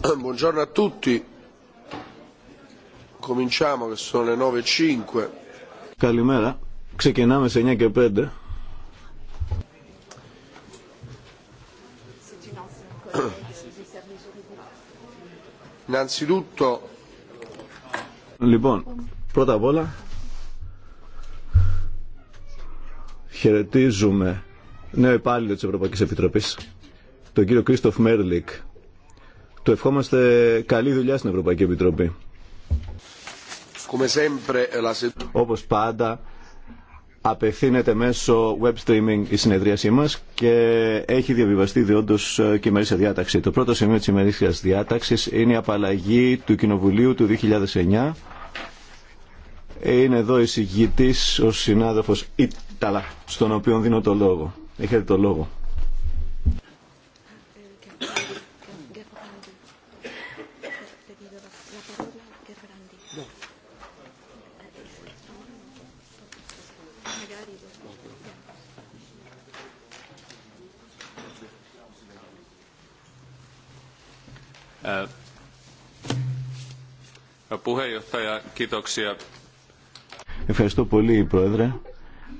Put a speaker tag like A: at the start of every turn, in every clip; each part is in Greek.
A: Buongiorno a tutti. Cominciamo che sono le 9.05.
B: E Καλημέρα. Ξεκινάμε σε 9 και 5. Innanzitutto Λοιπόν, πρώτα απ' όλα χαιρετίζουμε νέο υπάλληλο της Ευρωπαϊκής Επιτροπής, τον κύριο Κρίστοφ Μέρλικ, του ευχόμαστε καλή δουλειά στην Ευρωπαϊκή Επιτροπή. Όπως πάντα, απευθύνεται μέσω web streaming η συνεδρίασή μας και έχει διαβιβαστεί διόντως και ημερήσια διάταξη. Το πρώτο σημείο της ημερήσια διάταξης είναι η απαλλαγή του Κοινοβουλίου του 2009. Είναι εδώ εισηγητής ο συνάδελφος Ιταλά, στον οποίο δίνω το λόγο. Έχετε το λόγο. Ευχαριστώ πολύ, Πρόεδρε.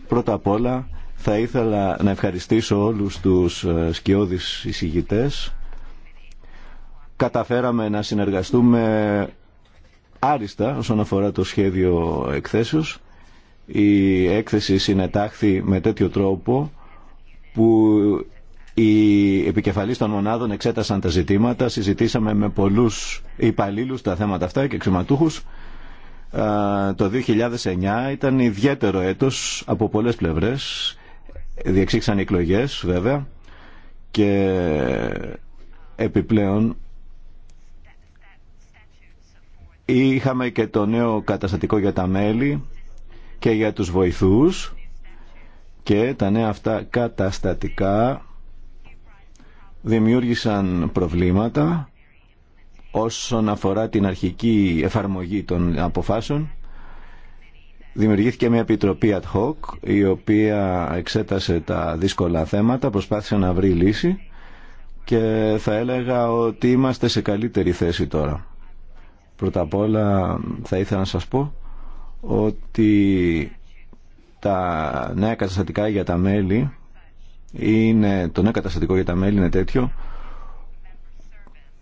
B: Πρώτα απ' όλα θα ήθελα να ευχαριστήσω όλους τους ε, σκιώδεις εισηγητές. Καταφέραμε να συνεργαστούμε άριστα όσον αφορά το σχέδιο εκθέσεως. Η έκθεση συνετάχθη με τέτοιο τρόπο που οι επικεφαλεί των μονάδων εξέτασαν τα ζητήματα, συζητήσαμε με πολλούς υπαλλήλου τα θέματα αυτά και εξηματούχους. Το 2009 ήταν ιδιαίτερο έτος από πολλές πλευρές. Διεξήξαν εκλογέ, βέβαια και επιπλέον είχαμε και το νέο καταστατικό για τα μέλη και για τους βοηθούς και τα νέα αυτά καταστατικά δημιούργησαν προβλήματα όσον αφορά την αρχική εφαρμογή των αποφάσεων. Δημιουργήθηκε μια επιτροπή ad hoc η οποία εξέτασε τα δύσκολα θέματα, προσπάθησε να βρει λύση και θα έλεγα ότι είμαστε σε καλύτερη θέση τώρα. Πρώτα απ' όλα θα ήθελα να σας πω ότι τα νέα καταστατικά για τα μέλη είναι το νέο καταστατικό για τα μέλη είναι τέτοιο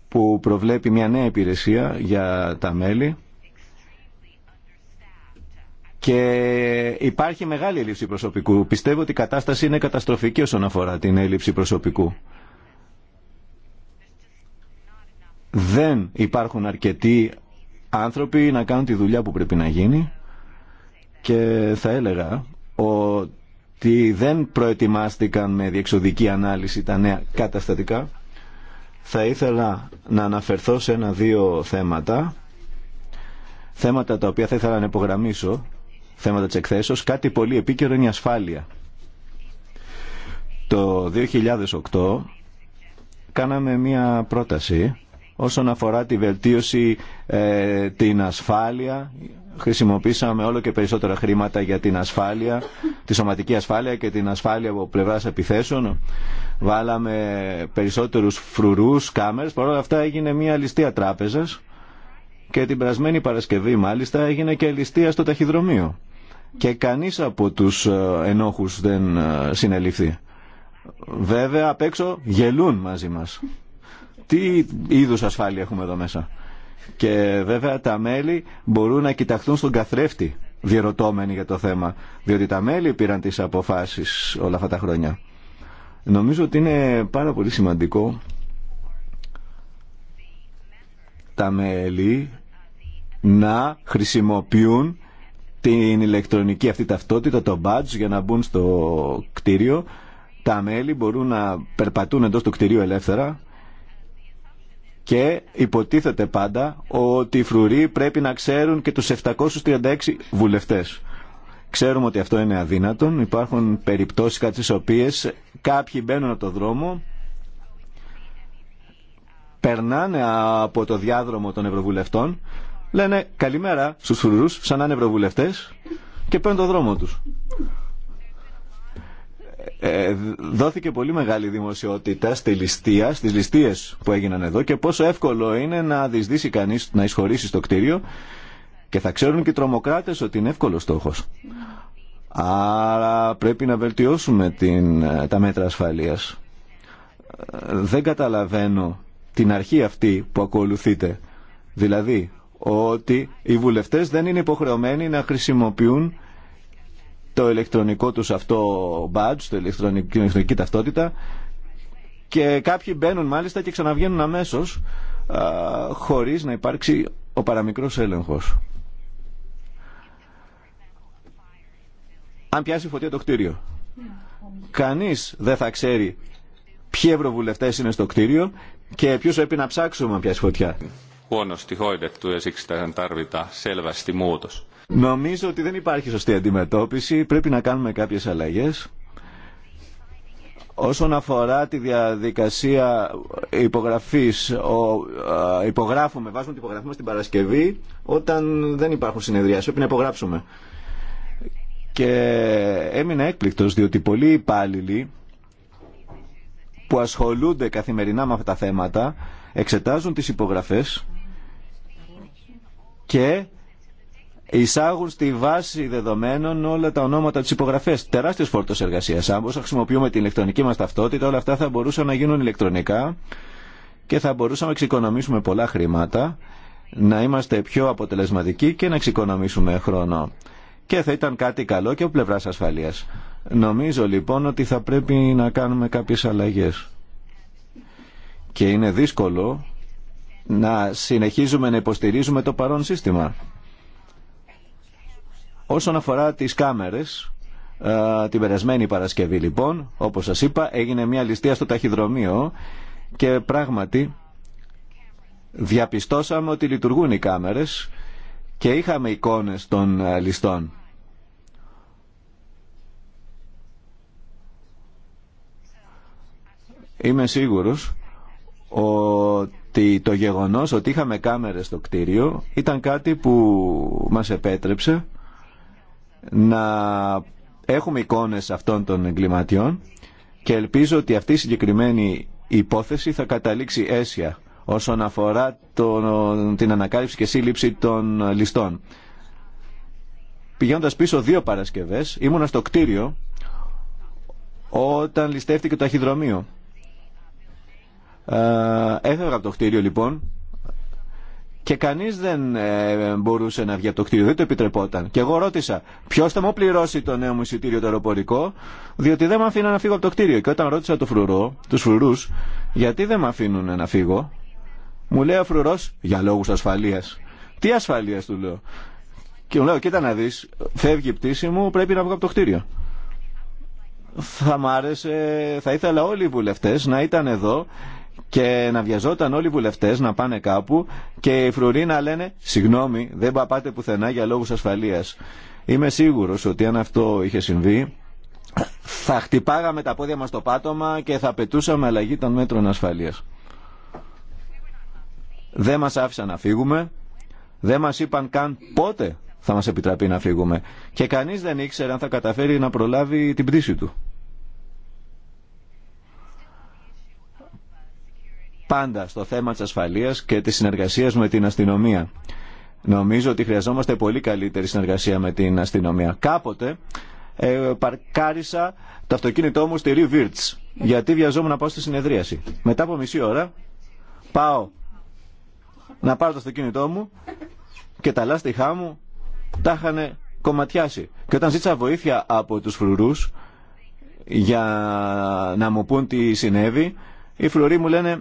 B: που προβλέπει μια νέα υπηρεσία για τα μέλη και υπάρχει μεγάλη έλλειψη προσωπικού. Πιστεύω ότι η κατάσταση είναι καταστροφική όσον αφορά την έλλειψη προσωπικού. Δεν υπάρχουν αρκετοί άνθρωποι να κάνουν τη δουλειά που πρέπει να γίνει και θα έλεγα ότι ότι δεν προετοιμάστηκαν με διεξοδική ανάλυση τα νέα καταστατικά. Θα ήθελα να αναφερθώ σε ένα-δύο θέματα, θέματα τα οποία θα ήθελα να υπογραμμίσω, θέματα της εκθέσεως. Κάτι πολύ επίκαιρο είναι η ασφάλεια. Το 2008 κάναμε μία πρόταση όσον αφορά τη βελτίωση ε, την ασφάλεια χρησιμοποίησαμε όλο και περισσότερα χρήματα για την ασφάλεια, τη σωματική ασφάλεια και την ασφάλεια από πλευρά επιθέσεων. Βάλαμε περισσότερους φρουρού, κάμερε. Παρ' όλα αυτά έγινε μια ληστεία τράπεζας και την περασμένη Παρασκευή μάλιστα έγινε και ληστεία στο ταχυδρομείο. Και κανεί από τους ε, ενόχους δεν ε, συνελήφθη. Βέβαια απ' έξω γελούν μαζί μας. Τι είδους ασφάλεια έχουμε εδώ μέσα. Και βέβαια τα μέλη μπορούν να κοιταχθούν στον καθρέφτη διερωτώμενοι για το θέμα, διότι τα μέλη πήραν τις αποφάσεις όλα αυτά τα χρόνια. Νομίζω ότι είναι πάρα πολύ σημαντικό τα μέλη να χρησιμοποιούν την ηλεκτρονική αυτή ταυτότητα, το badge, για να μπουν στο κτίριο. Τα μέλη μπορούν να περπατούν εντός του κτιρίου ελεύθερα και υποτίθεται πάντα ότι οι φρουροί πρέπει να ξέρουν και τους 736 βουλευτές. Ξέρουμε ότι αυτό είναι αδύνατον. Υπάρχουν περιπτώσεις κατά τις οποίες κάποιοι μπαίνουν από το δρόμο, περνάνε από το διάδρομο των ευρωβουλευτών, λένε καλημέρα στους φρουρούς, σαν να είναι ευρωβουλευτές, και παίρνουν το δρόμο τους. Ε, δόθηκε πολύ μεγάλη δημοσιότητα στη ληστεία, στις ληστείες που έγιναν εδώ και πόσο εύκολο είναι να δυσδύσει κανείς να εισχωρήσει στο κτίριο και θα ξέρουν και οι τρομοκράτες ότι είναι εύκολο στόχος. Άρα πρέπει να βελτιώσουμε την, τα μέτρα ασφαλείας. Ε, δεν καταλαβαίνω την αρχή αυτή που ακολουθείτε. Δηλαδή ότι οι βουλευτές δεν είναι υποχρεωμένοι να χρησιμοποιούν το ηλεκτρονικό τους αυτό badge, το ηλεκτρονική, την ηλεκτρονική ταυτότητα και κάποιοι μπαίνουν μάλιστα και ξαναβγαίνουν αμέσως α, χωρίς να υπάρξει ο παραμικρός έλεγχος. Αν πιάσει φωτιά το κτίριο, κανείς δεν θα ξέρει ποιοι ευρωβουλευτές είναι στο κτίριο και ποιους πρέπει να ψάξουμε αν πιάσει φωτιά. Huonosti hoidettu ja selvästi muutos. Νομίζω ότι δεν υπάρχει σωστή αντιμετώπιση. Πρέπει να κάνουμε κάποιες αλλαγές. Όσον αφορά τη διαδικασία υπογραφής, ο, α, υπογράφουμε, βάζουμε την υπογραφή μας την Παρασκευή όταν δεν υπάρχουν συνεδρία. Πρέπει να υπογράψουμε. Και έμεινα έκπληκτος διότι πολλοί υπάλληλοι που ασχολούνται καθημερινά με αυτά τα θέματα εξετάζουν τις υπογραφές και εισάγουν στη βάση δεδομένων όλα τα ονόματα τη υπογραφέ. Τεράστιο φόρτος εργασία. Αν μπορούσαμε χρησιμοποιούμε την ηλεκτρονική μας ταυτότητα, όλα αυτά θα μπορούσαν να γίνουν ηλεκτρονικά και θα μπορούσαμε να εξοικονομήσουμε πολλά χρήματα, να είμαστε πιο αποτελεσματικοί και να εξοικονομήσουμε χρόνο. Και θα ήταν κάτι καλό και από πλευρά ασφαλεία. Νομίζω λοιπόν ότι θα πρέπει να κάνουμε κάποιε αλλαγέ. Και είναι δύσκολο να συνεχίζουμε να υποστηρίζουμε το παρόν σύστημα. Όσον αφορά τις κάμερες, ε, την περασμένη Παρασκευή λοιπόν, όπως σας είπα, έγινε μια ληστεία στο ταχυδρομείο και πράγματι διαπιστώσαμε ότι λειτουργούν οι κάμερες και είχαμε εικόνες των ε, ληστών. Είμαι σίγουρος ότι το γεγονός ότι είχαμε κάμερες στο κτίριο ήταν κάτι που μας επέτρεψε να έχουμε εικόνες αυτών των εγκληματιών και ελπίζω ότι αυτή η συγκεκριμένη υπόθεση θα καταλήξει αίσια όσον αφορά το, την ανακάλυψη και σύλληψη των ληστών. Πηγαίνοντας πίσω δύο Παρασκευές, ήμουνα στο κτίριο όταν ληστεύτηκε το αχυδρομείο. Ε, Έφερα από το κτίριο λοιπόν και κανείς δεν ε, μπορούσε να βγει από το κτίριο, δεν το επιτρεπόταν. Και εγώ ρώτησα ποιο θα μου πληρώσει το νέο μου εισιτήριο το αεροπορικό, διότι δεν με αφήναν να φύγω από το κτίριο. Και όταν ρώτησα το φρουρό, τους φρουρούς, γιατί δεν με αφήνουν να φύγω, μου λέει ο φρουρός, για λόγους ασφαλείας. Τι ασφαλείας του λέω. Και μου λέω, κοίτα να δεις, φεύγει η πτήση μου, πρέπει να βγω από το κτίριο. Θα μ' άρεσε, θα ήθελα όλοι οι βουλευτές να ήταν εδώ και να βιαζόταν όλοι οι βουλευτέ να πάνε κάπου και οι φρουροί να λένε Συγγνώμη, δεν πάτε πουθενά για λόγου ασφαλεία. Είμαι σίγουρο ότι αν αυτό είχε συμβεί, θα χτυπάγαμε τα πόδια μα στο πάτωμα και θα πετούσαμε αλλαγή των μέτρων ασφαλεία. Δεν μα άφησαν να φύγουμε, δεν μα είπαν καν πότε θα μα επιτραπεί να φύγουμε και κανεί δεν ήξερε αν θα καταφέρει να προλάβει την πτήση του. πάντα στο θέμα της ασφαλείας και της συνεργασίας με την αστυνομία. Νομίζω ότι χρειαζόμαστε πολύ καλύτερη συνεργασία με την αστυνομία. Κάποτε ε, παρκάρισα το αυτοκίνητό μου στη Ρίου γιατί βιαζόμουν να πάω στη συνεδρίαση. Μετά από μισή ώρα πάω να πάρω το αυτοκίνητό μου και τα λάστιχά μου τα είχαν κομματιάσει. Και όταν ζήτησα βοήθεια από τους φρουρούς για να μου πούν τι συνέβη, οι φλουροί μου λένε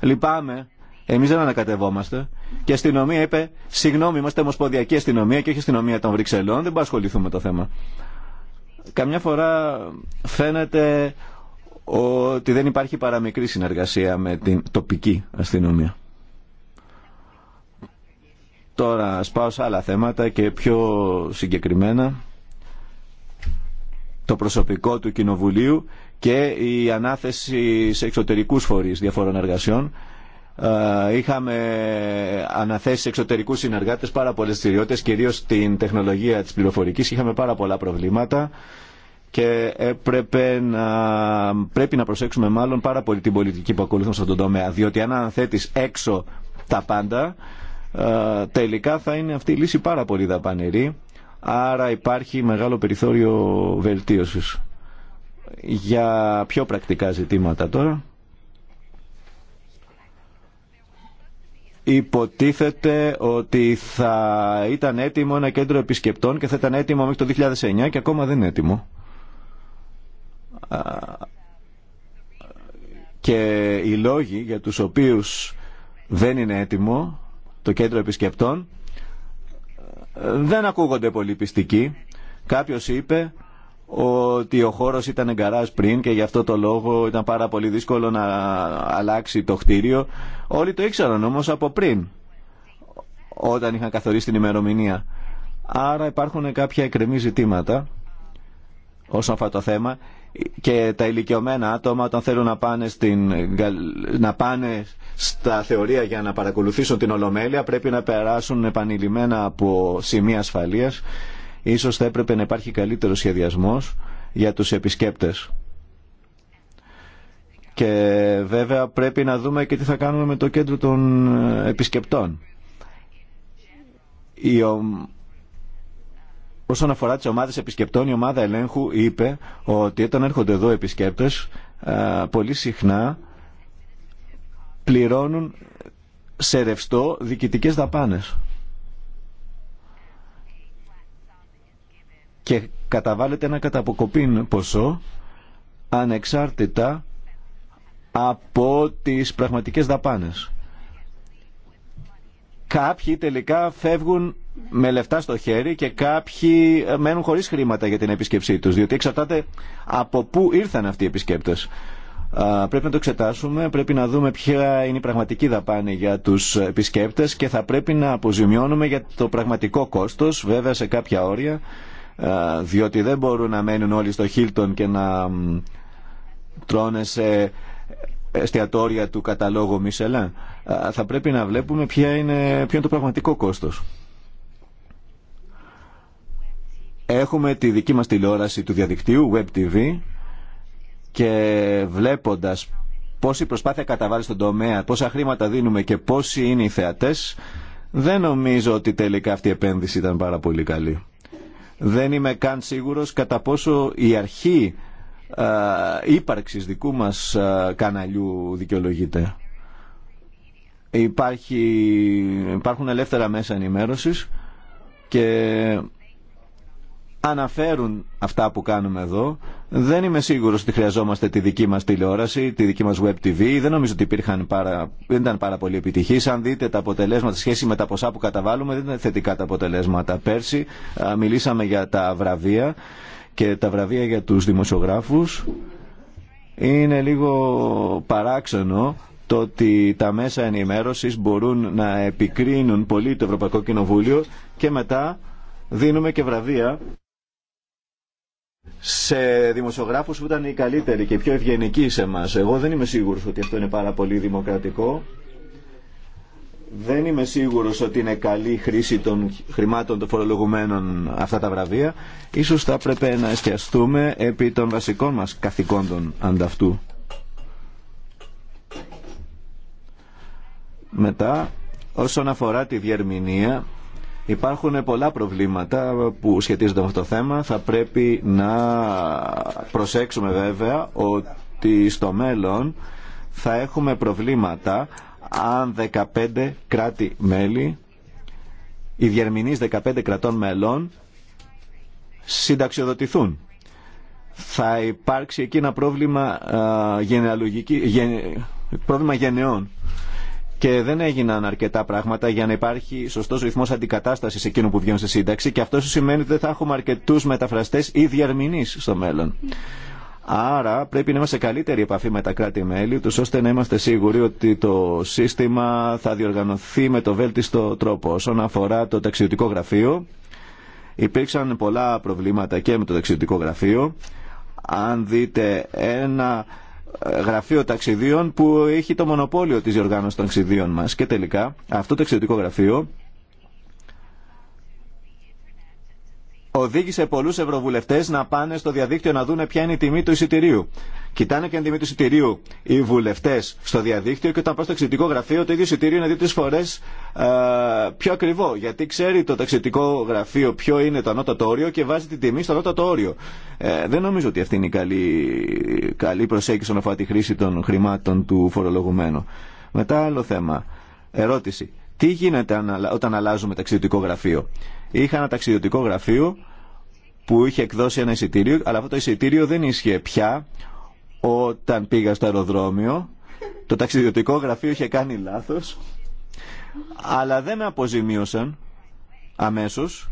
B: λυπάμαι, εμείς δεν ανακατευόμαστε. Και η αστυνομία είπε συγγνώμη, είμαστε ομοσπονδιακή αστυνομία και όχι αστυνομία των Βρυξελών, δεν μπορούμε με το θέμα. Καμιά φορά φαίνεται ότι δεν υπάρχει παραμικρή συνεργασία με την τοπική αστυνομία. Τώρα πάω σε άλλα θέματα και πιο συγκεκριμένα το προσωπικό του Κοινοβουλίου και η ανάθεση σε εξωτερικούς φορείς διαφορών εργασιών. Ε, είχαμε αναθέσει σε εξωτερικούς συνεργάτες πάρα πολλές δραστηριότητε, κυρίως στην τεχνολογία της πληροφορικής. Είχαμε πάρα πολλά προβλήματα και έπρεπε να, πρέπει να προσέξουμε μάλλον πάρα πολύ την πολιτική που ακολουθούν σε αυτόν τον τομέα. Διότι αν αναθέτεις έξω τα πάντα, ε, τελικά θα είναι αυτή η λύση πάρα πολύ δαπανηρή. Άρα υπάρχει μεγάλο περιθώριο βελτίωσης για πιο πρακτικά ζητήματα τώρα. Υποτίθεται ότι θα ήταν έτοιμο ένα κέντρο επισκεπτών και θα ήταν έτοιμο μέχρι το 2009 και ακόμα δεν είναι έτοιμο. Και οι λόγοι για τους οποίους δεν είναι έτοιμο το κέντρο επισκεπτών ε, δεν ακούγονται πολύ πιστικοί. Κάποιος είπε ότι ο χώρος ήταν εγκαράς πριν και γι' αυτό το λόγο ήταν πάρα πολύ δύσκολο να αλλάξει το χτίριο. Όλοι το ήξεραν όμως από πριν, όταν είχαν καθορίσει την ημερομηνία. Άρα υπάρχουν κάποια εκκρεμή ζητήματα όσον αφορά το θέμα και τα ηλικιωμένα άτομα όταν θέλουν να πάνε, στην, να πάνε στα θεωρία για να παρακολουθήσουν την Ολομέλεια πρέπει να περάσουν επανειλημμένα από σημεία ασφαλείας Ίσως θα έπρεπε να υπάρχει καλύτερο σχεδιασμός για τους επισκέπτες. Και βέβαια πρέπει να δούμε και τι θα κάνουμε με το κέντρο των επισκεπτών. Η ο... Όσον αφορά τις ομάδες επισκεπτών, η ομάδα ελέγχου είπε ότι όταν έρχονται εδώ επισκέπτες, πολύ συχνά πληρώνουν σε ρευστό διοικητικές δαπάνες. και καταβάλλεται ένα καταποκοπήν ποσό ανεξάρτητα από τις πραγματικές δαπάνες. Κάποιοι τελικά φεύγουν με λεφτά στο χέρι και κάποιοι μένουν χωρίς χρήματα για την επίσκεψή τους, διότι εξαρτάται από πού ήρθαν αυτοί οι επισκέπτες. Πρέπει να το εξετάσουμε, πρέπει να δούμε ποια είναι η πραγματική δαπάνη για τους επισκέπτες και θα πρέπει να αποζημιώνουμε για το πραγματικό κόστος, βέβαια σε κάποια όρια, ε, διότι δεν μπορούν να μένουν όλοι στο Χίλτον και να τρώνε σε εστιατόρια του καταλόγου Μισελά. Ε, θα πρέπει να βλέπουμε ποια είναι, ποιο είναι το πραγματικό κόστος. Έχουμε τη δική μας τηλεόραση του διαδικτύου, Web TV, και βλέποντας πόση προσπάθεια καταβάλει στον τομέα, πόσα χρήματα δίνουμε και πόσοι είναι οι θεατές, δεν νομίζω ότι τελικά αυτή η επένδυση ήταν πάρα πολύ καλή. Δεν είμαι καν σίγουρος κατά πόσο η αρχή ε, ύπαρξης δικού μας ε, καναλιού δικαιολογείται. Υπάρχει, υπάρχουν ελεύθερα μέσα ενημέρωσης και αναφέρουν αυτά που κάνουμε εδώ δεν είμαι σίγουρο ότι χρειαζόμαστε τη δική μας τηλεόραση, τη δική μας web TV. Δεν νομίζω ότι υπήρχαν πάρα, δεν ήταν πάρα πολύ επιτυχής. Αν δείτε τα αποτελέσματα, σχέση με τα ποσά που καταβάλουμε, δεν ήταν θετικά τα αποτελέσματα. Πέρσι μιλήσαμε για τα βραβεία και τα βραβεία για τους δημοσιογράφους. Είναι λίγο παράξενο το ότι τα μέσα ενημέρωσης μπορούν να επικρίνουν πολύ το Ευρωπαϊκό Κοινοβούλιο και μετά δίνουμε και βραβεία σε δημοσιογράφου που ήταν οι καλύτεροι και οι πιο ευγενικοί σε εμά. Εγώ δεν είμαι σίγουρο ότι αυτό είναι πάρα πολύ δημοκρατικό. Δεν είμαι σίγουρο ότι είναι καλή χρήση των χρημάτων των φορολογουμένων αυτά τα βραβεία. Ίσως θα έπρεπε να εστιαστούμε επί των βασικών μα καθηκόντων ανταυτού. Μετά, όσον αφορά τη διερμηνία, Υπάρχουν πολλά προβλήματα που σχετίζονται με αυτό το θέμα. Θα πρέπει να προσέξουμε βέβαια ότι στο μέλλον θα έχουμε προβλήματα αν 15 κράτη-μέλη, οι διερμηνείς 15 κρατών μελών συνταξιοδοτηθούν. Θα υπάρξει εκεί ένα πρόβλημα, πρόβλημα γενεών και δεν έγιναν αρκετά πράγματα για να υπάρχει σωστό ρυθμό αντικατάσταση εκείνων που βγαίνουν σε σύνταξη και αυτό σημαίνει ότι δεν θα έχουμε αρκετού μεταφραστέ ή διαρμηνεί στο μέλλον. Άρα πρέπει να είμαστε σε καλύτερη επαφή με τα κράτη-μέλη, ώστε να είμαστε σίγουροι ότι το σύστημα θα διοργανωθεί με το βέλτιστο τρόπο. Όσον αφορά το ταξιδιωτικό γραφείο, υπήρξαν πολλά προβλήματα και με το ταξιδιωτικό γραφείο. Αν δείτε ένα γραφείο ταξιδίων που έχει το μονοπόλιο της διοργάνωση των ταξιδίων μας. Και τελικά αυτό το εξαιρετικό γραφείο οδήγησε πολλούς ευρωβουλευτές να πάνε στο διαδίκτυο να δούνε ποια είναι η τιμή του εισιτηρίου κοιτάνε και αντιμέτωπη του εισιτηρίου οι βουλευτέ στο διαδίκτυο και όταν πάω στο ταξιδιωτικό γραφείο το ίδιο εισιτήριο είναι δύο-τρει φορέ ε, πιο ακριβό. Γιατί ξέρει το ταξιδιωτικό γραφείο ποιο είναι το ανώτατο όριο και βάζει την τιμή στο ανώτατο όριο. Ε, δεν νομίζω ότι αυτή είναι η καλή, καλή προσέγγιση όσον αφορά τη χρήση των χρημάτων του φορολογουμένου. Μετά άλλο θέμα. Ερώτηση. Τι γίνεται όταν αλλάζουμε ταξιδιωτικό γραφείο. Είχα ένα ταξιδιωτικό γραφείο που είχε εκδώσει ένα εισιτήριο, αλλά αυτό το εισιτήριο δεν ίσχυε πια όταν πήγα στο αεροδρόμιο. Το ταξιδιωτικό γραφείο είχε κάνει λάθος, αλλά δεν με αποζημίωσαν αμέσως.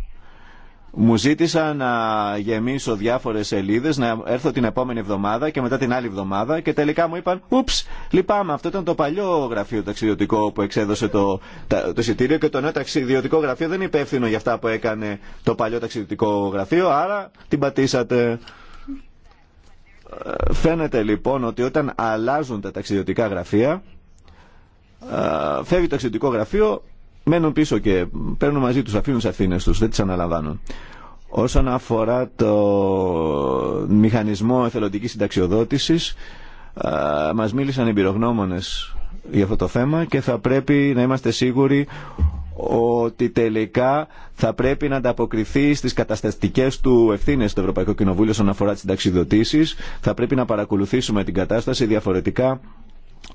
B: Μου ζήτησαν να γεμίσω διάφορες σελίδες, να έρθω την επόμενη εβδομάδα και μετά την άλλη εβδομάδα και τελικά μου είπαν «Ούψ, λυπάμαι, αυτό ήταν το παλιό γραφείο ταξιδιωτικό που εξέδωσε το, το εισιτήριο και το νέο ταξιδιωτικό γραφείο δεν είναι υπεύθυνο για αυτά που έκανε το παλιό ταξιδιωτικό γραφείο, άρα την πατήσατε». Φαίνεται λοιπόν ότι όταν αλλάζουν τα ταξιδιωτικά γραφεία, φεύγει το ταξιδιωτικό γραφείο, μένουν πίσω και παίρνουν μαζί τους, αφήνουν τις αφήνες τους, δεν τις αναλαμβάνουν. Όσον αφορά το μηχανισμό εθελοντικής συνταξιοδότησης, μας μίλησαν οι για αυτό το θέμα και θα πρέπει να είμαστε σίγουροι ότι τελικά θα πρέπει να ανταποκριθεί στις καταστατικές του ευθύνες του Ευρωπαϊκό Κοινοβούλιο όσον αφορά τις συνταξιδοτήσεις. Θα πρέπει να παρακολουθήσουμε την κατάσταση διαφορετικά.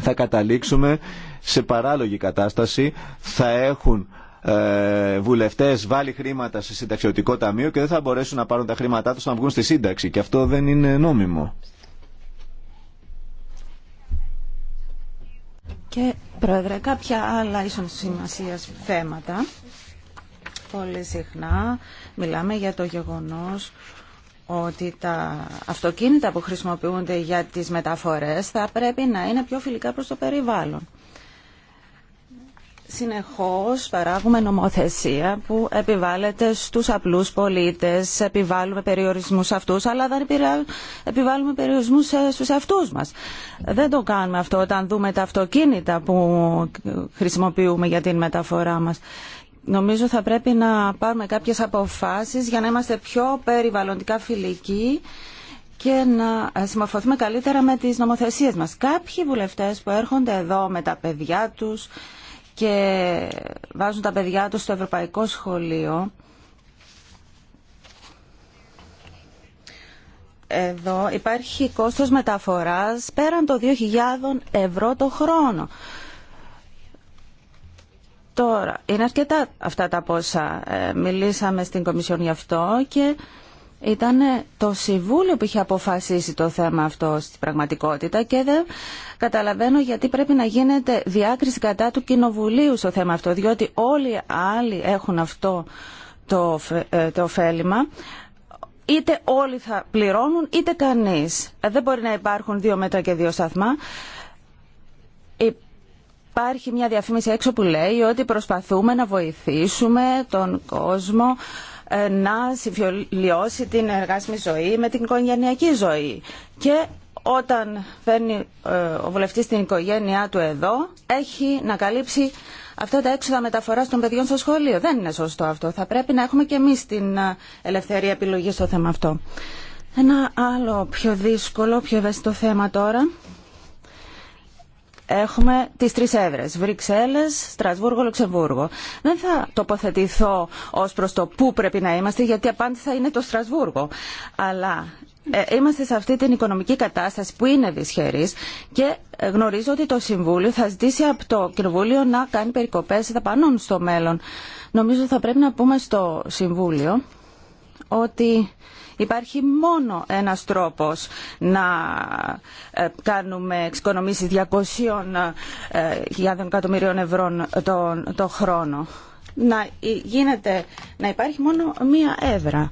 B: Θα καταλήξουμε σε παράλογη κατάσταση. Θα έχουν ε, βουλευτέ βάλει χρήματα σε συνταξιωτικό ταμείο και δεν θα μπορέσουν να πάρουν τα χρήματά του να βγουν στη σύνταξη. Και αυτό δεν είναι νόμιμο.
A: Και Πρόεδρε, κάποια άλλα ίσον σημασία θέματα. Πολύ συχνά μιλάμε για το γεγονός ότι τα αυτοκίνητα που χρησιμοποιούνται για τις μεταφορές θα πρέπει να είναι πιο φιλικά προς το περιβάλλον. Συνεχώς παράγουμε νομοθεσία που επιβάλλεται στους απλούς πολίτες, επιβάλλουμε περιορισμούς αυτούς, αλλά δεν επιβάλλουμε περιορισμούς στους αυτούς μας. Δεν το κάνουμε αυτό όταν δούμε τα αυτοκίνητα που χρησιμοποιούμε για την μεταφορά μας. Νομίζω θα πρέπει να πάρουμε κάποιες αποφάσεις για να είμαστε πιο περιβαλλοντικά φιλικοί και να συμμορφωθούμε καλύτερα με τις νομοθεσίες μας. Κάποιοι βουλευτές που έρχονται εδώ με τα παιδιά τους, και βάζουν τα παιδιά τους στο ευρωπαϊκό σχολείο. Εδώ υπάρχει κόστος μεταφοράς πέραν των 2.000 ευρώ το χρόνο. Τώρα, είναι αρκετά αυτά τα πόσα ε, μιλήσαμε στην Κομισιόν γι' αυτό και ήταν το Συμβούλιο που είχε αποφασίσει το θέμα αυτό στην πραγματικότητα και δεν καταλαβαίνω γιατί πρέπει να γίνεται διάκριση κατά του Κοινοβουλίου στο θέμα αυτό, διότι όλοι οι άλλοι έχουν αυτό το, ε, το ωφέλιμα. Είτε όλοι θα πληρώνουν, είτε κανείς. Ε, δεν μπορεί να υπάρχουν δύο μέτρα και δύο σταθμά. Υπάρχει μια διαφήμιση έξω που λέει ότι προσπαθούμε να βοηθήσουμε τον κόσμο να συμφιολιώσει την εργάσιμη ζωή με την οικογενειακή ζωή. Και όταν φέρνει ε, ο βουλευτής την οικογένειά του εδώ, έχει να καλύψει αυτά τα έξοδα μεταφοράς των παιδιών στο σχολείο. Δεν είναι σωστό αυτό. Θα πρέπει να έχουμε και εμείς την ε, ελευθερία επιλογή στο θέμα αυτό. Ένα άλλο πιο δύσκολο, πιο ευαίσθητο θέμα τώρα έχουμε τις τρει έδρε. Βρυξέλλες, Στρασβούργο, Λουξεμβούργο. Δεν θα τοποθετηθώ ως προς το πού πρέπει να είμαστε, γιατί η απάντηση θα είναι το Στρασβούργο. Αλλά ε, Είμαστε σε αυτή την οικονομική κατάσταση που είναι δυσχερής και ε, γνωρίζω ότι το Συμβούλιο θα ζητήσει από το Κοινοβούλιο να κάνει περικοπές δαπανών απαντησα θα πρέπει να πούμε στο Συμβούλιο ότι Υπάρχει μόνο ένας τρόπος να ε, κάνουμε εξοικονομήσεις 200.000 ε, ε, ευρώ το, το χρόνο. Να, γίνεται, να υπάρχει μόνο μία έδρα.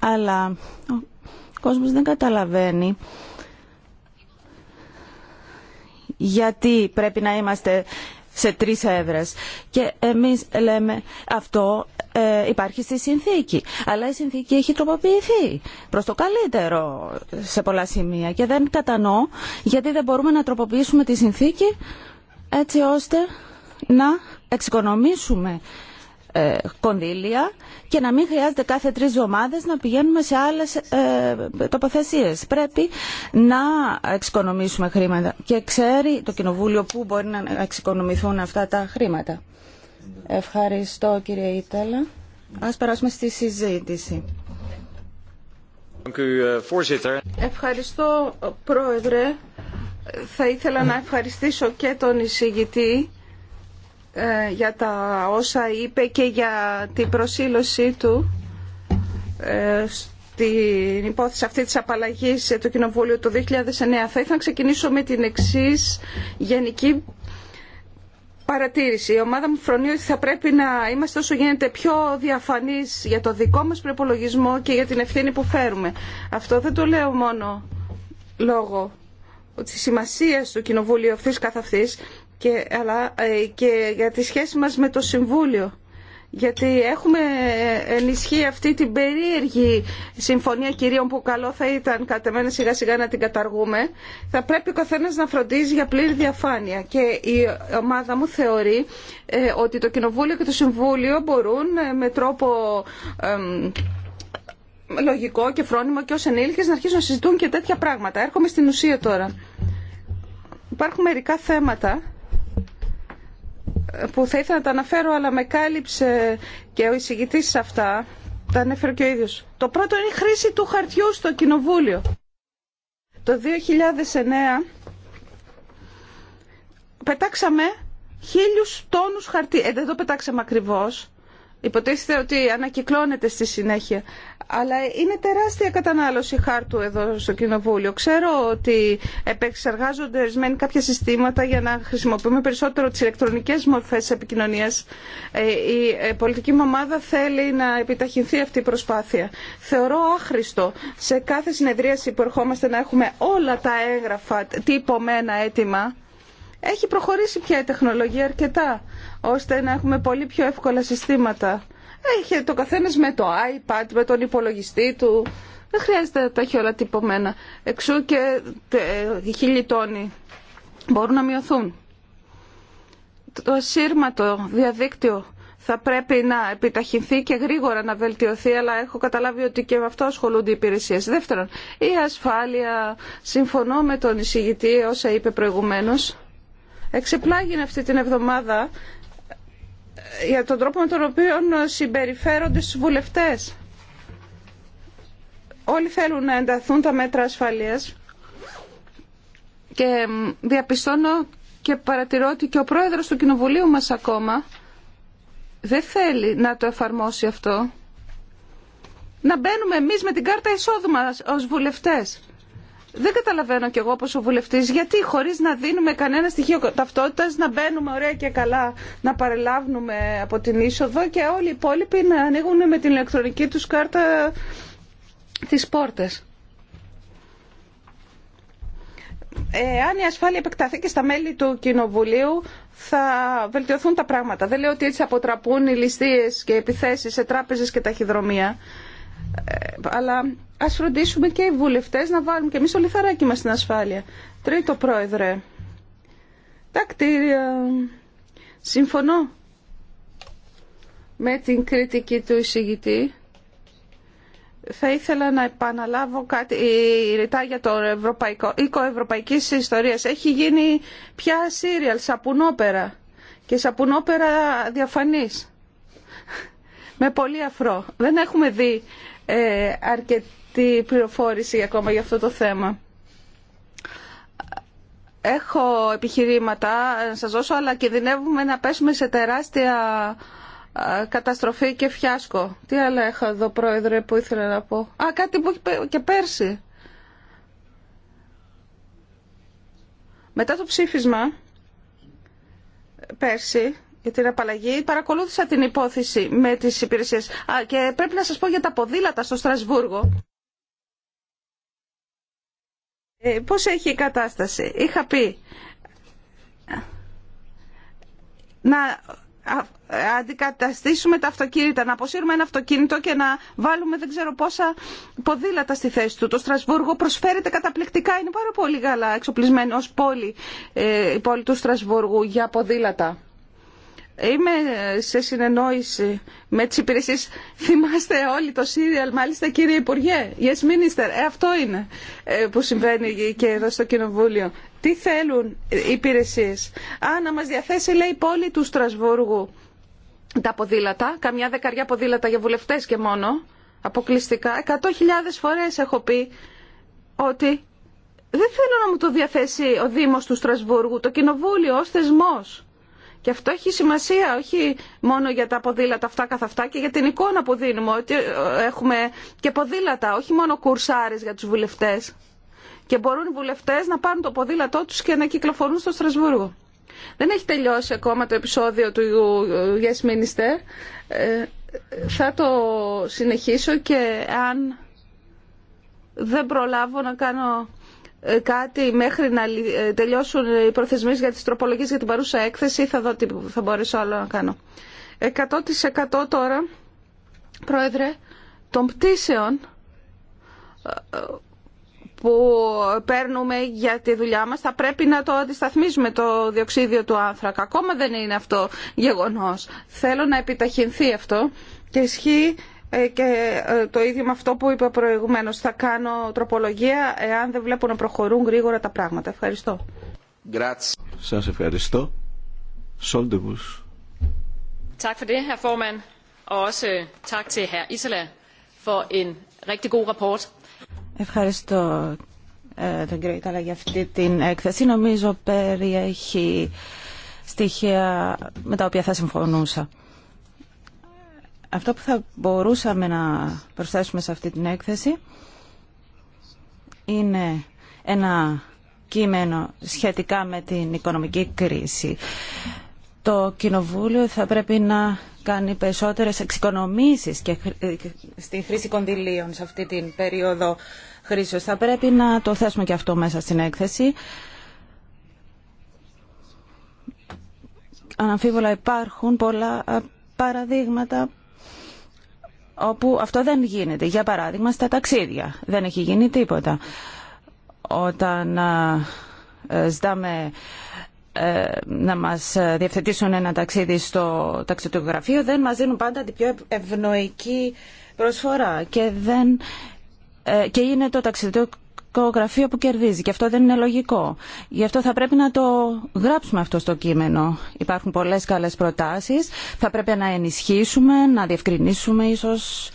A: Αλλά ο κόσμος δεν καταλαβαίνει γιατί πρέπει να είμαστε σε τρει έδρε. Και εμεί λέμε αυτό ε, υπάρχει στη συνθήκη. Αλλά η συνθήκη έχει τροποποιηθεί προς το καλύτερο σε πολλά σημεία. Και δεν κατανοώ γιατί δεν μπορούμε να τροποποιήσουμε τη συνθήκη έτσι ώστε να εξοικονομήσουμε ε, κονδύλια και να μην χρειάζεται κάθε τρεις εβδομάδες να πηγαίνουμε σε άλλες ε, τοποθεσίες. Πρέπει να εξοικονομήσουμε χρήματα και ξέρει το Κοινοβούλιο πού μπορεί να εξοικονομηθούν αυτά τα χρήματα. Ευχαριστώ κύριε Ήτελα. Ας περάσουμε στη συζήτηση.
C: Ευχαριστώ πρόεδρε. Θα ήθελα να ευχαριστήσω και τον εισηγητή ε, για τα όσα είπε και για την προσήλωσή του ε, στην υπόθεση αυτή της απαλλαγής του Κοινοβούλιο το 2009. Θα ήθελα να ξεκινήσω με την εξής γενική παρατήρηση. Η ομάδα μου φρονεί ότι θα πρέπει να είμαστε όσο γίνεται πιο διαφανείς για το δικό μας προπολογισμό και για την ευθύνη που φέρουμε. Αυτό δεν το λέω μόνο λόγω της σημασίας του Κοινοβουλίου αυτής καθ' αυτής, και, αλλά ε, και για τη σχέση μας με το Συμβούλιο. Γιατί έχουμε ενισχύει αυτή την περίεργη συμφωνία κυρίων που καλό θα ήταν κατά μένα σιγά σιγά να την καταργούμε. Θα πρέπει ο καθένα να φροντίζει για πλήρη διαφάνεια. Και η ομάδα μου θεωρεί ε, ότι το Κοινοβούλιο και το Συμβούλιο μπορούν ε, με τρόπο λογικό και φρόνιμο και ως ενήλικες να αρχίσουν να συζητούν και τέτοια πράγματα. Έρχομαι στην ουσία τώρα. Υπάρχουν μερικά θέματα που θα ήθελα να τα αναφέρω αλλά με κάλυψε και ο εισηγητής σε αυτά, τα ανέφερε και ο ίδιος. Το πρώτο είναι η χρήση του χαρτιού στο κοινοβούλιο. Το 2009 πετάξαμε χίλιους τόνους χαρτί. Ε, δεν το πετάξαμε ακριβώς. Υποτίθεται ότι ανακυκλώνεται στη συνέχεια αλλά είναι τεράστια κατανάλωση χάρτου εδώ στο Κοινοβούλιο. Ξέρω ότι επεξεργάζονται ορισμένοι κάποια συστήματα για να χρησιμοποιούμε περισσότερο τις ηλεκτρονικές μορφές επικοινωνίας. Ε, η ε, πολιτική μου ομάδα θέλει να επιταχυνθεί αυτή η προσπάθεια. Θεωρώ άχρηστο σε κάθε συνεδρίαση που ερχόμαστε να έχουμε όλα τα έγγραφα ένα έτοιμα. Έχει προχωρήσει πια η τεχνολογία αρκετά, ώστε να έχουμε πολύ πιο εύκολα συστήματα έχει το καθένας με το iPad, με τον υπολογιστή του. Δεν χρειάζεται να τα έχει όλα τυπωμένα. Εξού και οι χίλιοι μπορούν να μειωθούν. Το σύρματο διαδίκτυο θα πρέπει να επιταχυνθεί και γρήγορα να βελτιωθεί, αλλά έχω καταλάβει ότι και με αυτό ασχολούνται οι υπηρεσίε. Δεύτερον, η ασφάλεια. Συμφωνώ με τον εισηγητή, όσα είπε προηγουμένω. Εξεπλάγει αυτή την εβδομάδα για τον τρόπο με τον οποίο συμπεριφέρονται στους βουλευτές. Όλοι θέλουν να ενταθούν τα μέτρα ασφαλείας και διαπιστώνω και παρατηρώ ότι και ο πρόεδρος του Κοινοβουλίου μας ακόμα δεν θέλει να το εφαρμόσει αυτό. Να μπαίνουμε εμείς με την κάρτα εισόδου μας ως βουλευτές. Δεν καταλαβαίνω κι εγώ πως ο βουλευτής γιατί χωρίς να δίνουμε κανένα στοιχείο ταυτότητας να μπαίνουμε ωραία και καλά να παρελάβουμε από την είσοδο και όλοι οι υπόλοιποι να ανοίγουν με την ηλεκτρονική τους κάρτα τις πόρτες. Ε, αν η ασφάλεια επεκταθεί και στα μέλη του Κοινοβουλίου θα βελτιωθούν τα πράγματα. Δεν λέω ότι έτσι αποτραπούν οι ληστείες και επιθέσεις σε τράπεζες και ταχυδρομεία. Ε, αλλά α φροντίσουμε και οι βουλευτέ να βάλουμε και εμεί το λιθαράκι μα στην ασφάλεια. Τρίτο πρόεδρε. Τα κτίρια. Συμφωνώ με την κριτική του εισηγητή. Θα ήθελα να επαναλάβω κάτι η ρητά για το ευρωπαϊκό, οίκο ευρωπαϊκής ιστορίας. Έχει γίνει πια σύριαλ, σαπουνόπερα και σαπουνόπερα διαφανής. με πολύ αφρό. Δεν έχουμε δει ε, αρκετή πληροφόρηση ακόμα για αυτό το θέμα. Έχω επιχειρήματα να σας δώσω, αλλά κινδυνεύουμε να πέσουμε σε τεράστια καταστροφή και φιάσκο. Τι άλλα έχω εδώ, Πρόεδρε, που ήθελα να πω. Α, κάτι που έχει και πέρσι. Μετά το ψήφισμα, πέρσι, για την απαλλαγή. Παρακολούθησα την υπόθεση με τις υπηρεσίες. και πρέπει να σας πω για τα ποδήλατα στο Στρασβούργο. Ε, πώς έχει η κατάσταση. Είχα πει να αντικαταστήσουμε τα αυτοκίνητα, να αποσύρουμε ένα αυτοκίνητο και να βάλουμε δεν ξέρω πόσα ποδήλατα στη θέση του. Το Στρασβούργο προσφέρεται καταπληκτικά, είναι πάρα πολύ καλά εξοπλισμένο ως πόλη, ε, η πόλη του Στρασβούργου για ποδήλατα. Είμαι σε συνεννόηση με τι υπηρεσίε, Θυμάστε όλοι το σύριαλ, μάλιστα κύριε Υπουργέ. Yes, Minister. Ε, αυτό είναι ε, που συμβαίνει και εδώ στο Κοινοβούλιο. Τι θέλουν οι υπηρεσίες. Α, να μας διαθέσει, λέει, η πόλη του Στρασβούργου τα ποδήλατα, καμιά δεκαριά ποδήλατα για βουλευτέ και μόνο, αποκλειστικά. Εκατό χιλιάδε φορέ έχω πει ότι δεν θέλω να μου το διαθέσει ο Δήμος του Στρασβούργου, το Κοινοβούλιο ως θεσμό. Και αυτό έχει σημασία όχι μόνο για τα ποδήλατα αυτά καθ' αυτά και για την εικόνα που δίνουμε ότι ε, έχουμε και ποδήλατα, όχι μόνο κουρσάρες για τους βουλευτές. Και μπορούν οι βουλευτές να πάρουν το ποδήλατό τους και να κυκλοφορούν στο Στρασβούργο. Δεν έχει τελειώσει ακόμα το επεισόδιο του Yes Minister. Ε, θα το συνεχίσω και αν δεν προλάβω να κάνω ε, κάτι μέχρι να ε, τελειώσουν οι προθεσμίες για τις τροπολογίες για την παρούσα έκθεση θα δω τι θα μπορέσω άλλο να κάνω. 100% τώρα, Πρόεδρε, των πτήσεων ε, που παίρνουμε για τη δουλειά μας θα πρέπει να το αντισταθμίζουμε το διοξίδιο του άνθρακα. Ακόμα δεν είναι αυτό γεγονός. Θέλω να επιταχυνθεί αυτό και ισχύει ε, και ε, το ίδιο με αυτό που είπα προηγουμένως. Θα κάνω τροπολογία εάν δεν βλέπω να προχωρούν γρήγορα τα πράγματα. Ευχαριστώ.
B: Σας ευχαριστώ. Σόλτεβους.
A: Tak Ευχαριστώ ε, τον κύριο Ιταλά για αυτή την έκθεση. Νομίζω περιέχει στοιχεία με τα οποία θα συμφωνούσα. Αυτό που θα μπορούσαμε να προσθέσουμε σε αυτή την έκθεση είναι ένα κείμενο σχετικά με την οικονομική κρίση. Το Κοινοβούλιο θα πρέπει να κάνει περισσότερες εξοικονομήσεις και ε, στη χρήση κονδυλίων σε αυτή την περίοδο χρήσεως. Θα πρέπει να το θέσουμε και αυτό μέσα στην έκθεση. Αναμφίβολα υπάρχουν πολλά ε, παραδείγματα όπου αυτό δεν γίνεται. Για παράδειγμα, στα ταξίδια δεν έχει γίνει τίποτα. Όταν ε, ζητάμε ε, να μας διευθετήσουν ένα ταξίδι στο ταξιδιογραφείο δεν μας δίνουν πάντα την πιο ευνοϊκή προσφορά και, δεν, ε, και είναι το ταξιδιογραφείο το γραφείο που κερδίζει και αυτό δεν είναι λογικό. Γι' αυτό θα πρέπει να το γράψουμε αυτό στο κείμενο. Υπάρχουν πολλές καλές προτάσεις. Θα πρέπει να ενισχύσουμε, να διευκρινίσουμε ίσως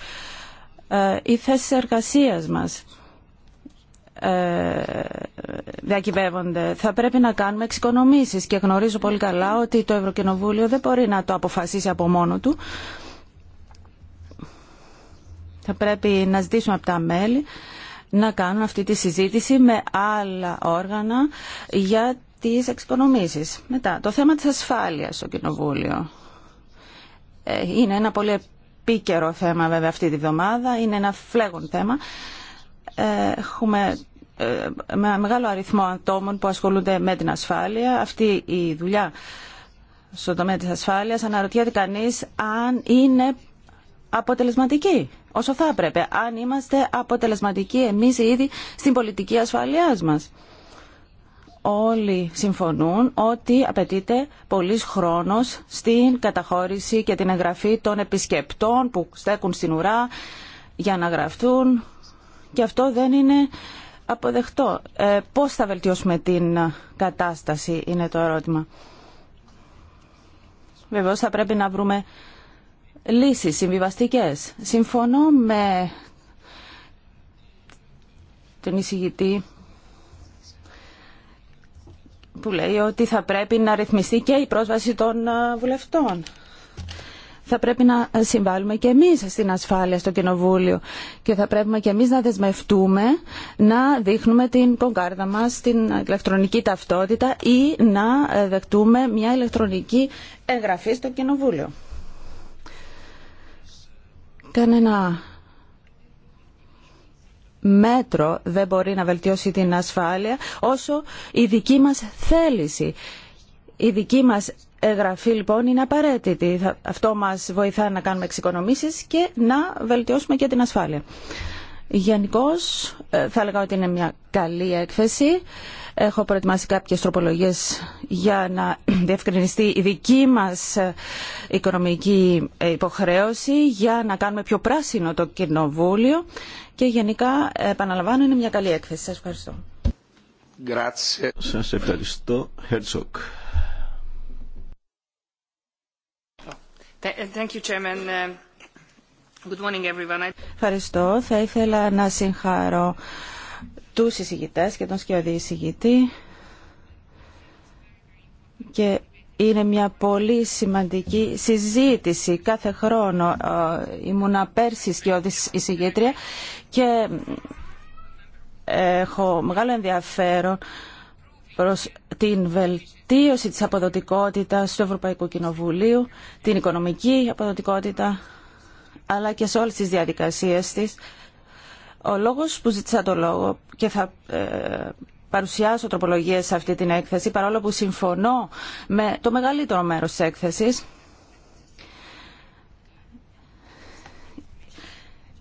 A: ε, οι θέσει εργασίας μας ε, διακυβεύονται. Θα πρέπει να κάνουμε εξοικονομήσεις και γνωρίζω πολύ καλά ότι το Ευρωκοινοβούλιο δεν μπορεί να το αποφασίσει από μόνο του. Θα πρέπει να ζητήσουμε από τα μέλη να κάνουν αυτή τη συζήτηση με άλλα όργανα για τις εξοικονομήσεις. Μετά, το θέμα της ασφάλειας στο Κοινοβούλιο. Ε, είναι ένα πολύ επίκαιρο θέμα βέβαια αυτή τη βδομάδα, είναι ένα φλέγον θέμα. Ε, έχουμε ε, με μεγάλο αριθμό ατόμων που ασχολούνται με την ασφάλεια. Αυτή η δουλειά στον τομέα της ασφάλειας αναρωτιέται κανείς αν είναι αποτελεσματική όσο θα έπρεπε, αν είμαστε αποτελεσματικοί εμείς ήδη στην πολιτική ασφαλείας μας. Όλοι συμφωνούν ότι απαιτείται πολύς χρόνος στην καταχώρηση και την εγγραφή των επισκεπτών που στέκουν στην ουρά για να γραφτούν και αυτό δεν είναι αποδεχτό. Ε, πώς θα βελτιώσουμε την κατάσταση είναι το ερώτημα. Βεβαίως θα πρέπει να βρούμε λύσεις συμβιβαστικές. Συμφωνώ με τον εισηγητή που λέει ότι θα πρέπει να ρυθμιστεί και η πρόσβαση των βουλευτών. Θα πρέπει να συμβάλλουμε και εμείς στην ασφάλεια στο Κοινοβούλιο και θα πρέπει και εμείς να δεσμευτούμε να δείχνουμε την κογκάρδα μας, στην ηλεκτρονική ταυτότητα ή να ε, δεχτούμε μια ηλεκτρονική εγγραφή στο Κοινοβούλιο κανένα μέτρο δεν μπορεί να βελτιώσει την ασφάλεια όσο η δική μας θέληση. Η δική μας εγγραφή λοιπόν είναι απαραίτητη. Αυτό μας βοηθά να κάνουμε εξοικονομήσεις και να βελτιώσουμε και την ασφάλεια. Γενικώ ε, θα έλεγα ότι είναι μια καλή έκθεση. Έχω προετοιμάσει κάποιες τροπολογίες για να διευκρινιστεί η δική μας ε, οικονομική ε, υποχρέωση, για να κάνουμε πιο πράσινο το κοινοβούλιο και γενικά, επαναλαμβάνω, είναι μια καλή έκθεση. Σας ευχαριστώ.
B: Σας ευχαριστώ, Herzog.
C: Thank you, Chairman.
A: Ευχαριστώ. Θα ήθελα να συγχαρώ τους συζητητές και τον σκιωδή συζητητή και είναι μια πολύ σημαντική συζήτηση κάθε χρόνο. Ε, ήμουνα πέρσι σκιώδης εισηγήτρια και ε, έχω μεγάλο ενδιαφέρον προς την βελτίωση της αποδοτικότητας του Ευρωπαϊκού Κοινοβουλίου, την οικονομική αποδοτικότητα αλλά και σε όλες τις διαδικασίες της. Ο λόγος που ζήτησα το λόγο και θα ε, παρουσιάσω τροπολογίες σε αυτή την έκθεση, παρόλο που συμφωνώ με το μεγαλύτερο μέρος της έκθεσης,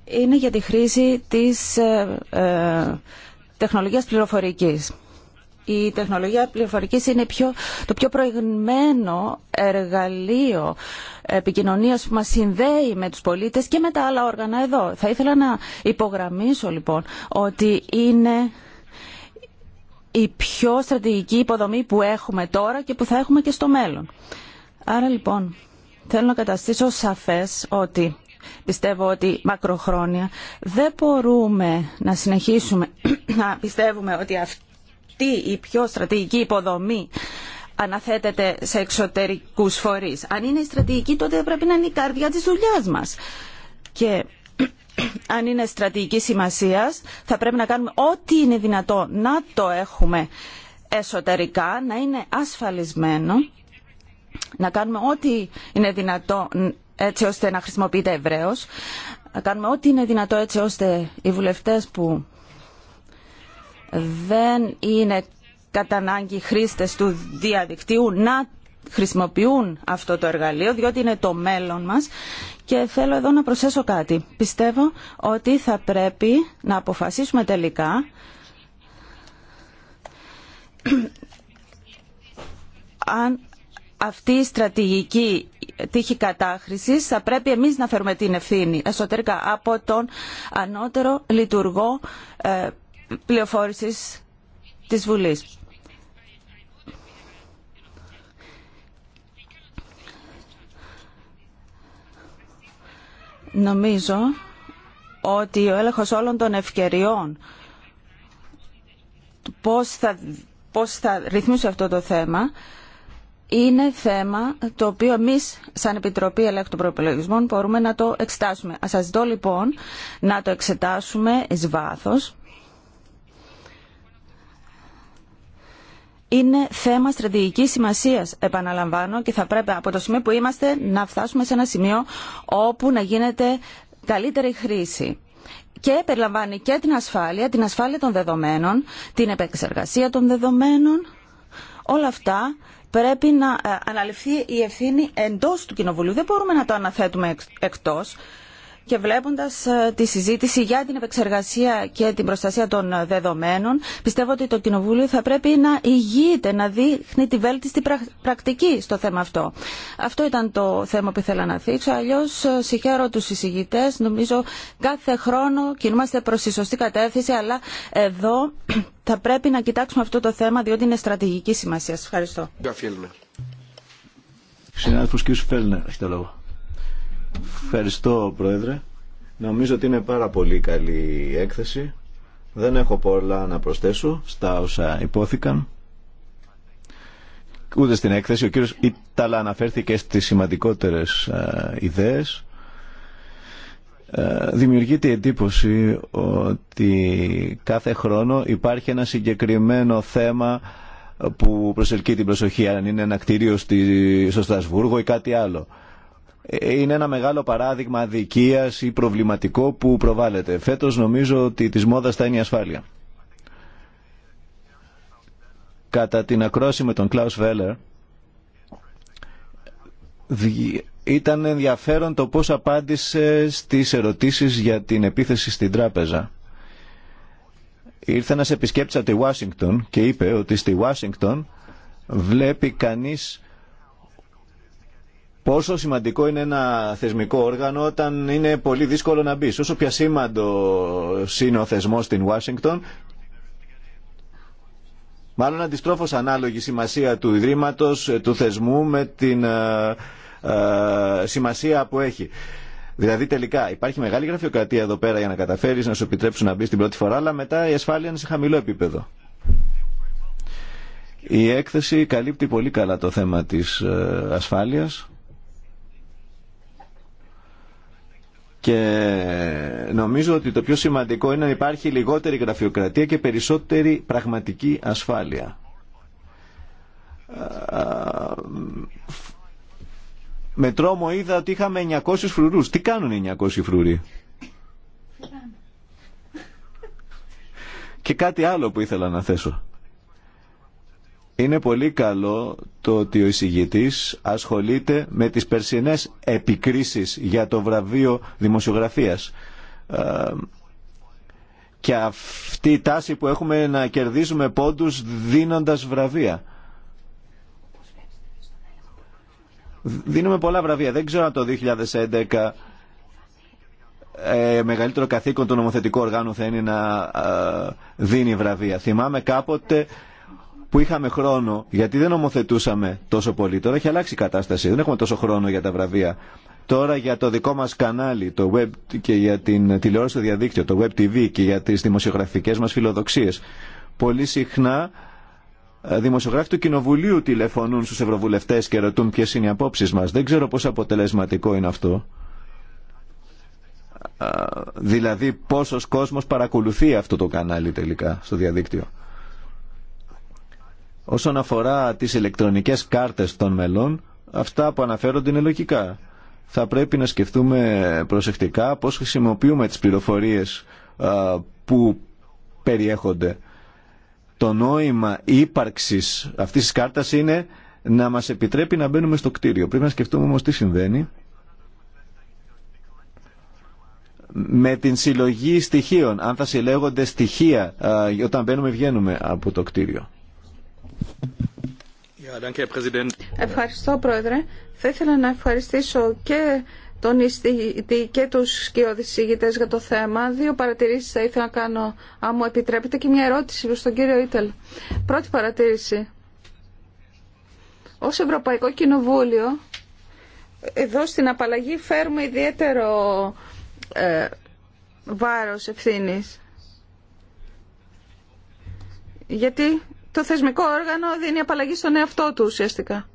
A: είναι για τη χρήση της ε, ε, τεχνολογίας πληροφορικής η τεχνολογία πληροφορικής είναι πιο, το πιο προηγμένο εργαλείο επικοινωνίας που μας συνδέει με τους πολίτες και με τα άλλα όργανα εδώ. Θα ήθελα να υπογραμμίσω λοιπόν ότι είναι η πιο στρατηγική υποδομή που έχουμε τώρα και που θα έχουμε και στο μέλλον. Άρα λοιπόν θέλω να καταστήσω σαφές ότι πιστεύω ότι μακροχρόνια δεν μπορούμε να συνεχίσουμε να πιστεύουμε ότι αυτή τι η πιο στρατηγική υποδομή αναθέτεται σε εξωτερικούς φορείς. Αν είναι η στρατηγική τότε πρέπει να είναι η καρδιά της δουλειά μας. Και αν είναι στρατηγική σημασία θα πρέπει να κάνουμε ό,τι είναι δυνατό να το έχουμε εσωτερικά, να είναι ασφαλισμένο, να κάνουμε ό,τι είναι δυνατό έτσι ώστε να χρησιμοποιείται ευρέως, να κάνουμε ό,τι είναι δυνατό έτσι ώστε οι βουλευτές που δεν είναι κατά ανάγκη χρήστες του διαδικτύου να χρησιμοποιούν αυτό το εργαλείο διότι είναι το μέλλον μας και θέλω εδώ να προσθέσω κάτι. Πιστεύω ότι θα πρέπει να αποφασίσουμε τελικά αν αυτή η στρατηγική τύχη κατάχρησης θα πρέπει εμείς να φέρουμε την ευθύνη εσωτερικά από τον ανώτερο λειτουργό ε, πληροφόρησης της Βουλής. Νομίζω ότι ο έλεγχος όλων των ευκαιριών πώς θα, ρυθμίσει αυτό το θέμα είναι θέμα το οποίο εμεί, σαν Επιτροπή Ελέγχου των Προπολογισμών, μπορούμε να το εξετάσουμε. Σα ζητώ λοιπόν να το εξετάσουμε ει βάθο είναι θέμα στρατηγικής σημασίας, επαναλαμβάνω, και θα πρέπει από το σημείο που είμαστε να φτάσουμε σε ένα σημείο όπου να γίνεται καλύτερη χρήση. Και περιλαμβάνει και την ασφάλεια, την ασφάλεια των δεδομένων, την επεξεργασία των δεδομένων, όλα αυτά πρέπει να ε, αναλυφθεί η ευθύνη εντός του Κοινοβουλίου. Δεν μπορούμε να το αναθέτουμε εκτός και βλέποντα ε, τη συζήτηση για την επεξεργασία και την προστασία των ε, δεδομένων, πιστεύω ότι το Κοινοβούλιο θα πρέπει να ηγείται, να δείχνει τη βέλτιστη πρακτική στο θέμα αυτό. Αυτό ήταν το θέμα που ήθελα να θίξω. Αλλιώ ε, συγχαίρω του συζητητέ, Νομίζω κάθε χρόνο κινούμαστε προ τη σωστή κατεύθυνση, αλλά εδώ θα πρέπει να κοιτάξουμε αυτό το θέμα, διότι είναι στρατηγική σημασία. Σας ευχαριστώ.
B: Συνάδελφος κ. Φέλνερ, έχει λόγο. Ευχαριστώ, Πρόεδρε. Νομίζω ότι είναι πάρα πολύ καλή η έκθεση. Δεν έχω πολλά να προσθέσω στα όσα υπόθηκαν. Ούτε στην έκθεση. Ο κύριος Ιταλά αναφέρθηκε στις σημαντικότερες ιδέες. Ε, δημιουργείται η εντύπωση ότι κάθε χρόνο υπάρχει ένα συγκεκριμένο θέμα που προσελκύει την προσοχή, αν είναι ένα κτίριο στο Στρασβούργο ή κάτι άλλο είναι ένα μεγάλο παράδειγμα αδικίας ή προβληματικό που προβάλλεται. Φέτος νομίζω ότι της μόδας θα είναι η ασφάλεια. Κατά την ακρόση με τον Κλάους Βέλλερ ήταν ενδιαφέρον το πώς απάντησε στις ερωτήσεις για την επίθεση στην τράπεζα. Ήρθε να επισκέπτης από τη Ουάσιγκτον και είπε ότι στη Ουάσιγκτον βλέπει κανείς Πόσο σημαντικό είναι ένα θεσμικό όργανο όταν είναι πολύ δύσκολο να μπει. Όσο πια είναι ο θεσμό στην Ουάσιγκτον, μάλλον αντιστρόφως ανάλογη σημασία του ιδρύματο του θεσμού με την ε, ε, σημασία που έχει. Δηλαδή τελικά υπάρχει μεγάλη γραφειοκρατία εδώ πέρα για να καταφέρεις να σου επιτρέψουν να μπει την πρώτη φορά, αλλά μετά η ασφάλεια είναι σε χαμηλό επίπεδο. Η έκθεση καλύπτει πολύ καλά το θέμα της ε, ασφάλειας. Και νομίζω ότι το πιο σημαντικό είναι να υπάρχει λιγότερη γραφειοκρατία και περισσότερη πραγματική ασφάλεια. Ε, με τρόμο είδα ότι είχαμε 900 φρουρούς. Τι κάνουν οι 900 φρουροί. Και κάτι άλλο που ήθελα να θέσω. Είναι πολύ καλό το ότι ο εισηγητής ασχολείται με τις περσινές επικρίσεις για το βραβείο δημοσιογραφίας. Ε, και αυτή η τάση που έχουμε να κερδίζουμε πόντους δίνοντας βραβεία. Δίνουμε πολλά βραβεία. Δεν ξέρω αν το 2011 ε, μεγαλύτερο καθήκον του νομοθετικού οργάνου θα είναι να ε, δίνει βραβεία. Θυμάμαι κάποτε που είχαμε χρόνο, γιατί δεν ομοθετούσαμε τόσο πολύ. Τώρα έχει αλλάξει η κατάσταση. Δεν έχουμε τόσο χρόνο για τα βραβεία. Τώρα για το δικό μας κανάλι, το web και για την τηλεόραση στο διαδίκτυο, το web TV και για τις δημοσιογραφικές μας φιλοδοξίες. Πολύ συχνά ε, δημοσιογράφοι του Κοινοβουλίου τηλεφωνούν στους ευρωβουλευτές και ρωτούν ποιες είναι οι απόψεις μας. Δεν ξέρω πόσο αποτελεσματικό είναι αυτό. Δηλαδή πόσος κόσμος παρακολουθεί αυτό το κανάλι τελικά στο διαδίκτυο. Όσον αφορά τις ηλεκτρονικές κάρτες των μελών, αυτά που αναφέρονται είναι λογικά. Θα πρέπει να σκεφτούμε προσεκτικά πώς χρησιμοποιούμε τις πληροφορίες που περιέχονται. Το νόημα ύπαρξης αυτής της κάρτας είναι να μας επιτρέπει να μπαίνουμε στο κτίριο. Πρέπει να σκεφτούμε όμως τι συμβαίνει με την συλλογή στοιχείων. Αν θα συλλέγονται στοιχεία όταν μπαίνουμε βγαίνουμε από το κτίριο.
C: Ευχαριστώ, Πρόεδρε. Θα ήθελα να ευχαριστήσω και τον εισηγητή και τους σκιώδης για το θέμα. Δύο παρατηρήσεις θα ήθελα να κάνω, αν μου επιτρέπετε, και μια ερώτηση προς τον κύριο Ίτελ. Πρώτη παρατήρηση. Ως Ευρωπαϊκό Κοινοβούλιο, εδώ στην απαλλαγή φέρουμε ιδιαίτερο ε, βάρος ευθύνης. Γιατί το θεσμικό όργανο δίνει απαλλαγή στον εαυτό του ουσιαστικά.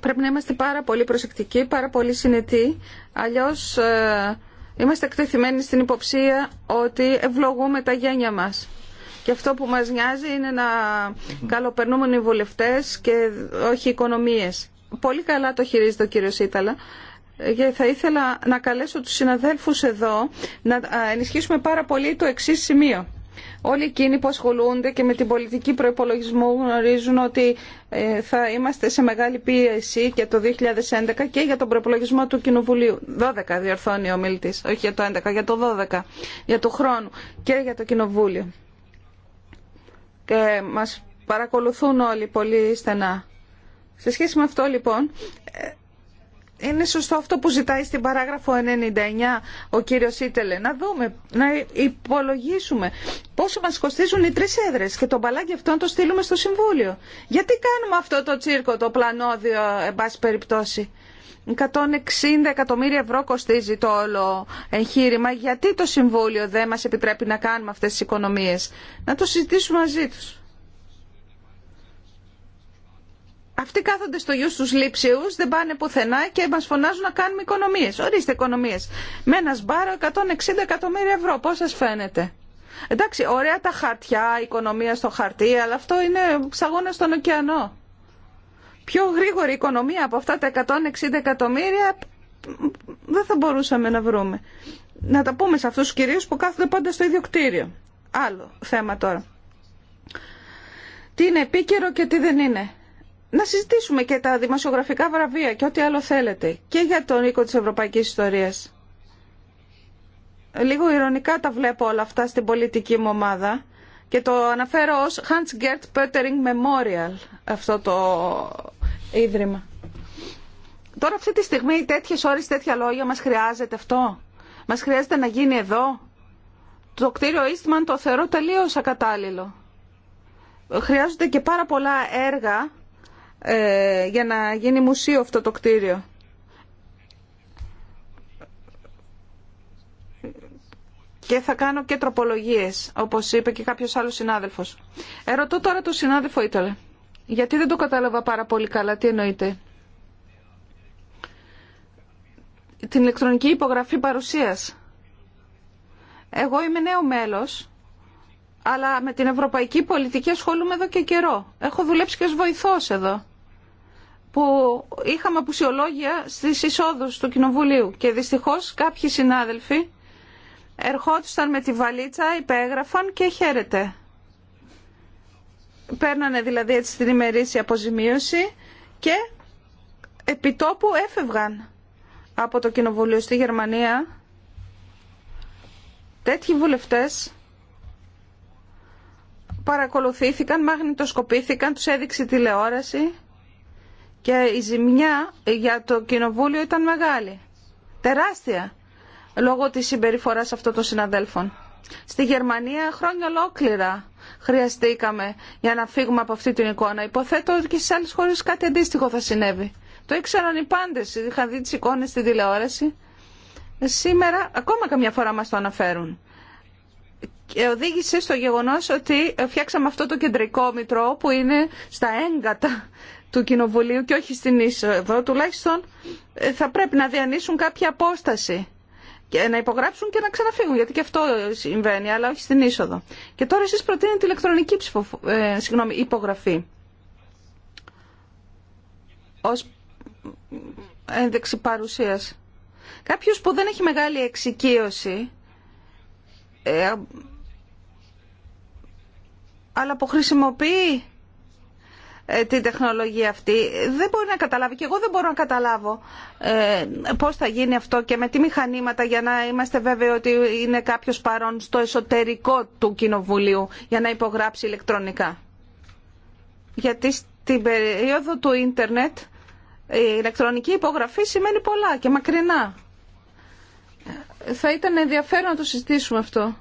C: Πρέπει να είμαστε πάρα πολύ προσεκτικοί, πάρα πολύ συνετοί, αλλιώς ε, είμαστε εκτεθειμένοι στην υποψία ότι ευλογούμε τα γένια μας. Και αυτό που μας νοιάζει είναι να καλοπερνούμε οι και όχι οι οικονομίες. Πολύ καλά το χειρίζεται ο κύριος Ήταλα και θα ήθελα να καλέσω τους συναδέλφους εδώ να ε, ενισχύσουμε πάρα πολύ το εξής σημείο. Όλοι εκείνοι που ασχολούνται και με την πολιτική προπολογισμό γνωρίζουν ότι ε, θα είμαστε σε μεγάλη πίεση για το 2011 και για τον προπολογισμό του Κοινοβουλίου. 12 διορθώνει ο μιλητής, όχι για το 11, για το 12, για το χρόνο και για το Κοινοβούλιο. Και μας παρακολουθούν όλοι πολύ στενά. Σε σχέση με αυτό λοιπόν, ε, είναι σωστό αυτό που ζητάει στην παράγραφο 99 ο κύριος Ήτελε. Να δούμε, να υπολογίσουμε πόσο μας κοστίζουν οι τρεις έδρες και το μπαλάκι αυτό να το στείλουμε στο Συμβούλιο. Γιατί κάνουμε αυτό το τσίρκο, το πλανόδιο, εν πάση περιπτώσει. 160 εκατομμύρια ευρώ κοστίζει το όλο εγχείρημα. Γιατί το Συμβούλιο δεν μας επιτρέπει να κάνουμε αυτές τις οικονομίες. Να το συζητήσουμε μαζί τους. Αυτοί κάθονται στο γιου στους λήψεου, δεν πάνε πουθενά και μα φωνάζουν να κάνουμε οικονομίε. Ορίστε οικονομίε. Με ένα σμπάρο 160 εκατομμύρια ευρώ. Πώ σα φαίνεται. Εντάξει, ωραία τα χαρτιά, οικονομία στο χαρτί, αλλά αυτό είναι ψαγόνα στον ωκεανό. Πιο γρήγορη οικονομία από αυτά τα 160 εκατομμύρια δεν θα μπορούσαμε να βρούμε. Να τα πούμε σε αυτούς τους κυρίους που κάθονται πάντα στο ίδιο κτίριο. Άλλο θέμα τώρα. Τι είναι επίκαιρο και τι δεν είναι να συζητήσουμε και τα δημοσιογραφικά βραβεία και ό,τι άλλο θέλετε και για τον οίκο της ευρωπαϊκής ιστορίας. Λίγο ηρωνικά τα βλέπω όλα αυτά στην πολιτική μου ομάδα και το αναφέρω ως Hans Gert Pöttering Memorial αυτό το ίδρυμα. Τώρα αυτή τη στιγμή τέτοιες ώρες, τέτοια λόγια μας χρειάζεται αυτό. Μας χρειάζεται να γίνει εδώ. Το κτίριο Eastman το θεωρώ τελείως ακατάλληλο. Χρειάζονται και πάρα πολλά έργα ε, για να γίνει μουσείο αυτό το κτίριο. Και θα κάνω και τροπολογίες, όπως είπε και κάποιος άλλος συνάδελφος. Ερωτώ τώρα τον συνάδελφο Ήτολε. γιατί δεν το κατάλαβα πάρα πολύ καλά, τι εννοείται. Την ηλεκτρονική υπογραφή παρουσίας. Εγώ είμαι νέο μέλος αλλά με την ευρωπαϊκή πολιτική ασχολούμαι εδώ και καιρό. Έχω δουλέψει και ως βοηθός εδώ που είχαμε απουσιολόγια στις εισόδους του Κοινοβουλίου και δυστυχώς κάποιοι συνάδελφοι ερχόντουσαν με τη βαλίτσα, υπέγραφαν και χαίρεται. Παίρνανε δηλαδή έτσι την ημερήσια αποζημίωση και επιτόπου έφευγαν από το Κοινοβουλίο στη Γερμανία τέτοιοι βουλευτές παρακολουθήθηκαν, μαγνητοσκοπήθηκαν, τους έδειξε τηλεόραση και η ζημιά για το κοινοβούλιο ήταν μεγάλη. Τεράστια. Λόγω της συμπεριφοράς αυτών των συναδέλφων. Στη Γερμανία χρόνια ολόκληρα χρειαστήκαμε για να φύγουμε από αυτή την εικόνα. Υποθέτω ότι και στις άλλες χώρες κάτι αντίστοιχο θα συνέβη. Το ήξεραν οι πάντες, είχαν δει τις εικόνες στη τηλεόραση. Σήμερα ακόμα καμιά φορά μας το αναφέρουν. Και οδήγησε στο γεγονός ότι φτιάξαμε αυτό το κεντρικό μητρό που είναι στα έγκατα του Κοινοβουλίου και όχι στην είσοδο, τουλάχιστον ε, θα πρέπει να διανύσουν κάποια απόσταση και να υπογράψουν και να ξαναφύγουν, γιατί και αυτό συμβαίνει, αλλά όχι στην είσοδο. Και τώρα εσείς προτείνετε ηλεκτρονική ψηφο, ε, συγγνώμη, υπογραφή ως ένδειξη παρουσίας. Κάποιος που δεν έχει μεγάλη εξοικείωση, ε, αλλά που χρησιμοποιεί ε, την τεχνολογία αυτή. Δεν μπορεί να καταλάβει και εγώ δεν μπορώ να καταλάβω ε, πώς θα γίνει αυτό και με τι μηχανήματα για να είμαστε βέβαιοι ότι είναι κάποιος παρόν στο εσωτερικό του Κοινοβουλίου για να υπογράψει ηλεκτρονικά. Γιατί στην περίοδο του ίντερνετ η ηλεκτρονική υπογραφή σημαίνει πολλά και μακρινά. Θα ήταν ενδιαφέρον να το συζητήσουμε αυτό.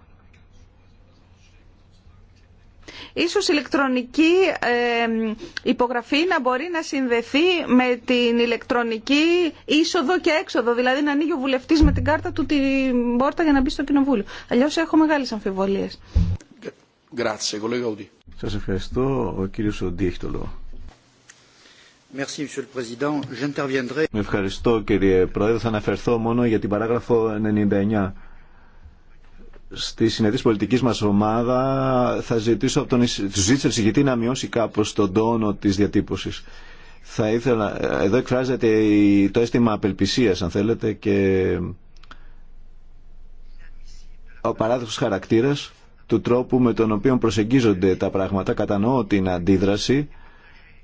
C: Ίσως ηλεκτρονική ε, υπογραφή να μπορεί να συνδεθεί με την ηλεκτρονική είσοδο και έξοδο. Δηλαδή να ανοίγει ο βουλευτή με την κάρτα του την πόρτα για να μπει στο κοινοβούλιο. Αλλιώ έχω μεγάλες αμφιβολίες.
B: Σα ευχαριστώ. Ο κύριο Οντί έχει το λόγο. Ευχαριστώ κύριε Πρόεδρε. Θα αναφερθώ μόνο για την παράγραφο 99 στη συνεδρία πολιτικής μας ομάδα θα ζητήσω από τον εισηγητή να μειώσει κάπως τον τόνο της διατύπωσης. Θα ήθελα, ε, εδώ εκφράζεται το αίσθημα απελπισίας αν θέλετε και ο παράδοξος χαρακτήρας του τρόπου με τον οποίο προσεγγίζονται τα πράγματα. Κατανοώ την αντίδραση,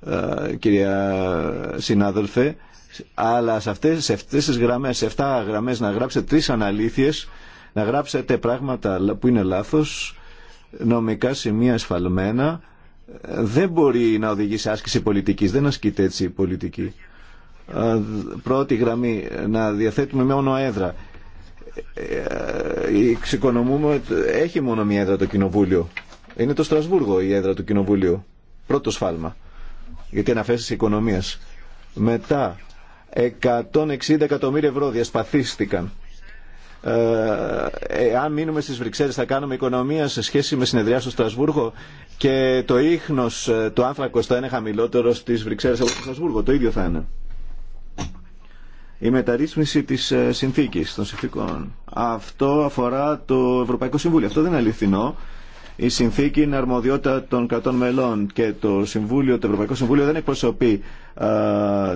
B: ε, κυρία συνάδελφε, αλλά σε αυτές, σε αυτές τις γραμμές, σε 7 γραμμές να γράψετε τρεις αναλήθειες να γράψετε πράγματα που είναι λάθος, νομικά σημεία ασφαλμένα, δεν μπορεί να οδηγεί άσκηση πολιτικής, δεν ασκείται έτσι η πολιτική. Πρώτη γραμμή, να διαθέτουμε μόνο έδρα. Ε, ε, έχει μόνο μία έδρα το Κοινοβούλιο. Είναι το Στρασβούργο η έδρα του Κοινοβουλίου. Πρώτο σφάλμα. Γιατί αναφέρει οικονομίας. Μετά, 160 εκατομμύρια ευρώ διασπαθίστηκαν ε, ε, αν μείνουμε στις Βρυξέλλες θα κάνουμε οικονομία σε σχέση με συνεδριά στο Στρασβούργο και το ίχνος ε, του άνθρακος θα είναι χαμηλότερο στις Βρυξέλλες από το Στρασβούργο. Το ίδιο θα είναι. Η μεταρρύθμιση της συνθήκης των συνθήκων. Αυτό αφορά το Ευρωπαϊκό Συμβούλιο. Αυτό δεν είναι αληθινό. Η συνθήκη είναι αρμοδιότητα των κρατών μελών και το, Συμβούλιο, το Ευρωπαϊκό Συμβούλιο δεν εκπροσωπεί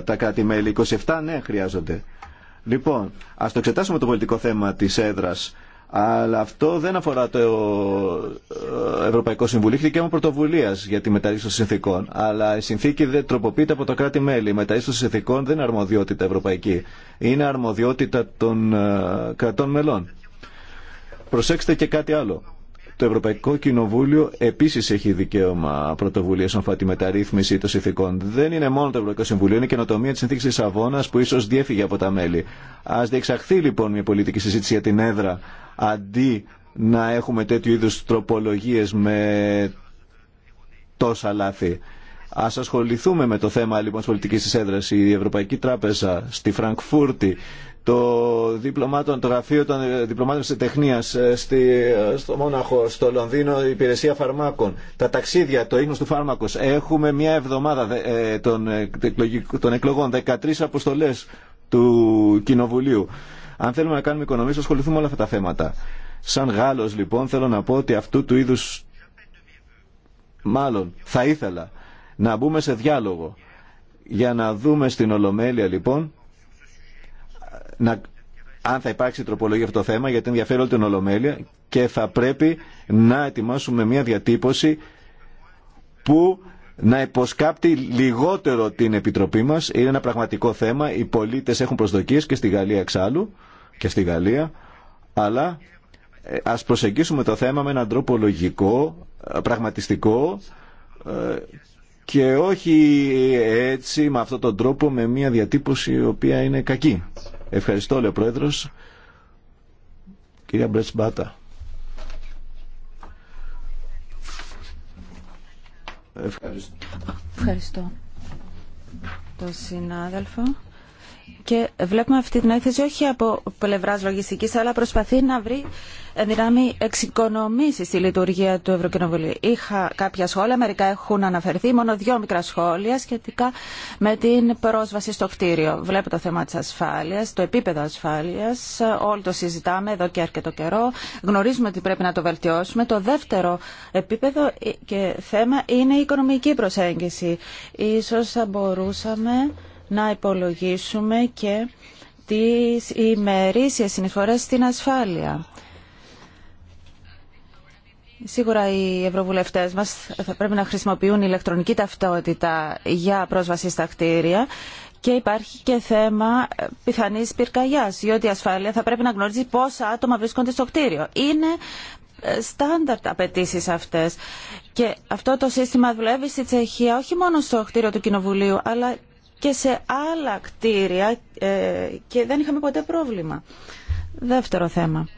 B: τα κράτη-μέλη. 27 ναι χρειάζονται. Λοιπόν, α το εξετάσουμε το πολιτικό θέμα της έδρας. Αλλά αυτό δεν αφορά το ε, Ευρωπαϊκό Συμβουλίο. Έχει δικαίωμα πρωτοβουλία για τη μεταρρύθμιση των συνθήκων. Αλλά η συνθήκη δεν τροποποιείται από τα κράτη-μέλη. Η μεταρρύθμιση των συνθήκων δεν είναι αρμοδιότητα ευρωπαϊκή. Είναι αρμοδιότητα των ε, κρατών μελών. Προσέξτε και κάτι άλλο. Το Ευρωπαϊκό Κοινοβούλιο επίση έχει δικαίωμα πρωτοβουλία στον φάτη τη μεταρρύθμιση των συνθήκων. Δεν είναι μόνο το Ευρωπαϊκό Συμβουλίο, είναι η καινοτομία τη συνθήκη τη Αβώνα που ίσω διέφυγε από τα μέλη. Α διεξαχθεί λοιπόν μια πολιτική συζήτηση για την έδρα αντί να έχουμε τέτοιου είδου τροπολογίε με τόσα λάθη. Ας ασχοληθούμε με το θέμα λοιπόν της πολιτικής της έδρας. Η Ευρωπαϊκή Τράπεζα στη Φραγκφούρτη, το, γραφείο των διπλωμάτων της τεχνίας ε, ε, στο Μόναχο, στο Λονδίνο, η υπηρεσία φαρμάκων, τα ταξίδια, το ίχνος του φάρμακος. Έχουμε μια εβδομάδα ε, των, ε, εκλογών, 13 αποστολές του Κοινοβουλίου. Αν θέλουμε να κάνουμε οικονομίες, ασχοληθούμε όλα αυτά τα θέματα. Σαν Γάλλος λοιπόν θέλω να πω ότι αυτού του είδους μάλλον θα ήθελα να μπούμε σε διάλογο. Για να δούμε στην Ολομέλεια λοιπόν να, αν θα υπάρξει τροπολογία αυτό το θέμα γιατί ενδιαφέρει όλη την Ολομέλεια και θα πρέπει να ετοιμάσουμε μια διατύπωση που να υποσκάπτει λιγότερο την Επιτροπή μας. Είναι ένα πραγματικό θέμα. Οι πολίτες έχουν προσδοκίες και στη Γαλλία εξάλλου και στη Γαλλία. Αλλά ε, ας προσεγγίσουμε το θέμα με έναν τρόπο λογικό, ε, πραγματιστικό ε, και όχι έτσι με αυτόν τον τρόπο με μια διατύπωση η οποία είναι κακή. Ευχαριστώ λέει ο Πρόεδρος. Κυρία Μπρεσμπάτα. Ευχαριστώ.
A: Ευχαριστώ. Το συνάδελφο. Και βλέπουμε αυτή την έκθεση όχι από πλευρά λογιστική, αλλά προσπαθεί να βρει δυνάμει εξοικονομήσει στη λειτουργία του Ευρωκοινοβουλίου. Είχα κάποια σχόλια, μερικά έχουν αναφερθεί, μόνο δύο μικρά σχόλια σχετικά με την πρόσβαση στο κτίριο. Βλέπω το θέμα τη ασφάλεια, το επίπεδο ασφάλεια. Όλοι το συζητάμε εδώ και αρκετό καιρό. Γνωρίζουμε ότι πρέπει να το βελτιώσουμε. Το δεύτερο επίπεδο και θέμα είναι η οικονομική προσέγγιση. Σω θα μπορούσαμε να υπολογίσουμε και τις ημερήσιες συνεισφορές στην ασφάλεια. Σίγουρα οι ευρωβουλευτές μας θα πρέπει να χρησιμοποιούν ηλεκτρονική ταυτότητα για πρόσβαση στα κτίρια και υπάρχει και θέμα πιθανής πυρκαγιάς, διότι η ασφάλεια θα πρέπει να γνωρίζει πόσα άτομα βρίσκονται στο κτίριο. Είναι ε, στάνταρτ απαιτήσει αυτές. Και αυτό το σύστημα δουλεύει στη Τσεχία όχι μόνο στο κτίριο του Κοινοβουλίου, αλλά και σε άλλα κτίρια ε, και δεν είχαμε ποτέ πρόβλημα. Δεύτερο θέμα.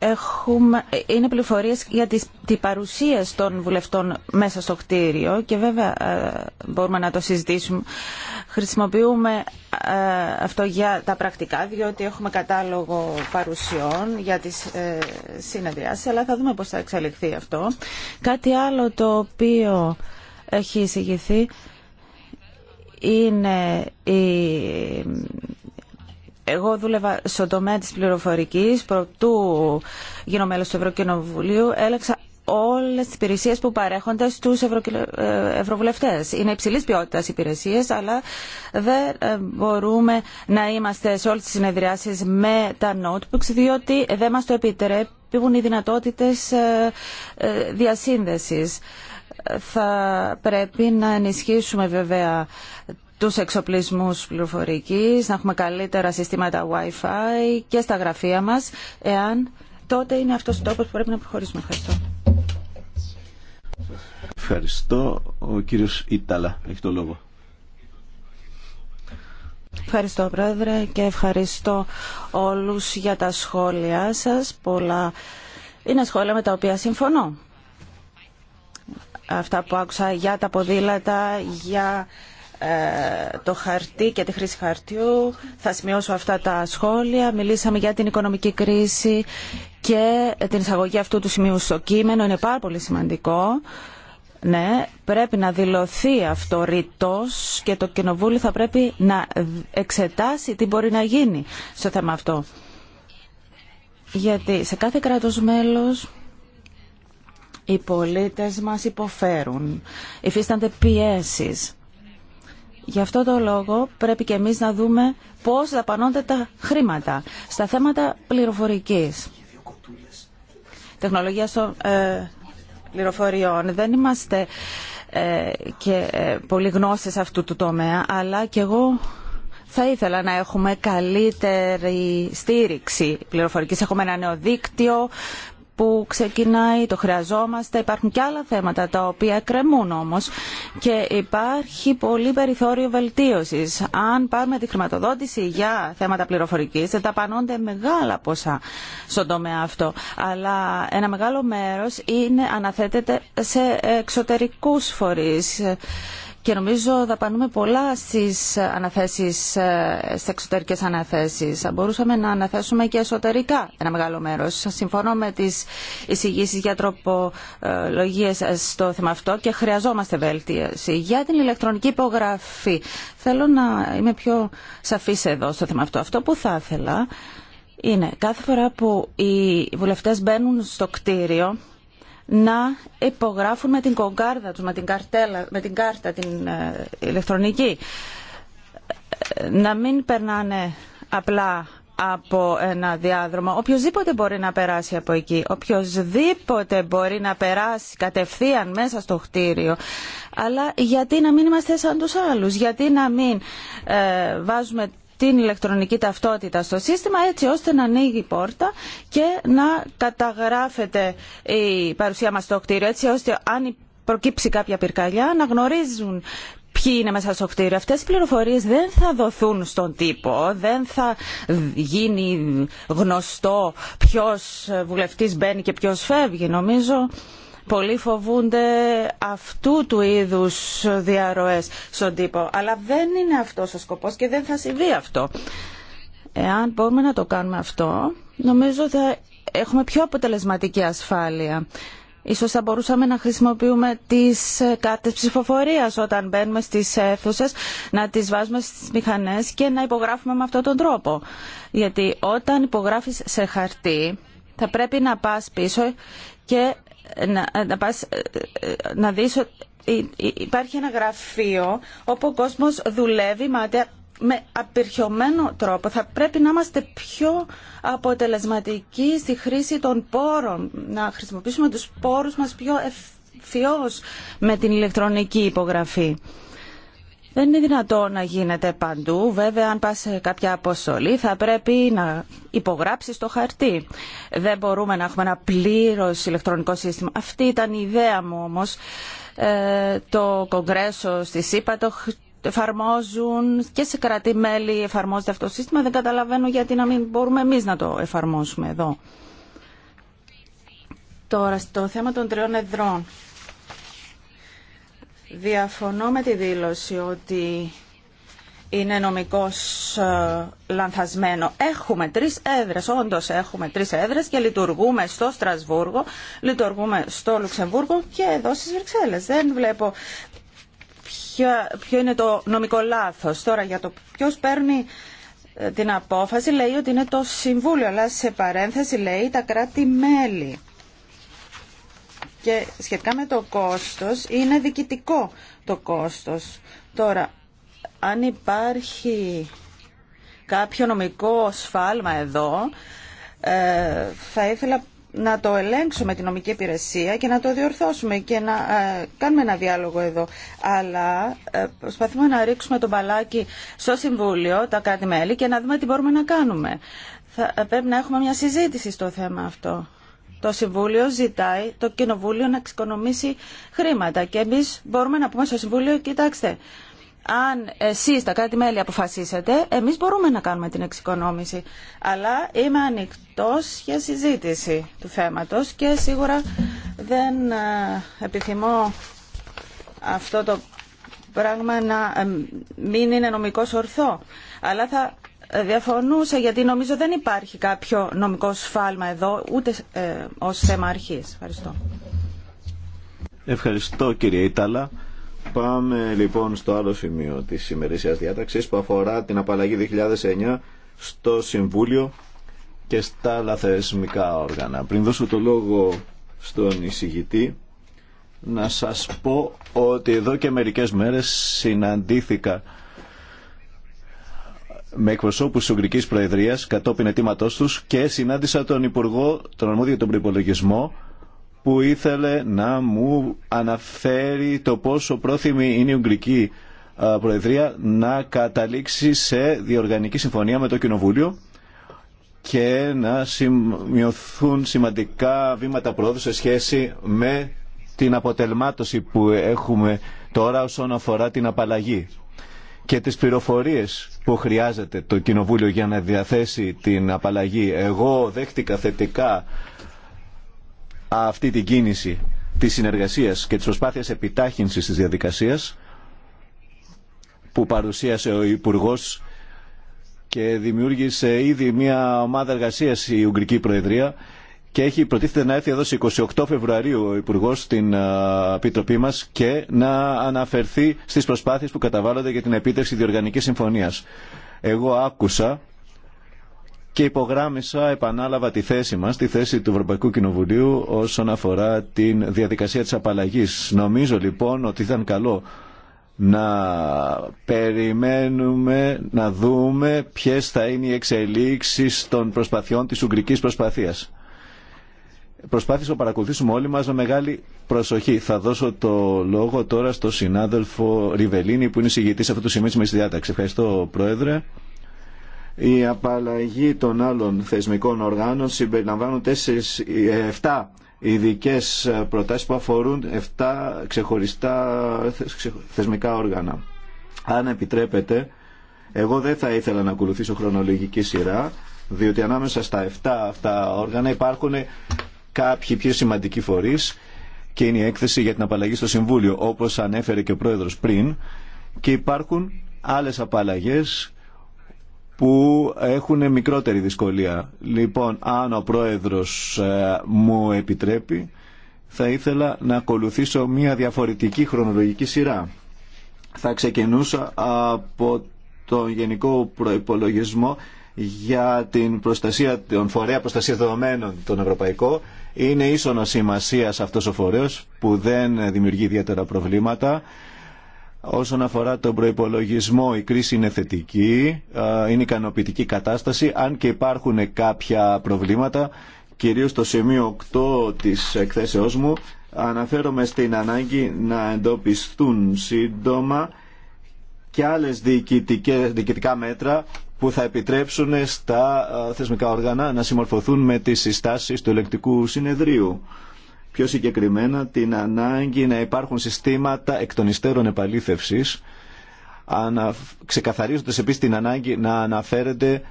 A: έχουμε, είναι πληροφορίες για τις, την παρουσία των βουλευτών μέσα στο κτίριο και βέβαια ε, μπορούμε να το συζητήσουμε. Χρησιμοποιούμε ε, αυτό για τα πρακτικά, διότι έχουμε κατάλογο παρουσιών για τις ε, συνεδριάσεις, αλλά θα δούμε πώς θα εξελιχθεί αυτό. Κάτι άλλο το οποίο έχει εισηγηθεί είναι η εγώ δούλευα στον τομέα της πληροφορικής, προτού γίνω μέλος του Ευρωκοινοβουλίου, έλεξα όλες τις υπηρεσίες που παρέχονται στους ε, ευρωβουλευτές. Είναι υψηλής ποιότητας υπηρεσίες, αλλά δεν ε, μπορούμε να είμαστε σε όλες τις συνεδριάσεις με τα notebooks, διότι δεν μας το επιτρέπουν οι δυνατότητες ε, διασύνδεσης. Θα πρέπει να ενισχύσουμε βέβαια τους εξοπλισμούς πληροφορικής, να έχουμε καλύτερα συστήματα Wi-Fi και στα γραφεία μας, εάν τότε είναι αυτός ο τόπος που πρέπει να προχωρήσουμε. Ευχαριστώ.
B: Ευχαριστώ. Ο κύριος Ιταλα έχει το λόγο.
A: Ευχαριστώ Πρόεδρε και ευχαριστώ όλους για τα σχόλια σας. Πολλά είναι σχόλια με τα οποία συμφωνώ. Αυτά που άκουσα για τα ποδήλατα, για ε, το χαρτί και τη χρήση χαρτιού. Θα σημειώσω αυτά τα σχόλια. Μιλήσαμε για την οικονομική κρίση και την εισαγωγή αυτού του σημείου στο κείμενο. Είναι πάρα πολύ σημαντικό. Ναι, πρέπει να δηλωθεί αυτό ρητός και το Κοινοβούλιο θα πρέπει να εξετάσει τι μπορεί να γίνει στο θέμα αυτό. Γιατί σε κάθε κράτος μέλος οι πολίτες μας υποφέρουν, υφίστανται πιέσεις Γι' αυτό το λόγο πρέπει και εμείς να δούμε πώς δαπανώνται τα χρήματα στα θέματα πληροφορικής, τεχνολογίας των ε, πληροφοριών. Δεν είμαστε ε, και ε, πολύ αυτού του τομέα, αλλά και εγώ θα ήθελα να έχουμε καλύτερη στήριξη πληροφορικής. Έχουμε ένα νέο δίκτυο που ξεκινάει, το χρειαζόμαστε. Υπάρχουν και άλλα θέματα τα οποία κρεμούν όμω. και υπάρχει πολύ περιθώριο βελτίωσης. Αν πάμε τη χρηματοδότηση για θέματα πληροφορικής, θα ταπανώνται μεγάλα ποσά στον τομέα αυτό. Αλλά ένα μεγάλο μέρος είναι, αναθέτεται σε εξωτερικούς φορείς και νομίζω δαπανούμε πολλά στις αναθέσεις, ε, στις εξωτερικές αναθέσεις. Θα μπορούσαμε να αναθέσουμε και εσωτερικά ένα μεγάλο μέρος. Συμφωνώ με τις εισηγήσει για τροπολογίες στο θέμα αυτό και χρειαζόμαστε βελτίωση Για την ηλεκτρονική υπογραφή θέλω να είμαι πιο σαφής εδώ στο θέμα αυτό. Αυτό που θα ήθελα είναι κάθε φορά που οι βουλευτές μπαίνουν στο κτίριο να υπογράφουν με την κογκάρδα τους, με την, καρτέλα, με την κάρτα, την ε, ηλεκτρονική. Να μην περνάνε απλά από ένα διάδρομο. Οποιοςδήποτε μπορεί να περάσει από εκεί. Οποιοςδήποτε μπορεί να περάσει κατευθείαν μέσα στο χτίριο. Αλλά γιατί να μην είμαστε σαν τους άλλους. Γιατί να μην ε, βάζουμε την ηλεκτρονική ταυτότητα στο σύστημα έτσι ώστε να ανοίγει η πόρτα και να καταγράφεται η παρουσία μας στο κτίριο έτσι ώστε αν προκύψει κάποια πυρκαλιά να γνωρίζουν ποιοι είναι μέσα στο κτίριο. Αυτές οι πληροφορίες δεν θα δοθούν στον τύπο, δεν θα γίνει γνωστό ποιο βουλευτής μπαίνει και ποιο φεύγει. Νομίζω Πολλοί φοβούνται αυτού του είδους διαρροές στον τύπο. Αλλά δεν είναι αυτός ο σκοπός και δεν θα συμβεί αυτό. Εάν μπορούμε να το κάνουμε αυτό, νομίζω θα έχουμε πιο αποτελεσματική ασφάλεια. Ίσως θα μπορούσαμε να χρησιμοποιούμε τις ε, κάρτες ψηφοφορίας όταν μπαίνουμε στις αίθουσε, να τις βάζουμε στις μηχανές και να υπογράφουμε με αυτόν τον τρόπο. Γιατί όταν υπογράφεις σε χαρτί θα πρέπει να πας πίσω και να, να, πας, ε, ε, να δεις ότι υπάρχει ένα γραφείο όπου ο κόσμος δουλεύει με απειρχιωμένο τρόπο. Θα πρέπει να είμαστε πιο αποτελεσματικοί στη χρήση των πόρων, να χρησιμοποιήσουμε τους πόρους μας πιο ευφυώς με την ηλεκτρονική υπογραφή. Δεν είναι δυνατό να γίνεται παντού. Βέβαια, αν πας σε κάποια αποστολή θα πρέπει να υπογράψεις το χαρτί. Δεν μπορούμε να έχουμε ένα πλήρως ηλεκτρονικό σύστημα. Αυτή ήταν η ιδέα μου όμως. Ε, το Κογκρέσο στη ΣΥΠΑ το εφαρμόζουν και σε κρατή-μέλη εφαρμόζεται αυτό το σύστημα. Δεν καταλαβαίνω γιατί να μην μπορούμε εμείς να το εφαρμόσουμε εδώ. Τώρα, στο θέμα των τριών εδρών. Διαφωνώ με τη δήλωση ότι είναι νομικό ε, λανθασμένο. Έχουμε τρεις έδρες, όντως έχουμε τρεις έδρες και λειτουργούμε στο Στρασβούργο, λειτουργούμε στο Λουξεμβούργο και εδώ στις Βρυξέλλες. Δεν βλέπω ποιο είναι το νομικό λάθος. Τώρα για το ποιος παίρνει ε, την απόφαση λέει ότι είναι το Συμβούλιο, αλλά σε παρένθεση λέει τα κράτη-μέλη. Και σχετικά με το κόστος, είναι διοικητικό το κόστος. Τώρα, αν υπάρχει κάποιο νομικό σφάλμα εδώ, ε, θα ήθελα να το ελέγξουμε την νομική υπηρεσία και να το διορθώσουμε και να ε, κάνουμε ένα διάλογο εδώ. Αλλά ε, προσπαθούμε να ρίξουμε το μπαλάκι στο Συμβούλιο, τα κράτη-μέλη και να δούμε τι μπορούμε να κάνουμε. Θα πρέπει να έχουμε μια συζήτηση στο θέμα αυτό. Το Συμβούλιο ζητάει το Κοινοβούλιο να εξοικονομήσει χρήματα και εμείς μπορούμε να πούμε στο Συμβούλιο «Κοιτάξτε, αν εσεί τα κράτη-μέλη αποφασίσετε, εμεί μπορούμε να κάνουμε την εξοικονόμηση. Αλλά είμαι ανοιχτό για συζήτηση του θέματο και σίγουρα δεν ε, επιθυμώ αυτό το πράγμα να ε, μην είναι νομικό ορθό. Αλλά θα διαφωνούσα γιατί νομίζω δεν υπάρχει κάποιο νομικό σφάλμα εδώ ούτε ε, ως θέμα αρχής. Ευχαριστώ.
B: Ευχαριστώ κύριε Ιταλά. Πάμε λοιπόν στο άλλο σημείο της ημερήσιας διάταξης που αφορά την απαλλαγή 2009 στο Συμβούλιο και στα λαθεσμικά όργανα. Πριν δώσω το λόγο στον εισηγητή, να σας πω ότι εδώ και μερικές μέρες συναντήθηκα με εκπροσώπους τη Ουγγρική Προεδρίας κατόπιν αιτήματό τους και συνάντησα τον Υπουργό, τον Αρμόδιο τον που ήθελε να μου αναφέρει το πόσο πρόθυμη είναι η Ουγγρική Προεδρία να καταλήξει σε διοργανική συμφωνία με το Κοινοβούλιο και να σημειωθούν σημαντικά βήματα πρόοδου σε σχέση με την αποτελμάτωση που έχουμε τώρα όσον αφορά την απαλλαγή και τις πληροφορίες που χρειάζεται το Κοινοβούλιο για να διαθέσει την απαλλαγή. Εγώ δέχτηκα θετικά αυτή την κίνηση της συνεργασίας και της προσπάθειας επιτάχυνσης της διαδικασίας που παρουσίασε ο Υπουργός και δημιούργησε ήδη μια ομάδα εργασίας η Ουγγρική Προεδρία και έχει προτίθεται να έρθει εδώ στις 28 Φεβρουαρίου ο Υπουργός στην Επιτροπή μας και να αναφερθεί στις προσπάθειες που καταβάλλονται για την επίτευξη διοργανικής συμφωνίας. Εγώ άκουσα και υπογράμμισα, επανάλαβα τη θέση μας, τη θέση του Ευρωπαϊκού Κοινοβουλίου όσον αφορά την διαδικασία της απαλλαγής. Νομίζω λοιπόν ότι ήταν καλό να περιμένουμε να δούμε ποιες θα είναι οι εξελίξεις των προσπαθειών της Ουγγρικής Προσπαθίας Προσπάθησα να παρακολουθήσουμε όλοι μας με μεγάλη προσοχή. Θα δώσω το λόγο τώρα στον συνάδελφο Ριβελίνη που είναι συγγητής αυτού του σημείου της διάταξη. Ευχαριστώ Πρόεδρε. Η απαλλαγή των άλλων θεσμικών οργάνων συμπεριλαμβάνουν 7 ε, ειδικέ προτάσεις που αφορούν 7 ξεχωριστά θεσμικά όργανα. Αν επιτρέπετε, εγώ δεν θα ήθελα να ακολουθήσω χρονολογική σειρά, διότι ανάμεσα στα 7 αυτά όργανα υπάρχουν κάποιοι πιο σημαντικοί φορεί και είναι η έκθεση για την απαλλαγή στο Συμβούλιο, όπως ανέφερε και ο Πρόεδρος πριν, και υπάρχουν άλλες απαλλαγέ που έχουν μικρότερη δυσκολία. Λοιπόν, αν ο Πρόεδρος ε, μου επιτρέπει, θα ήθελα να ακολουθήσω μια διαφορετική χρονολογική σειρά. Θα ξεκινούσα από τον Γενικό Προϋπολογισμό για την προστασία, τον Φορέα Προστασίας Δεδομένων, των Ευρωπαϊκών είναι ίσονο σημασία αυτός ο φορέος που δεν δημιουργεί ιδιαίτερα προβλήματα. Όσον αφορά τον προϋπολογισμό, η κρίση είναι θετική, είναι ικανοποιητική κατάσταση, αν και υπάρχουν κάποια προβλήματα, κυρίως το σημείο 8 της εκθέσεώς μου, αναφέρομαι στην ανάγκη να εντοπιστούν σύντομα και άλλες διοικητικά μέτρα που θα επιτρέψουν στα ε, θεσμικά όργανα να συμμορφωθούν με τις συστάσεις του ελεκτικού συνεδρίου. Πιο συγκεκριμένα την ανάγκη να υπάρχουν συστήματα εκ των υστέρων επαλήθευσης, ξεκαθαρίζοντας επίσης την ανάγκη να αναφέρεται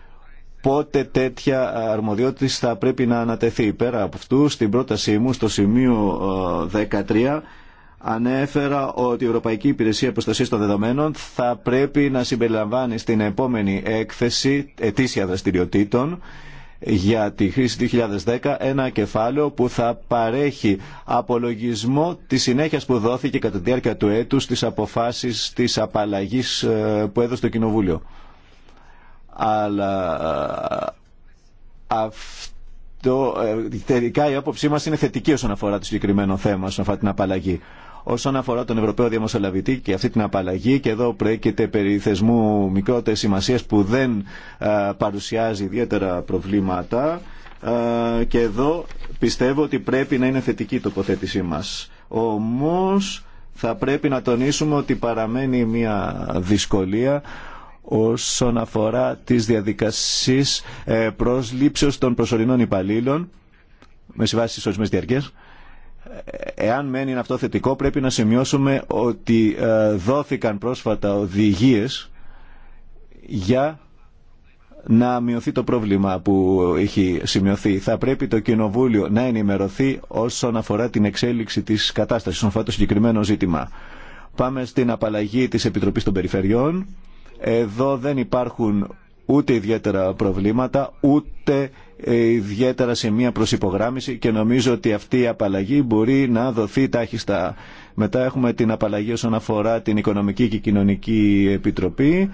B: πότε τέτοια αρμοδιότητα θα πρέπει να ανατεθεί. Πέρα από αυτού, στην πρότασή μου, στο σημείο 13, ε, ανέφερα ότι η Ευρωπαϊκή Υπηρεσία Προστασία των Δεδομένων θα πρέπει να συμπεριλαμβάνει στην επόμενη έκθεση ετήσια δραστηριοτήτων για τη χρήση 2010 ένα κεφάλαιο που θα παρέχει απολογισμό της συνέχειας που δόθηκε κατά τη διάρκεια του έτους στις αποφάσεις της απαλλαγής ε, που έδωσε το Κοινοβούλιο. Αλλά ε, αυτό, ε, τελικά η άποψή μας είναι θετική όσον αφορά το συγκεκριμένο θέμα, όσον αφορά την απαλλαγή. Όσον αφορά τον Ευρωπαίο Διαμοσολαβητή και αυτή την απαλλαγή, και εδώ προέκειται περί θεσμού μικρότερη σημασία που δεν παρουσιάζει ιδιαίτερα προβλήματα. και εδώ πιστεύω ότι πρέπει να είναι θετική η τοποθέτησή μας. Όμως θα πρέπει να τονίσουμε ότι παραμένει μια δυσκολία όσον αφορά τις διαδικασίες ε, προσλήψεως των προσωρινών υπαλλήλων με συμβάσει στις ορισμένες διαρκές εάν μένει αυτό θετικό πρέπει να σημειώσουμε ότι ε, δόθηκαν πρόσφατα οδηγίες για να μειωθεί το πρόβλημα που έχει σημειωθεί. Θα πρέπει το Κοινοβούλιο να ενημερωθεί όσον αφορά την εξέλιξη της κατάστασης, όσον αφορά το συγκεκριμένο ζήτημα. Πάμε στην απαλλαγή της Επιτροπής των Περιφερειών. Εδώ δεν υπάρχουν ούτε ιδιαίτερα προβλήματα, ούτε ε, ιδιαίτερα σε μία προσυπογράμμιση και νομίζω ότι αυτή η απαλλαγή μπορεί να δοθεί τάχιστα. Μετά έχουμε την απαλλαγή όσον αφορά την Οικονομική και Κοινωνική Επιτροπή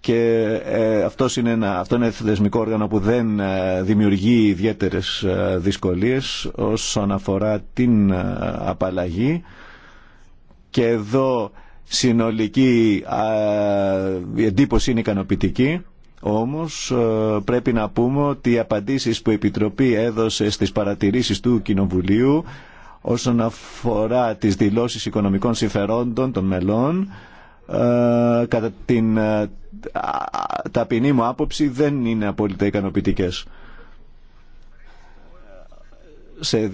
B: και αυτό ε, αυτός είναι ένα, αυτό είναι θεσμικό όργανο που δεν ε, δημιουργεί ιδιαίτερες δυσκολίες όσον αφορά την απαλλαγή και εδώ συνολική η εντύπωση είναι ικανοποιητική όμως ε, πρέπει να πούμε ότι οι απαντήσεις που η Επιτροπή έδωσε στις παρατηρήσεις του Κοινοβουλίου όσον αφορά τις δηλώσεις οικονομικών συμφερόντων των μελών ε, κατά την ε, ταπεινή μου άποψη δεν είναι απόλυτα ικανοποιητικές σε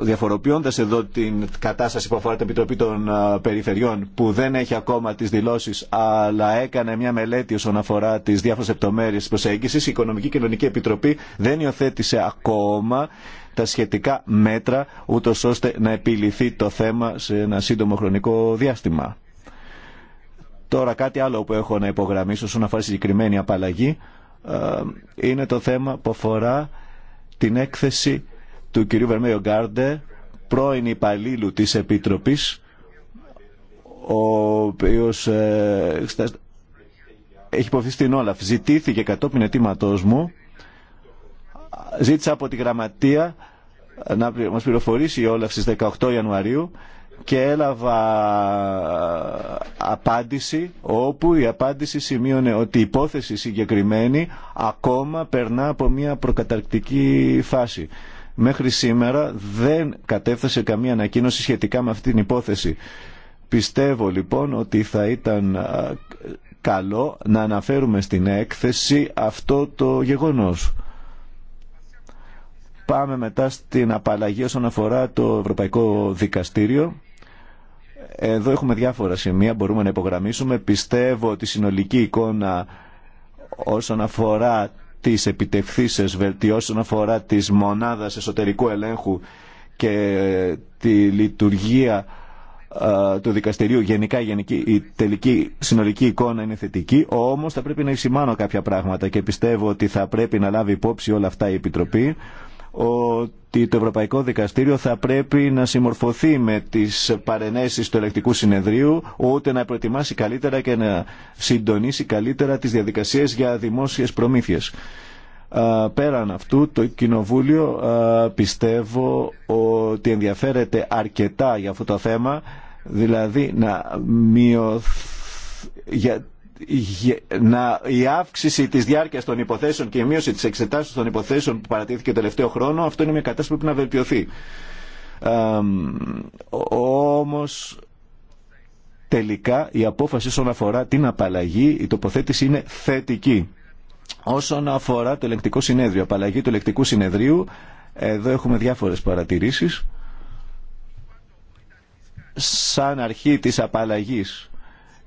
B: διαφοροποιώντας εδώ την κατάσταση που αφορά την Επιτροπή των ε, Περιφερειών που δεν έχει ακόμα τις δηλώσεις αλλά έκανε μια μελέτη όσον αφορά τις διάφορες επτομέρειες της προσέγγισης η Οικονομική και Κοινωνική Επιτροπή δεν υιοθέτησε ακόμα τα σχετικά μέτρα ούτως ώστε να επιληθεί το θέμα σε ένα σύντομο χρονικό διάστημα. Τώρα κάτι άλλο που έχω να υπογραμμίσω όσον αφορά συγκεκριμένη απαλλαγή ε, είναι το θέμα που αφορά την έκθεση του κυρίου Βερμέιο Γκάρντε, πρώην υπαλλήλου της Επιτροπής, ο οποίος ε, έχει υποθεί στην Όλαφ. Ζητήθηκε κατόπιν αιτήματός μου, ζήτησα από τη γραμματεία να μας πληροφορήσει η Όλαφ στις 18 Ιανουαρίου και έλαβα απάντηση όπου η απάντηση σημείωνε ότι η υπόθεση συγκεκριμένη ακόμα περνά από μια προκαταρκτική φάση μέχρι σήμερα δεν κατέφθασε καμία ανακοίνωση σχετικά με αυτή την υπόθεση. Πιστεύω λοιπόν ότι θα ήταν καλό να αναφέρουμε στην έκθεση αυτό το γεγονός. Πάμε μετά στην απαλλαγή όσον αφορά το Ευρωπαϊκό Δικαστήριο. Εδώ έχουμε διάφορα σημεία, μπορούμε να υπογραμμίσουμε. Πιστεύω ότι η συνολική εικόνα όσον αφορά τις επιτευχθήσεις όσον αφορά της μονάδας εσωτερικού ελέγχου και τη λειτουργία ε, του δικαστηρίου γενικά γενική, η τελική συνολική εικόνα είναι θετική όμως θα πρέπει να εισημάνω κάποια πράγματα και πιστεύω ότι θα πρέπει να λάβει υπόψη όλα αυτά η Επιτροπή ότι το Ευρωπαϊκό Δικαστήριο θα πρέπει να συμμορφωθεί με τις παρενέσεις του ελεκτικού συνεδρίου, ούτε να προετοιμάσει καλύτερα και να συντονίσει καλύτερα τις διαδικασίες για δημόσιες προμήθειες. Πέραν αυτού, το Κοινοβούλιο πιστεύω ότι ενδιαφέρεται αρκετά για αυτό το θέμα, δηλαδή να μειωθεί να, η αύξηση της διάρκειας των υποθέσεων και η μείωση της εξετάσεως των υποθέσεων που παρατήθηκε το τελευταίο χρόνο, αυτό είναι μια κατάσταση που πρέπει να βελτιωθεί. Ε, όμως τελικά η απόφαση όσον αφορά την απαλλαγή, η τοποθέτηση είναι θετική. Όσον αφορά το ελεκτικό συνέδριο, απαλλαγή του ελεκτικού συνεδρίου, εδώ έχουμε διάφορες παρατηρήσεις. Σαν αρχή της απαλλαγής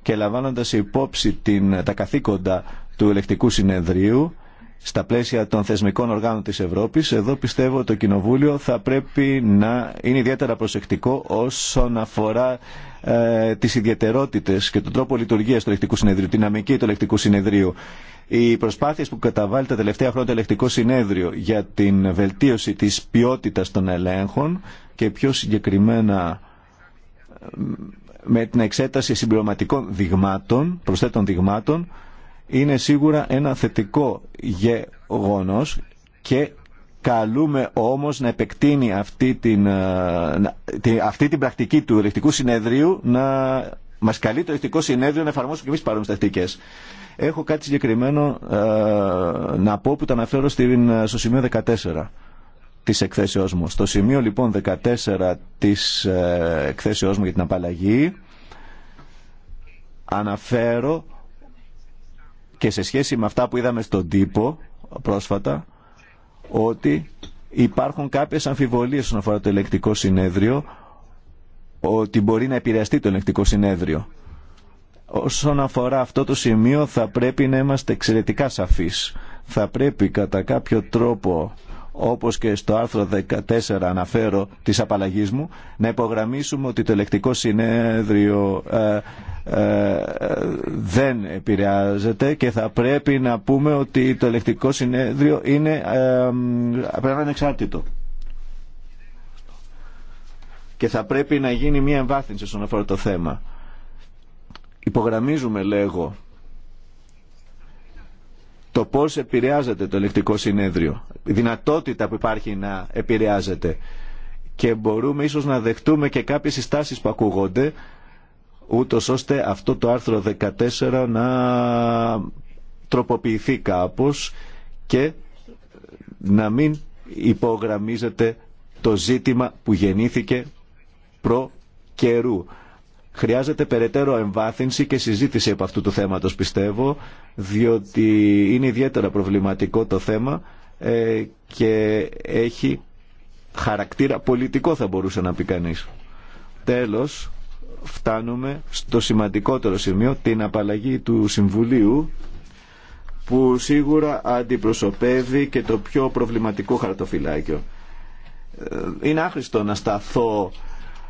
B: και λαμβάνοντας υπόψη την, τα καθήκοντα του ελεκτικού συνεδρίου στα πλαίσια των θεσμικών οργάνων της Ευρώπης, εδώ πιστεύω το Κοινοβούλιο θα πρέπει να είναι ιδιαίτερα προσεκτικό όσον αφορά ε, τις ιδιαιτερότητες και τον τρόπο λειτουργίας του ελεκτικού συνεδρίου, την αμική του ελεκτικού συνεδρίου. Οι προσπάθειες που καταβάλει τα τελευταία χρόνια το ελεκτικό συνέδριο για την βελτίωση της ποιότητας των ελέγχων και πιο συγκεκριμένα με την εξέταση συμπληρωματικών δειγμάτων, προσθέτων δειγμάτων, είναι σίγουρα ένα θετικό γεγονός και καλούμε όμως να επεκτείνει αυτή την, ε, αυτή την πρακτική του ελεκτικού συνεδρίου να μας καλεί το ελεκτικό συνέδριο να εφαρμόσουμε και εμείς παρόμοιες τακτικές. Έχω κάτι συγκεκριμένο ε, να πω που το αναφέρω ε, στο σημείο 14 της εκθέσεώς μου. Στο σημείο λοιπόν 14 της ε, εκθέσεώς μου για την απαλλαγή αναφέρω και σε σχέση με αυτά που είδαμε στον τύπο πρόσφατα ότι υπάρχουν κάποιες αμφιβολίες όσον αφορά το ελεκτικό συνέδριο ότι μπορεί να επηρεαστεί το ελεκτικό συνέδριο. Όσον αφορά αυτό το σημείο θα πρέπει να είμαστε εξαιρετικά σαφείς. Θα πρέπει κατά κάποιο τρόπο όπως και στο άρθρο 14 αναφέρω της απαλλαγής μου, να υπογραμμίσουμε ότι το ελεκτικό συνέδριο ε, ε, δεν επηρεάζεται και θα πρέπει να πούμε ότι το ελεκτικό συνέδριο είναι, ε, πρέπει να εξάρτητο. Και θα πρέπει να γίνει μια εμβάθυνση στον αφορά το θέμα. Υπογραμμίζουμε, λέγω, το πώς επηρεάζεται το ελεκτικό συνέδριο, η δυνατότητα που υπάρχει να επηρεάζεται και μπορούμε ίσως να δεχτούμε και κάποιες συστάσεις που ακούγονται ούτω ώστε αυτό το άρθρο 14 να τροποποιηθεί κάπως και να μην υπογραμμίζεται το ζήτημα που γεννήθηκε προ καιρού. Χρειάζεται περαιτέρω εμβάθυνση και συζήτηση από αυτού του θέματος πιστεύω διότι είναι ιδιαίτερα προβληματικό το θέμα ε, και έχει χαρακτήρα πολιτικό θα μπορούσε να πει κανείς. Τέλος, φτάνουμε στο σημαντικότερο σημείο, την απαλλαγή του Συμβουλίου που σίγουρα αντιπροσωπεύει και το πιο προβληματικό χαρτοφυλάκιο. Ε, είναι άχρηστο να σταθώ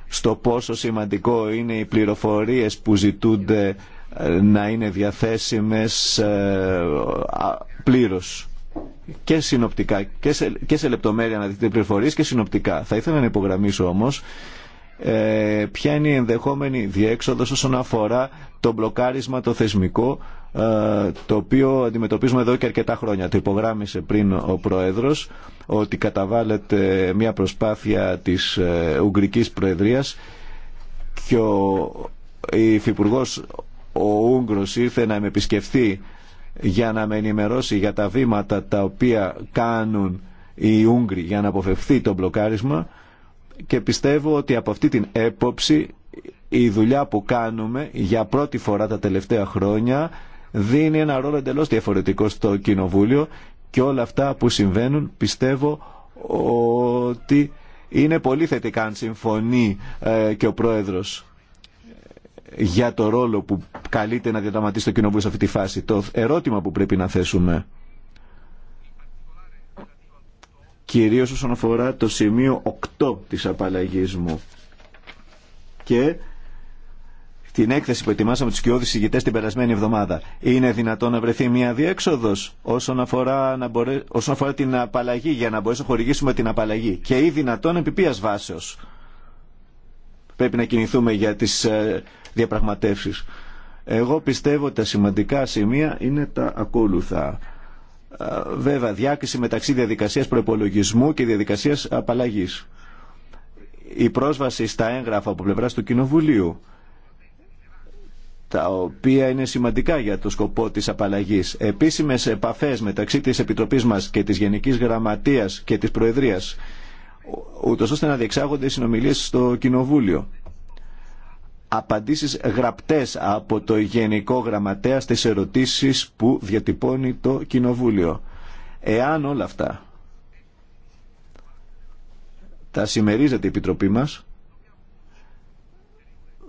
B: στο πόσο σημαντικό είναι οι πληροφορίες που ζητούνται να είναι διαθέσιμες ε, πλήρως και συνοπτικά και σε, λεπτομέρεια να δείτε πληροφορίες και συνοπτικά. Θα ήθελα να υπογραμμίσω όμως ε, ποια είναι η ενδεχόμενη διέξοδος όσον αφορά το μπλοκάρισμα το θεσμικό ε, το οποίο αντιμετωπίζουμε εδώ και αρκετά χρόνια. Το υπογράμμισε πριν ο Πρόεδρος ότι καταβάλλεται μια προσπάθεια της ε, Ουγγρικής Προεδρίας και ο ο Ούγκρος ήρθε να με επισκεφθεί για να με ενημερώσει για τα βήματα τα οποία κάνουν οι Ούγγροι για να αποφευθεί το μπλοκάρισμα και πιστεύω ότι από αυτή την έποψη η δουλειά που κάνουμε για πρώτη φορά τα τελευταία χρόνια δίνει ένα ρόλο εντελώς διαφορετικό στο Κοινοβούλιο και όλα αυτά που συμβαίνουν πιστεύω ότι είναι πολύ θετικά αν συμφωνεί ε, και ο Πρόεδρος για το ρόλο που καλείται να διαταματήσει το Κοινοβούλιο σε αυτή τη φάση. Το ερώτημα που πρέπει να θέσουμε, κυρίως όσον αφορά το σημείο 8 της απαλλαγής μου και την έκθεση που ετοιμάσαμε τους κοιόδης ηγητές την περασμένη εβδομάδα. Είναι δυνατόν να βρεθεί μια διέξοδος όσον αφορά, να μπορέ... όσον αφορά την απαλλαγή για να μπορέσουμε να χορηγήσουμε την απαλλαγή και ή δυνατόν επιπίας βάσεως πρέπει να κινηθούμε για τις ε, διαπραγματεύσεις. Εγώ πιστεύω ότι τα σημαντικά σημεία είναι τα ακόλουθα. Ε, βέβαια, διάκριση μεταξύ διαδικασίας προπολογισμού και διαδικασίας απαλλαγής. Η πρόσβαση στα έγγραφα από πλευράς του Κοινοβουλίου, τα οποία είναι σημαντικά για το σκοπό της απαλλαγής. Επίσημες επαφές μεταξύ της Επιτροπής μας και της Γενικής Γραμματείας και της Προεδρίας ούτως ώστε να διεξάγονται οι συνομιλίες στο Κοινοβούλιο. Απαντήσεις γραπτές από το Γενικό Γραμματέα στις ερωτήσεις που διατυπώνει το Κοινοβούλιο. Εάν όλα αυτά τα συμμερίζεται η Επιτροπή μας,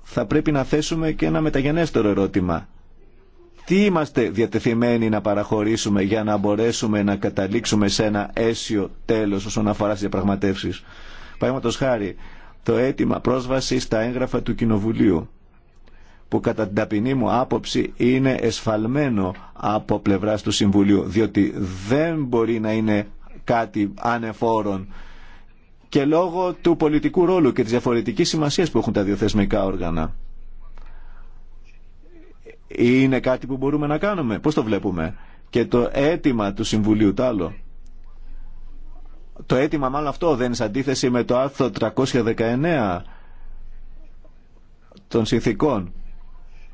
B: θα πρέπει να θέσουμε και ένα μεταγενέστερο ερώτημα τι είμαστε διατεθειμένοι να παραχωρήσουμε για να μπορέσουμε να καταλήξουμε σε ένα αίσιο τέλος όσον αφορά στις διαπραγματεύσεις. Παραδείγματο χάρη, το αίτημα πρόσβαση στα έγγραφα του Κοινοβουλίου που κατά την ταπεινή μου άποψη είναι εσφαλμένο από πλευράς του Συμβουλίου διότι δεν μπορεί να είναι κάτι ανεφόρον και λόγω του πολιτικού ρόλου και της διαφορετικής σημασίας που έχουν τα διοθεσμικά όργανα. Είναι κάτι που μπορούμε να κάνουμε. Πώς το βλέπουμε. Και το αίτημα του Συμβουλίου τ' άλλο. Το αίτημα μάλλον αυτό δεν είναι σε αντίθεση με το άρθρο 319 των συνθήκων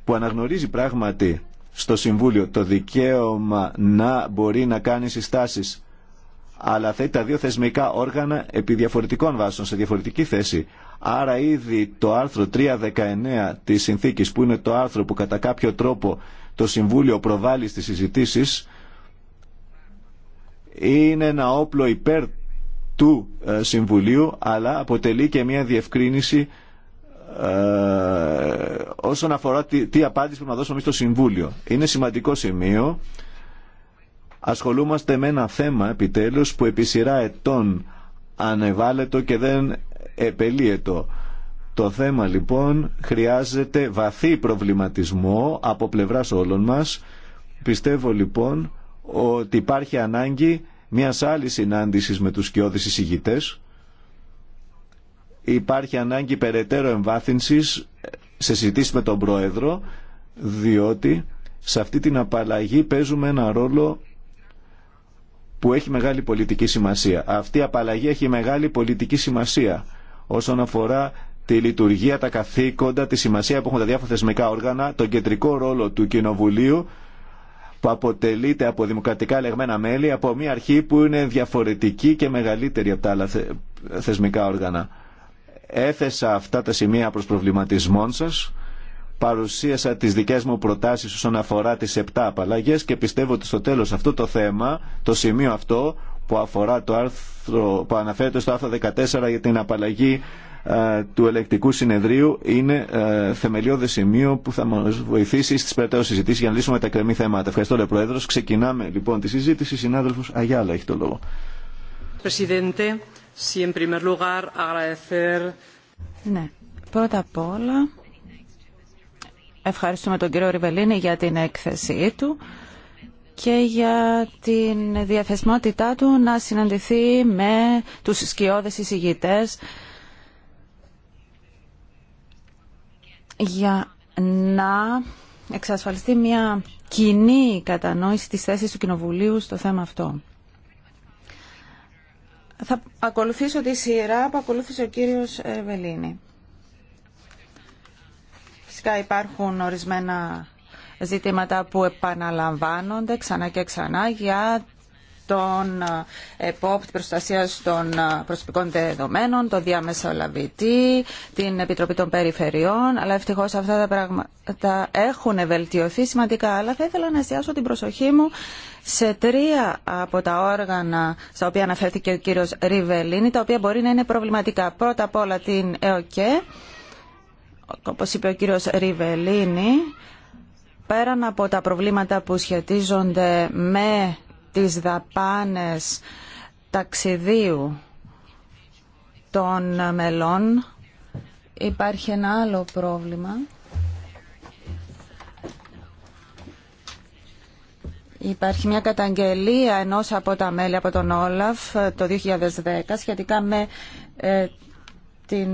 B: που αναγνωρίζει πράγματι στο Συμβούλιο το δικαίωμα να μπορεί να κάνει συστάσεις αλλά θέτει τα δύο θεσμικά όργανα επί διαφορετικών βάσεων, σε διαφορετική θέση. Άρα ήδη το άρθρο 319 της συνθήκης που είναι το άρθρο που κατά κάποιο τρόπο το Συμβούλιο προβάλλει στις συζητήσεις είναι ένα όπλο υπέρ του ε, Συμβουλίου αλλά αποτελεί και μια διευκρίνηση ε, όσον αφορά τι, απάντηση πρέπει να δώσουμε στο Συμβούλιο. Είναι σημαντικό σημείο. Ασχολούμαστε με ένα θέμα επιτέλους που επί σειρά ετών ανεβάλλεται και δεν επελίετο. Το θέμα λοιπόν χρειάζεται βαθύ προβληματισμό από πλευράς όλων μας. Πιστεύω λοιπόν ότι υπάρχει ανάγκη μια άλλης συνάντησης με τους σκιώδεις εισηγητές. Υπάρχει ανάγκη περαιτέρω εμβάθυνσης σε συζητήσεις με τον Πρόεδρο, διότι σε αυτή την απαλλαγή παίζουμε ένα ρόλο που έχει μεγάλη πολιτική σημασία. Αυτή η απαλλαγή έχει μεγάλη πολιτική σημασία όσον αφορά τη λειτουργία, τα καθήκοντα, τη σημασία που έχουν τα διάφορα θεσμικά όργανα, τον κεντρικό ρόλο του Κοινοβουλίου που αποτελείται από δημοκρατικά λεγμένα μέλη, από μια αρχή που είναι διαφορετική και μεγαλύτερη από τα άλλα θεσμικά όργανα. Έθεσα αυτά τα σημεία προς προβληματισμόν σας, παρουσίασα τις δικές μου προτάσεις όσον αφορά τις επτά απαλλαγές και πιστεύω ότι στο τέλος αυτό το θέμα, το σημείο αυτό, που αφορά το άρθρο που αναφέρεται στο άρθρο 14 για την απαλλαγή ε, του ελεκτικού συνεδρίου είναι ε, σημείο που θα μα βοηθήσει στι περαιτέρω συζητήσει για να λύσουμε τα κρεμή θέματα. Ευχαριστώ, Λε Πρόεδρο. Ξεκινάμε λοιπόν τη συζήτηση. Συνάδελφο Αγιάλα έχει το λόγο.
A: Ναι. Πρώτα απ' όλα, ευχαριστούμε τον κύριο Ριβελίνη για την έκθεσή του και για την διαθεσμότητά του να συναντηθεί με τους σκιώδες εισηγητές για να εξασφαλιστεί μια κοινή κατανόηση της θέσης του Κοινοβουλίου στο θέμα αυτό. Θα ακολουθήσω τη σειρά που ακολούθησε ο κύριος Βελίνη. Φυσικά υπάρχουν ορισμένα ζητήματα που επαναλαμβάνονται ξανά και ξανά για τον ε, επόπτη προστασία των ε, προσωπικών δεδομένων, το διαμεσολαβητή, την Επιτροπή των Περιφερειών, αλλά ευτυχώ αυτά τα πράγματα έχουν βελτιωθεί σημαντικά. Αλλά θα ήθελα να εστιάσω την προσοχή μου σε τρία από τα όργανα στα οποία αναφέρθηκε ο κύριος Ριβελίνη, τα οποία μπορεί να είναι προβληματικά. Πρώτα απ' όλα την ΕΟΚΕ, όπως είπε ο κύριος Ριβελίνη, πέραν από τα προβλήματα που σχετίζονται με τις δαπάνες ταξιδίου των μελών, υπάρχει ένα άλλο πρόβλημα. Υπάρχει μια καταγγελία ενός από τα μέλη από τον Όλαφ το 2010 σχετικά με ε, την,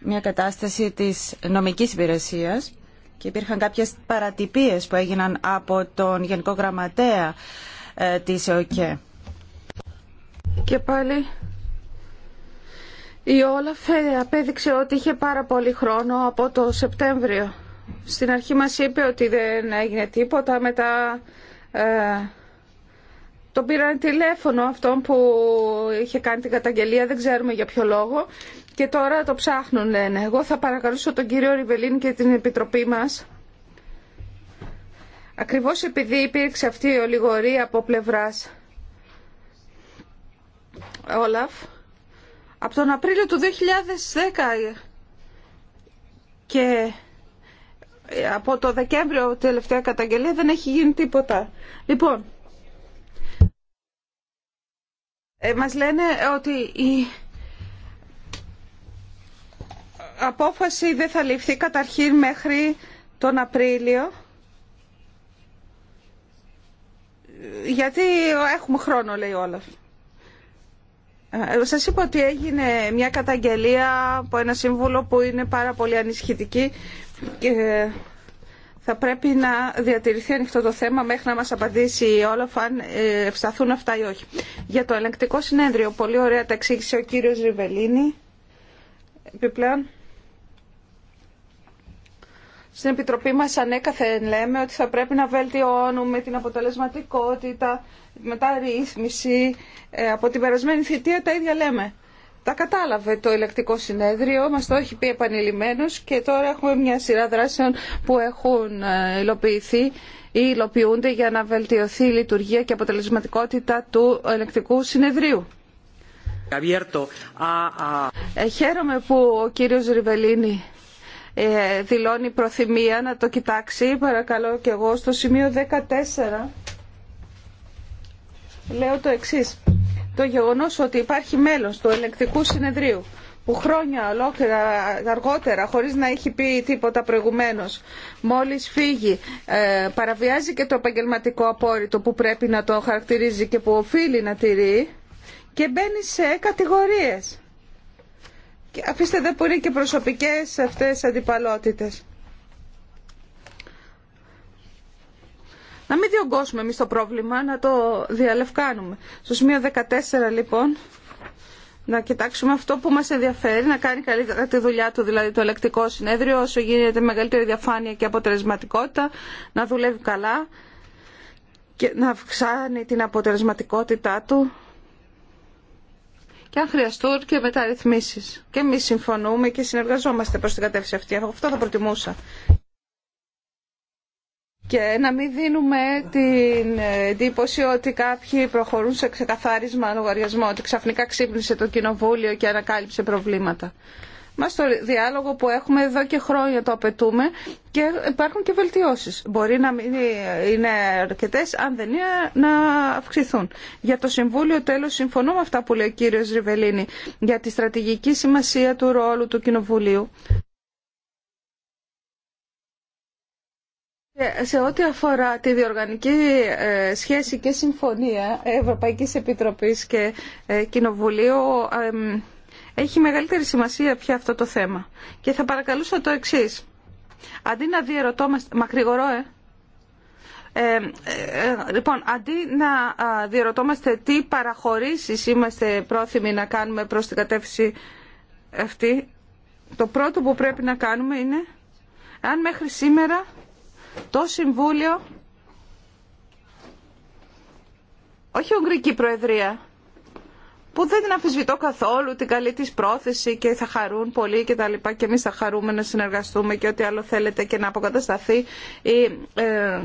A: μια κατάσταση της νομικής υπηρεσίας και υπήρχαν κάποιες παρατυπίες που έγιναν από τον Γενικό Γραμματέα ε, της ΕΟΚΕ.
C: Και πάλι η Όλαφ ε, απέδειξε ότι είχε πάρα πολύ χρόνο από το Σεπτέμβριο. Στην αρχή μας είπε ότι δεν έγινε τίποτα, μετά ε, τον πήραν τηλέφωνο αυτόν που είχε κάνει την καταγγελία, δεν ξέρουμε για ποιο λόγο και τώρα το ψάχνουν λένε. Εγώ θα παρακαλούσω τον κύριο Ριβελίν και την Επιτροπή μας ακριβώς επειδή υπήρξε αυτή η ολιγορία από πλευράς Όλαφ από τον Απρίλιο του 2010 και από το Δεκέμβριο τελευταία καταγγελία δεν έχει γίνει τίποτα. Λοιπόν, ε, μας λένε ότι η απόφαση δεν θα ληφθεί καταρχήν μέχρι τον Απρίλιο. Γιατί έχουμε χρόνο, λέει όλα. Ε, σας είπα ότι έγινε μια καταγγελία από ένα σύμβουλο που είναι πάρα πολύ ανισχυτική και θα πρέπει να διατηρηθεί ανοιχτό το θέμα μέχρι να μας απαντήσει η Όλαφ αν ε, ευσταθούν αυτά ή όχι. Για το ελεγκτικό συνέδριο, πολύ ωραία τα εξήγησε ο κύριος Ριβελίνη. Επιπλέον, στην Επιτροπή μας ανέκαθεν λέμε ότι θα πρέπει να βελτιώνουμε την αποτελεσματικότητα, μετά ρύθμιση ε, από την περασμένη θητεία τα ίδια λέμε. Τα κατάλαβε το Ελεκτικό συνέδριο, μας το έχει πει επανειλημμένος και τώρα έχουμε μια σειρά δράσεων που έχουν ε, υλοποιηθεί ή υλοποιούνται για να βελτιωθεί η λειτουργία και αποτελεσματικότητα του ελεκτικού συνεδρίου. Ε, χαίρομαι που ο κύριος Ριβελίνη ε, δηλώνει προθυμία να το κοιτάξει. Παρακαλώ και εγώ στο σημείο 14 λέω το εξής. Το γεγονός ότι υπάρχει μέλος του ελεκτικού συνεδρίου που χρόνια ολόκληρα αργότερα, χωρίς να έχει πει τίποτα προηγουμένως, μόλις φύγει, ε, παραβιάζει και το επαγγελματικό απόρριτο που πρέπει να το χαρακτηρίζει και που οφείλει να τηρεί και μπαίνει σε κατηγορίες αφήστε δε που είναι και προσωπικές αυτές αντιπαλότητες. Να μην διωγγώσουμε εμείς το πρόβλημα, να το διαλευκάνουμε. Στο σημείο 14 λοιπόν, να κοιτάξουμε αυτό που μας ενδιαφέρει, να κάνει καλύτερα τη δουλειά του, δηλαδή το ελεκτικό συνέδριο, όσο γίνεται μεγαλύτερη διαφάνεια και αποτελεσματικότητα, να δουλεύει καλά και να αυξάνει την αποτελεσματικότητά του και αν χρειαστούν και μεταρρυθμίσει. Και εμεί συμφωνούμε και συνεργαζόμαστε προς την κατεύθυνση αυτή. Αυτό θα προτιμούσα. Και να μην δίνουμε την εντύπωση ότι κάποιοι προχωρούν σε ξεκαθάρισμα λογαριασμό, ότι ξαφνικά ξύπνησε το κοινοβούλιο και ανακάλυψε προβλήματα. Μα το διάλογο που έχουμε εδώ και χρόνια το απαιτούμε και υπάρχουν και βελτιώσεις. Μπορεί να μην είναι αρκετέ, αν δεν είναι να αυξηθούν. Για το Συμβούλιο τέλος συμφωνώ με αυτά που λέει ο κύριος Ριβελίνη για τη στρατηγική σημασία του ρόλου του Κοινοβουλίου. Σε ό,τι αφορά τη διοργανική ε, σχέση και συμφωνία Ευρωπαϊκής Επιτροπής και ε, Κοινοβουλίου, ε, έχει μεγαλύτερη σημασία πια αυτό το θέμα. Και θα παρακαλούσα το εξή. Αντί να διερωτώμαστε... Μακρηγορώ, ε. ε, ε, ε λοιπόν, αντί να α, τι παραχωρήσεις είμαστε πρόθυμοι να κάνουμε προς την κατεύθυνση αυτή, το πρώτο που πρέπει να κάνουμε είναι αν μέχρι σήμερα το Συμβούλιο, όχι η Ουγγρική Προεδρία, που δεν την αμφισβητώ καθόλου την καλή της πρόθεση και θα χαρούν πολύ και τα λοιπά και εμείς θα χαρούμε να συνεργαστούμε και ό,τι άλλο θέλετε και να αποκατασταθεί η ε,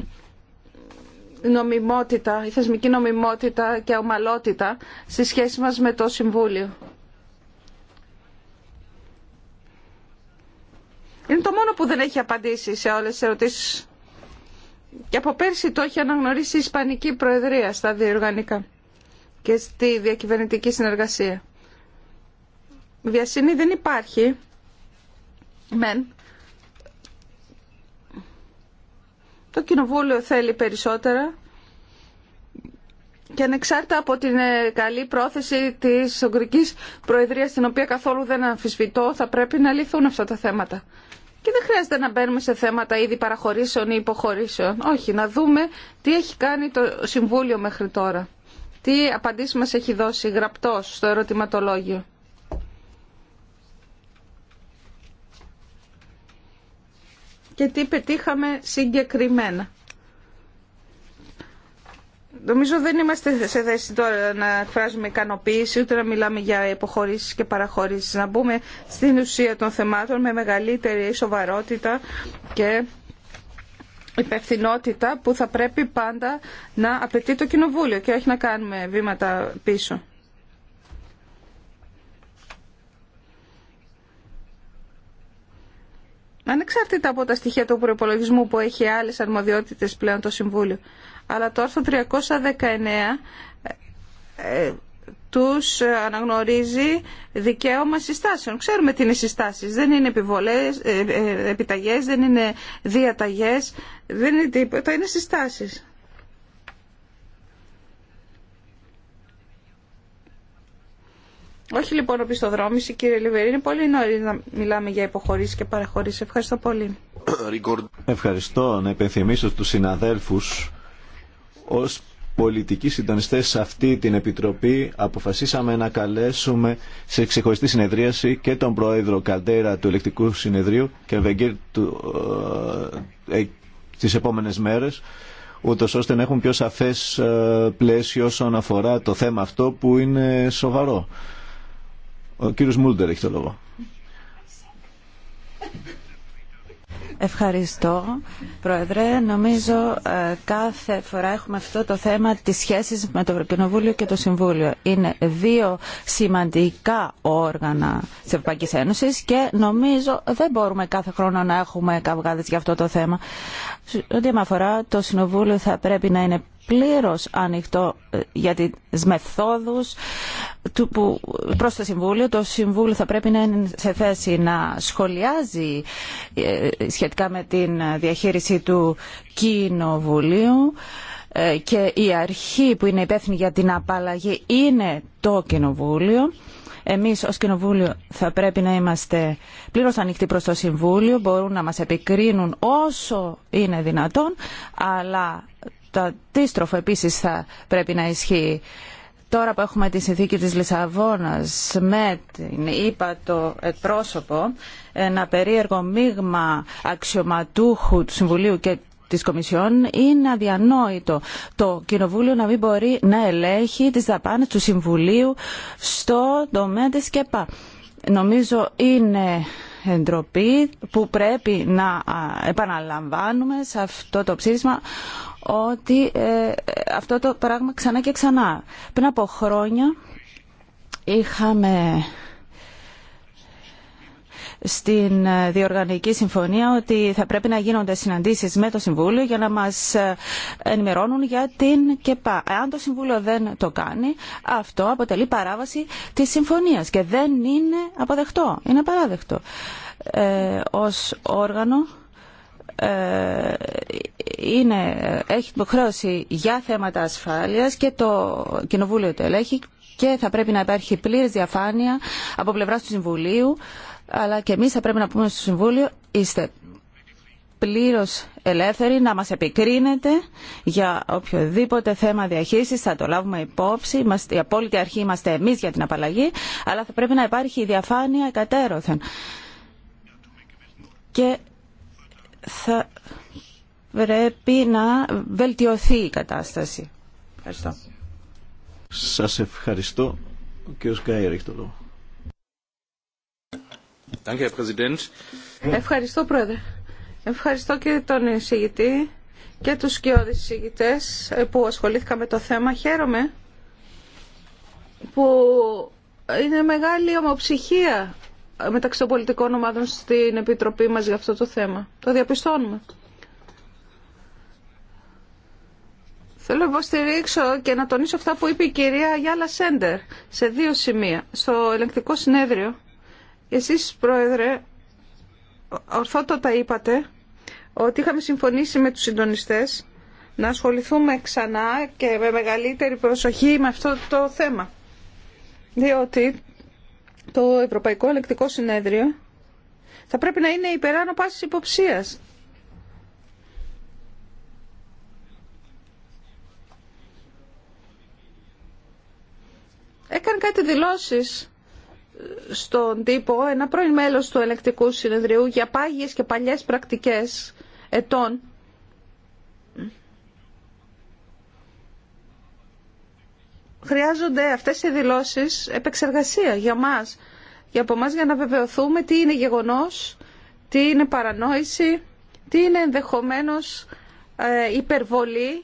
C: νομιμότητα, η θεσμική νομιμότητα και ομαλότητα στη σχέση μας με το Συμβούλιο. Είναι το μόνο που δεν έχει απαντήσει σε όλες τις ερωτήσεις. Και από πέρσι το έχει αναγνωρίσει η Ισπανική Προεδρία στα διοργανικά και στη διακυβερνητική συνεργασία. Βιασύνη δεν υπάρχει, μεν. Το Κοινοβούλιο θέλει περισσότερα και ανεξάρτητα από την ε, καλή πρόθεση της Ογκρικής Προεδρίας, την οποία καθόλου δεν αμφισβητώ, θα πρέπει να λυθούν αυτά τα θέματα. Και δεν χρειάζεται να μπαίνουμε σε θέματα ήδη παραχωρήσεων ή υποχωρήσεων. Όχι, να δούμε τι έχει κάνει το Συμβούλιο μέχρι τώρα. Τι απαντήσεις μας έχει δώσει γραπτός στο ερωτηματολόγιο. Και τι πετύχαμε συγκεκριμένα. Νομίζω δεν είμαστε σε θέση τώρα να εκφράζουμε ικανοποίηση, ούτε να μιλάμε για υποχωρήσει και παραχωρήσει. Να μπούμε στην ουσία των θεμάτων με μεγαλύτερη σοβαρότητα και υπευθυνότητα που θα πρέπει πάντα να απαιτεί το Κοινοβούλιο και όχι να κάνουμε βήματα πίσω. Ανεξάρτητα από τα στοιχεία του προπολογισμού που έχει άλλες αρμοδιότητες πλέον το Συμβούλιο. Αλλά το άρθρο 319 τους ε, αναγνωρίζει δικαίωμα συστάσεων. Ξέρουμε τι είναι συστάσεις. Δεν είναι επιβολές, ε, ε, επιταγές, δεν είναι διαταγές, δεν είναι τίποτα, είναι συστάσεις. Όχι λοιπόν πιστοδρόμηση, κύριε Λιβερή, είναι πολύ νωρί να μιλάμε για υποχωρήσεις και παραχωρήσεις. Ευχαριστώ πολύ.
B: Ευχαριστώ να επενθυμίσω τους συναδέλφους ως πολιτικοί συντονιστές σε αυτή την Επιτροπή αποφασίσαμε να καλέσουμε σε ξεχωριστή συνεδρίαση και τον Πρόεδρο Καντέρα του Ελεκτικού Συνεδρίου και Βεγγίρ του, ε, ε, τις επόμενες μέρες ώστε να έχουν πιο σαφές ε, πλαίσιο όσον αφορά το θέμα αυτό που είναι σοβαρό. Ο κύριος Μούλτερ έχει το λόγο.
A: Ευχαριστώ, Πρόεδρε. Νομίζω ε, κάθε φορά έχουμε αυτό το θέμα της σχέσης με το Ευρωκοινοβούλιο και το Συμβούλιο. Είναι δύο σημαντικά όργανα της Ευρωπαϊκής Ένωσης και νομίζω δεν μπορούμε κάθε χρόνο να έχουμε καυγάδες για αυτό το θέμα. Ό,τι με αφορά, το Συνοβούλιο θα πρέπει να είναι πλήρως ανοιχτό ε, για τις μεθόδους του που προς το Συμβούλιο. Το Συμβούλιο θα πρέπει να είναι σε θέση να σχολιάζει ε, σχετικά με την διαχείριση του Κοινοβουλίου ε, και η αρχή που είναι υπεύθυνη για την απαλλαγή είναι το Κοινοβούλιο εμείς ως Κοινοβούλιο θα πρέπει να είμαστε πλήρως ανοιχτοί προς το Συμβούλιο, μπορούν να μας επικρίνουν όσο είναι δυνατόν, αλλά το αντίστροφο επίσης θα πρέπει να ισχύει. Τώρα που έχουμε τη συνθήκη της Λισαβόνας με την ύπατο εκπρόσωπο, ένα περίεργο μείγμα αξιωματούχου του Συμβουλίου και της Κομισιόν είναι αδιανόητο το Κοινοβούλιο να μην μπορεί να ελέγχει τις δαπάνε του Συμβουλίου στο τομέα και ΚΕΠΑ. Νομίζω είναι εντροπή που πρέπει να επαναλαμβάνουμε σε αυτό το ψήφισμα ότι ε, αυτό το πράγμα ξανά και ξανά. Πριν από χρόνια είχαμε στην ε, διοργανική συμφωνία ότι θα πρέπει να γίνονται συναντήσεις με το Συμβούλιο για να μας ε, ενημερώνουν για την ΚΕΠΑ. Αν το Συμβούλιο δεν το κάνει, αυτό αποτελεί παράβαση της συμφωνίας και δεν είναι αποδεκτό, είναι παράδεκτο. Ε, ως όργανο ε, είναι, έχει υποχρέωση για θέματα ασφάλειας και το Κοινοβούλιο το ελέγχει και θα πρέπει να υπάρχει πλήρης διαφάνεια από πλευρά του Συμβουλίου αλλά και εμείς θα πρέπει να πούμε στο Συμβούλιο είστε πλήρως ελεύθεροι να μας επικρίνετε για οποιοδήποτε θέμα διαχείρισης, θα το λάβουμε υπόψη, η απόλυτη αρχή είμαστε εμείς για την απαλλαγή, αλλά θα πρέπει να υπάρχει η διαφάνεια εκατέρωθεν. Και θα πρέπει να βελτιωθεί η κατάσταση. Ευχαριστώ.
B: Σας ευχαριστώ. Ο κ. Γκάιρ έχει το λόγο.
C: Ευχαριστώ, Πρόεδρε. Ευχαριστώ και τον εισηγητή και τους σκιώδεις εισηγητές ε, που ασχολήθηκαν με το θέμα. Χαίρομαι που είναι μεγάλη ομοψυχία μεταξύ των πολιτικών ομάδων στην Επιτροπή μας για αυτό το θέμα. Το διαπιστώνουμε. Θέλω να υποστηρίξω και να τονίσω αυτά που είπε η κυρία Γιάλα Σέντερ σε δύο σημεία. Στο ελεγκτικό συνέδριο εσείς, Πρόεδρε, ορθότατα είπατε ότι είχαμε συμφωνήσει με τους συντονιστές να ασχοληθούμε ξανά και με μεγαλύτερη προσοχή με αυτό το θέμα. Διότι το Ευρωπαϊκό Ελεκτικό Συνέδριο θα πρέπει να είναι υπεράνω πάσης υποψίας. Έκανε κάτι δηλώσεις στον τύπο ένα πρώην μέλος του ελεκτικού συνεδριού για πάγιες και παλιές πρακτικές ετών χρειάζονται αυτές οι δηλώσεις επεξεργασία για μας, για από για να βεβαιωθούμε τι είναι γεγονός, τι είναι παρανόηση, τι είναι ενδεχομένως ε, υπερβολή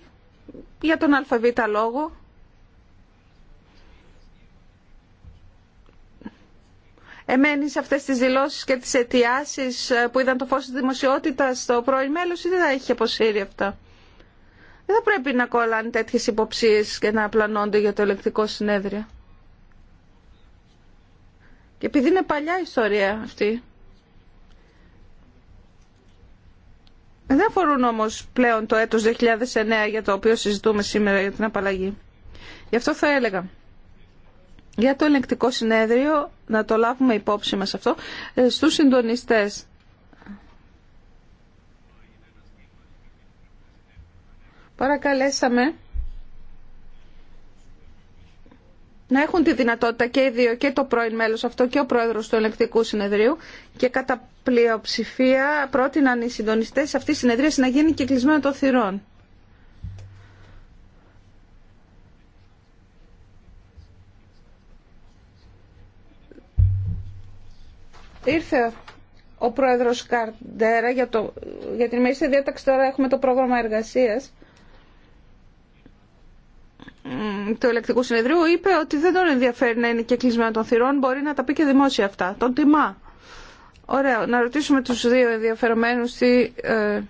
C: για τον αλφαβήτα λόγο. εμένει σε αυτές τις δηλώσει και τις αιτιάσει ε, που είδαν το φως τη δημοσιότητας στο πρώην μέλο, ή δεν θα έχει αποσύρει αυτά. Δεν θα πρέπει να κολλάνε τέτοιε υποψίες και να απλανώνται για το ελεκτικό συνέδριο. Και επειδή είναι παλιά ιστορία αυτή, δεν αφορούν όμως πλέον το έτος 2009 για το οποίο συζητούμε σήμερα για την απαλλαγή. Γι' αυτό θα έλεγα για το ελεγκτικό συνέδριο, να το λάβουμε υπόψη μας αυτό, ε, στους συντονιστές. Παρακαλέσαμε να έχουν τη δυνατότητα και οι δύο, και το πρώην μέλος αυτό και ο πρόεδρος του ελεγκτικού συνεδρίου και κατά πλειοψηφία πρότειναν οι συντονιστές αυτή τη συνεδρίαση να γίνει κυκλισμένο των θυρών. Ήρθε ο πρόεδρος Καρντέρα για, το, για την ημερήσια διάταξη. Τώρα έχουμε το πρόγραμμα εργασίας του ελεκτικού συνεδρίου. Είπε ότι δεν τον ενδιαφέρει να είναι και κλεισμένο των θυρών. Μπορεί να τα πει και δημόσια αυτά. Τον τιμά. Ωραία. Να ρωτήσουμε τους δύο ενδιαφερομένους τι ε,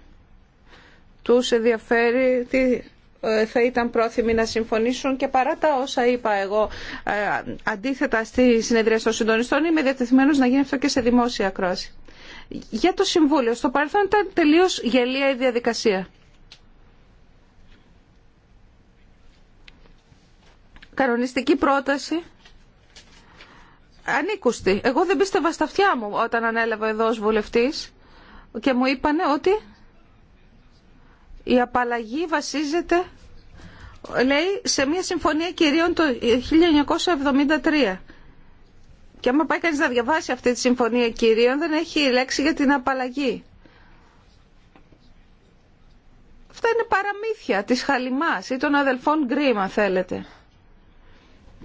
C: τους ενδιαφέρει, τι ε, θα ήταν πρόθυμοι να συμφωνήσουν και παρά τα όσα είπα εγώ ε, αντίθετα στη συνεδρία των συντονιστών είμαι διατεθειμένος να γίνει αυτό και σε δημόσια ακρόαση. Για το Συμβούλιο, στο παρελθόν ήταν τελείως γελία η διαδικασία. Κανονιστική πρόταση ανήκουστη. Εγώ δεν πίστευα στα αυτιά μου όταν ανέλαβα εδώ ως βουλευτής και μου είπανε ότι η απαλλαγή βασίζεται λέει σε μια συμφωνία κυρίων το 1973 και άμα πάει κανείς να διαβάσει αυτή τη συμφωνία κυρίων δεν έχει λέξη για την απαλλαγή αυτά είναι παραμύθια της Χαλιμάς ή των αδελφών Γκρίμα θέλετε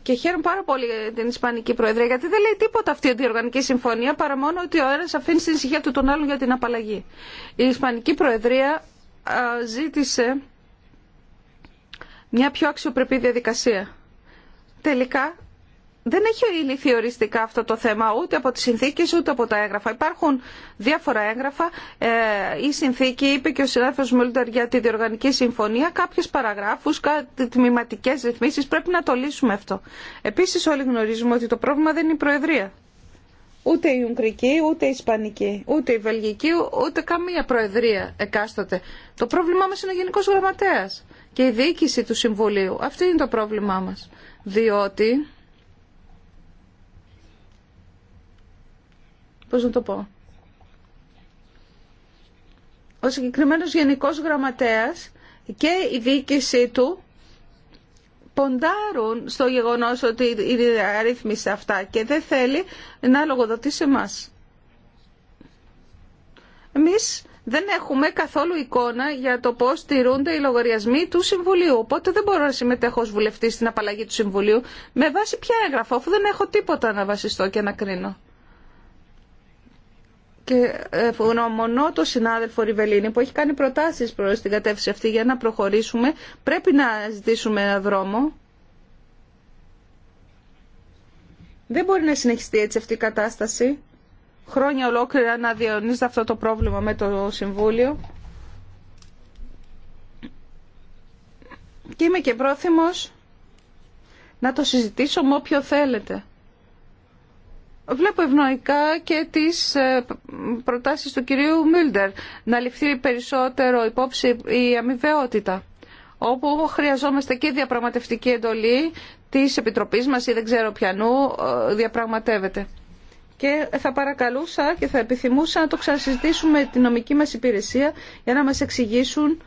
C: και χαίρομαι πάρα πολύ την Ισπανική Προεδρία γιατί δεν λέει τίποτα αυτή η διοργανική συμφωνία παρά μόνο ότι ο ένας αφήνει στην ησυχία του τον άλλον για την απαλλαγή η Ισπανική Προεδρία ζήτησε μια πιο αξιοπρεπή διαδικασία. Τελικά δεν έχει λυθεί οριστικά αυτό το θέμα ούτε από τις συνθήκες ούτε από τα έγγραφα. Υπάρχουν διάφορα έγγραφα. Ε, η συνθήκη είπε και ο συνάδελφος Μολύνταρ για τη διοργανική συμφωνία. Κάποιες παραγράφους, κάτι τμηματικές ρυθμίσεις. Πρέπει να το λύσουμε αυτό. Επίσης όλοι γνωρίζουμε ότι το πρόβλημα δεν είναι η Προεδρία. Ούτε η Ουγγρική, ούτε η Ισπανική, ούτε η Βελγική, ούτε καμία προεδρία εκάστοτε. Το πρόβλημά μας είναι ο Γενικός Γραμματέας και η διοίκηση του Συμβουλίου. Αυτό είναι το πρόβλημά μας. Διότι... Πώς να το πω... Ο συγκεκριμένος Γενικός Γραμματέας και η διοίκησή του ποντάρουν στο γεγονός ότι είναι αρρύθμιση αυτά και δεν θέλει να λογοδοτήσει εμάς. Εμείς δεν έχουμε καθόλου εικόνα για το πώς τηρούνται οι λογαριασμοί του Συμβουλίου. Οπότε δεν μπορώ να συμμετέχω ως βουλευτή στην απαλλαγή του Συμβουλίου. Με βάση ποια έγγραφα, αφού δεν έχω τίποτα να βασιστώ και να κρίνω και ευγνωμονώ το συνάδελφο Ριβελίνη που έχει κάνει προτάσεις προς την κατεύθυνση αυτή για να προχωρήσουμε. Πρέπει να ζητήσουμε ένα δρόμο. Δεν μπορεί να συνεχιστεί έτσι αυτή η κατάσταση. Χρόνια ολόκληρα να διαιωνίζεται αυτό το πρόβλημα με το Συμβούλιο. Και είμαι και πρόθυμος να το συζητήσω με όποιο θέλετε. Βλέπω ευνοϊκά και τις ε, προτάσεις του κυρίου Μίλντερ να ληφθεί περισσότερο υπόψη η αμοιβαιότητα όπου χρειαζόμαστε και διαπραγματευτική εντολή της Επιτροπής μας ή δεν ξέρω ποιανού ε, διαπραγματεύεται. Και θα παρακαλούσα και θα επιθυμούσα να το ξανασυζητήσουμε τη νομική μας υπηρεσία για να μας εξηγήσουν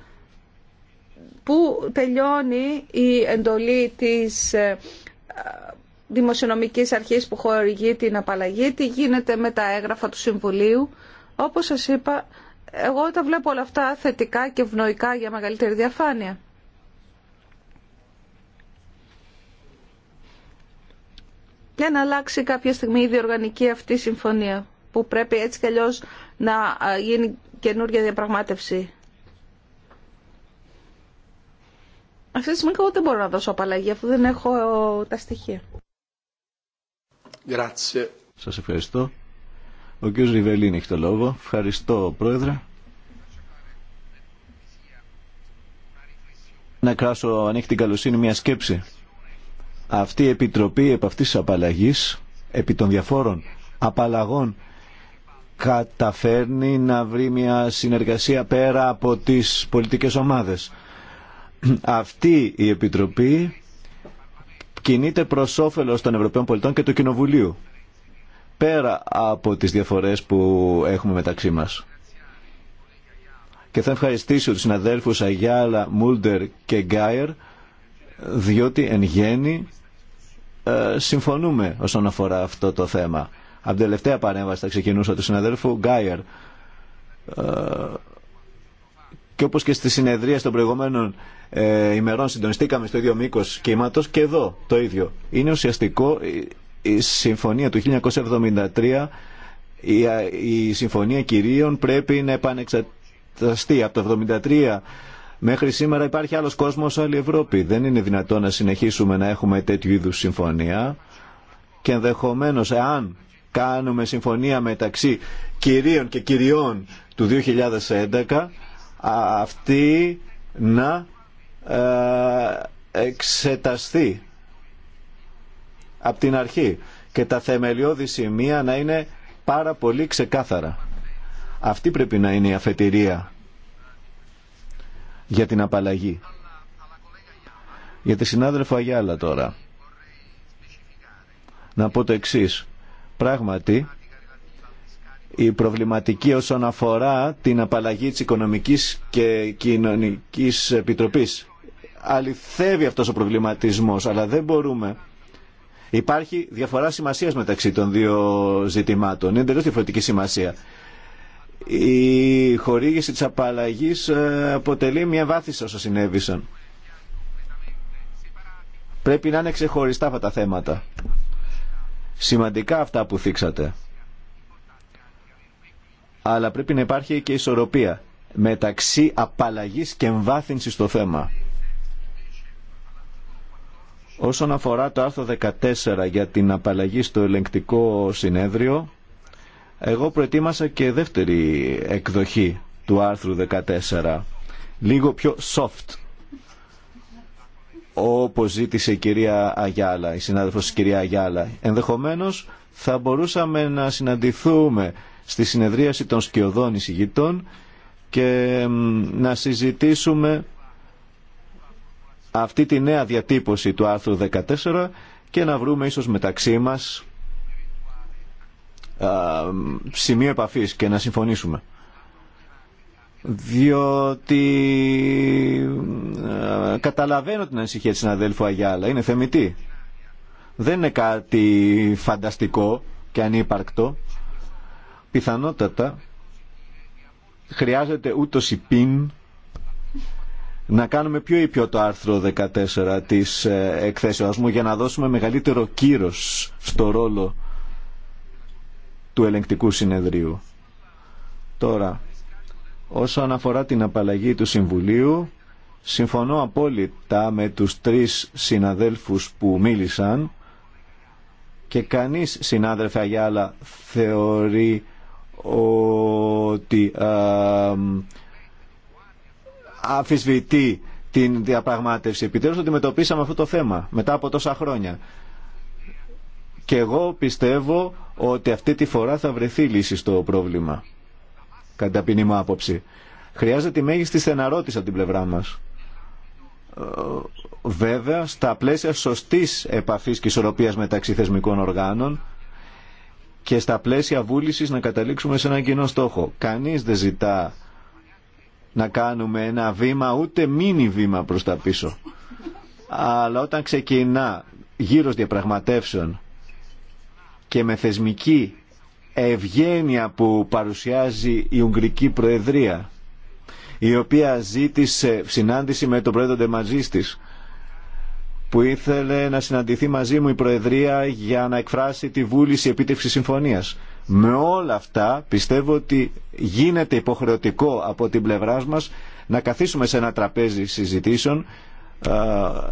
C: πού τελειώνει η εντολή της ε, δημοσιονομικής αρχής που χορηγεί την απαλλαγή, τι γίνεται με τα έγγραφα του Συμβουλίου. Όπως σας είπα, εγώ τα βλέπω όλα αυτά θετικά και ευνοϊκά για μεγαλύτερη διαφάνεια. Και να αλλάξει κάποια στιγμή η διοργανική αυτή συμφωνία που πρέπει έτσι κι να γίνει καινούργια διαπραγμάτευση. Αυτή τη στιγμή εγώ δεν μπορώ να δώσω απαλλαγή αφού δεν έχω τα στοιχεία.
B: Σας ευχαριστώ. Ο κ. Ριβελίν έχει το λόγο. Ευχαριστώ, Πρόεδρε. Να κράσω, αν έχει την καλοσύνη, μια σκέψη. Αυτή η Επιτροπή επ' αυτής της απαλλαγής, επί των διαφόρων απαλλαγών, καταφέρνει να βρει μια συνεργασία πέρα από τις πολιτικές ομάδες. Αυτή η Επιτροπή κινείται προ όφελο των Ευρωπαίων πολιτών και του Κοινοβουλίου. Πέρα από τις διαφορές που έχουμε μεταξύ μας. Και θα ευχαριστήσω του συναδέλφους Αγιάλα, Μούλτερ και Γκάιερ, διότι εν γέννη ε, συμφωνούμε όσον αφορά αυτό το θέμα. Από την τελευταία παρέμβαση θα ξεκινούσα του συναδέλφου Γκάιερ. Ε, και όπως και στη συνεδρία των προηγούμενων ε, ημερών συντονιστήκαμε στο ίδιο μήκο κύματο και εδώ το ίδιο. Είναι ουσιαστικό η συμφωνία του 1973, η, η συμφωνία κυρίων πρέπει να επανεξεταστεί. Από το 1973 μέχρι σήμερα υπάρχει άλλος κόσμος, άλλη Ευρώπη. Δεν είναι δυνατόν να συνεχίσουμε να έχουμε τέτοιου είδους συμφωνία και ενδεχομένω εάν κάνουμε συμφωνία μεταξύ κυρίων και κυριών του 2011 αυτή να ε, εξεταστεί από την αρχή και τα θεμελιώδη σημεία να είναι πάρα πολύ ξεκάθαρα. Αυτή πρέπει να είναι η αφετηρία για την απαλλαγή. Για τη συνάδελφο Αγιάλα τώρα. Να πω το εξής. Πράγματι, η προβληματική όσον αφορά την απαλλαγή της Οικονομικής και Κοινωνικής Επιτροπής αληθεύει αυτός ο προβληματισμός, αλλά δεν μπορούμε. Υπάρχει διαφορά σημασίας μεταξύ των δύο ζητημάτων. Είναι εντελώς διαφορετική σημασία. Η χορήγηση της απαλλαγής ε, αποτελεί μια βάθηση όσο συνέβησαν. Πρέπει να είναι ξεχωριστά αυτά τα θέματα. Σημαντικά αυτά που θίξατε. Αλλά πρέπει να υπάρχει και ισορροπία μεταξύ απαλλαγής και εμβάθυνσης στο θέμα. Όσον αφορά το άρθρο 14 για την απαλλαγή στο ελεγκτικό συνέδριο, εγώ προετοίμασα και δεύτερη εκδοχή του άρθρου 14, λίγο πιο soft, όπως ζήτησε η κυρία Αγιάλα, η συνάδελφος της κυρία Αγιάλα. Ενδεχομένως θα μπορούσαμε να συναντηθούμε στη συνεδρίαση των σκιωδών εισηγητών και να συζητήσουμε αυτή τη νέα διατύπωση του άρθρου 14 και να βρούμε ίσως μεταξύ μας σημείο επαφής και να συμφωνήσουμε διότι καταλαβαίνω την ανησυχία της συναδέλφου Αγιάλα, είναι θεμητή. Δεν είναι κάτι φανταστικό και ανύπαρκτο. Πιθανότατα χρειάζεται ούτως η πίν να κάνουμε πιο ήπιο το άρθρο 14 της ε, εκθέσεως μου για να δώσουμε μεγαλύτερο κύρος στο ρόλο του ελεγκτικού συνεδρίου. Τώρα, όσον αφορά την απαλλαγή του Συμβουλίου, συμφωνώ απόλυτα με τους τρεις συναδέλφους που μίλησαν και κανείς συνάδελφε Αγιάλα θεωρεί ότι... Ε, αφισβητεί την διαπραγμάτευση. Επιτέλους αντιμετωπίσαμε αυτό το θέμα μετά από τόσα χρόνια. Και εγώ πιστεύω ότι αυτή τη φορά θα βρεθεί λύση στο πρόβλημα. Κατά ποινή μου άποψη. Χρειάζεται η μέγιστη στεναρότηση από την πλευρά μας. Ε, βέβαια, στα πλαίσια σωστής επαφής και ισορροπίας μεταξύ θεσμικών οργάνων και στα πλαίσια βούλησης να καταλήξουμε σε έναν κοινό στόχο. Κανείς δεν ζητά να κάνουμε ένα βήμα ούτε μίνι βήμα προς τα πίσω. Αλλά όταν ξεκινά γύρος διαπραγματεύσεων και με θεσμική ευγένεια που παρουσιάζει η Ουγγρική Προεδρία η οποία ζήτησε συνάντηση με τον πρόεδρο Ντεμαζίστης που ήθελε να συναντηθεί μαζί μου η Προεδρία για να εκφράσει τη βούληση επίτευξης συμφωνίας. Με όλα αυτά πιστεύω ότι γίνεται υποχρεωτικό από την πλευρά μας να καθίσουμε σε ένα τραπέζι συζητήσεων,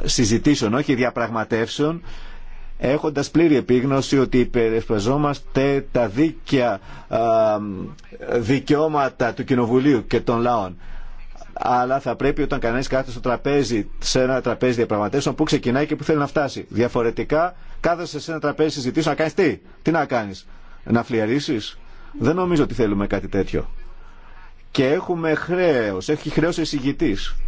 B: συζητήσεων όχι διαπραγματεύσεων, έχοντας πλήρη επίγνωση ότι υπερεσπαζόμαστε τα δίκαια δικαιώματα του Κοινοβουλίου και των λαών. Αλλά θα πρέπει όταν κανείς κάθεται στο τραπέζι, σε ένα τραπέζι διαπραγματεύσεων, που ξεκινάει και που θέλει να φτάσει. Διαφορετικά, κάθεσαι σε ένα τραπέζι συζητήσεων να κάνεις τι, τι να κάνεις να φλιαρίσει. Δεν νομίζω ότι θέλουμε κάτι τέτοιο. Και έχουμε χρέο, έχει χρέο ο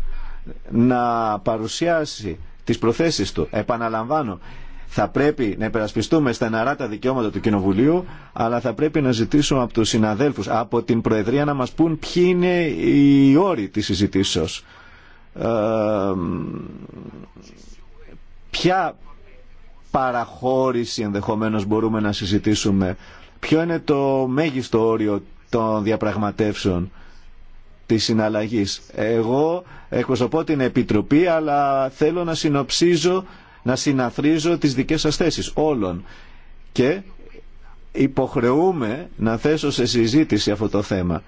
B: να παρουσιάσει τις προθέσεις του. Επαναλαμβάνω, θα πρέπει να υπερασπιστούμε στεναρά τα δικαιώματα του Κοινοβουλίου, αλλά θα πρέπει να ζητήσουμε από τους συναδέλφους, από την Προεδρία να μας πούν ποιοι είναι οι όροι τη συζητήσεω. Ε, ποια παραχώρηση ενδεχομένως μπορούμε να συζητήσουμε Ποιο είναι το μέγιστο όριο των διαπραγματεύσεων της συναλλαγής. Εγώ εκπροσωπώ την Επιτροπή, αλλά θέλω να συνοψίζω, να συναθρίζω τις δικές σας θέσεις όλων. Και υποχρεούμε να θέσω σε συζήτηση αυτό το θέμα.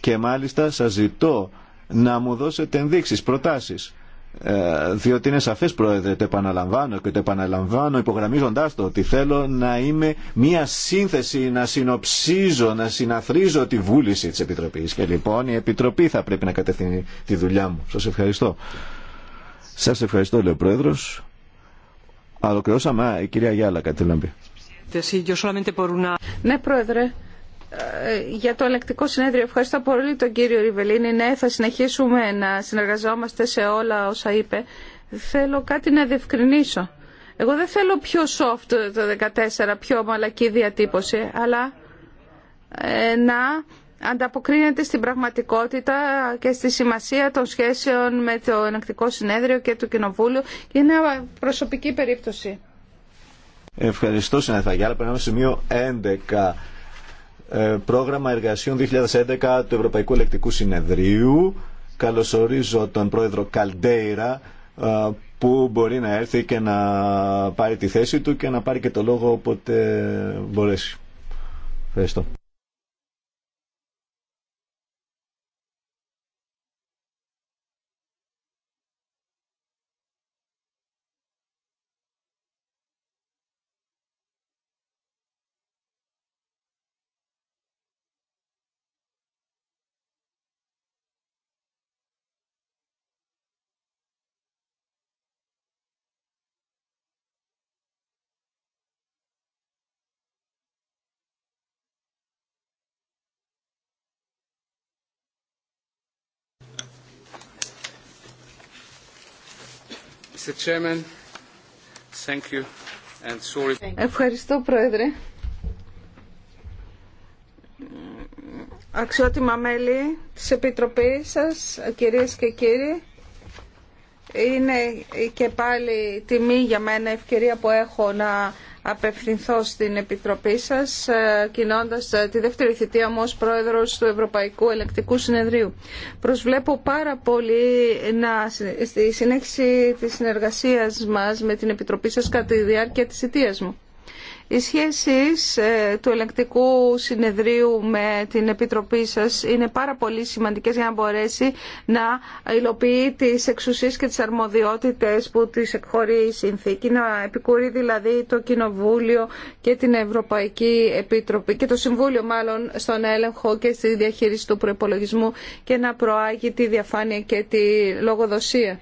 B: Και μάλιστα σας ζητώ να μου δώσετε ενδείξεις, προτάσεις ε, διότι είναι σαφές πρόεδρε, το επαναλαμβάνω και το επαναλαμβάνω υπογραμμίζοντάς το ότι θέλω να είμαι μία σύνθεση, να συνοψίζω, να συναθρίζω τη βούληση της Επιτροπής και λοιπόν η Επιτροπή θα πρέπει να κατευθύνει τη δουλειά μου. Σας ευχαριστώ. Σας ευχαριστώ λέει ο Πρόεδρος. Αλοκληρώσαμε, η κυρία Γιάλα κάτι να πει.
C: Ναι, Πρόεδρε, ε, για το ελεκτικό συνέδριο. Ευχαριστώ πολύ τον κύριο Ριβελίνη. Ναι, θα συνεχίσουμε να συνεργαζόμαστε σε όλα όσα είπε. Θέλω κάτι να διευκρινίσω. Εγώ δεν θέλω πιο soft το 14, πιο μαλακή διατύπωση, αλλά ε, να ανταποκρίνεται στην πραγματικότητα και στη σημασία των σχέσεων με το Ενακτικό Συνέδριο και του Κοινοβούλιο και είναι προσωπική περίπτωση.
B: Ευχαριστώ, Συνέθα Γιάλα. Περνάμε σημείο 11. Ε, πρόγραμμα εργασιών 2011 του Ευρωπαϊκού Ελεκτικού Συνεδρίου. Καλωσορίζω τον πρόεδρο Καλντέιρα ε, που μπορεί να έρθει και να πάρει τη θέση του και να πάρει και το λόγο όποτε μπορέσει. Ευχαριστώ.
C: Ευχαριστώ, Πρόεδρε. Αξιότιμα μέλη της Επιτροπής σας, κυρίες και κύριοι, είναι και πάλι τιμή για μένα, ευκαιρία που έχω να απευθυνθώ στην Επιτροπή σας, ε, κινώντας ε, τη δεύτερη θητεία μου ως Πρόεδρος του Ευρωπαϊκού Ελεκτικού Συνεδρίου. Προσβλέπω πάρα πολύ να, στη συνέχιση της συνεργασίας μας με την Επιτροπή σας κατά τη διάρκεια της θητείας μου. Οι σχέσεις ε, του ελεγκτικού συνεδρίου με την Επιτροπή σας είναι πάρα πολύ σημαντικές για να μπορέσει να υλοποιεί τις εξουσίες και τις αρμοδιότητες που τις εκχωρεί η συνθήκη, να επικουρεί δηλαδή το Κοινοβούλιο και την Ευρωπαϊκή Επιτροπή και το Συμβούλιο μάλλον στον έλεγχο και στη διαχείριση του προπολογισμού και να προάγει τη διαφάνεια και τη λογοδοσία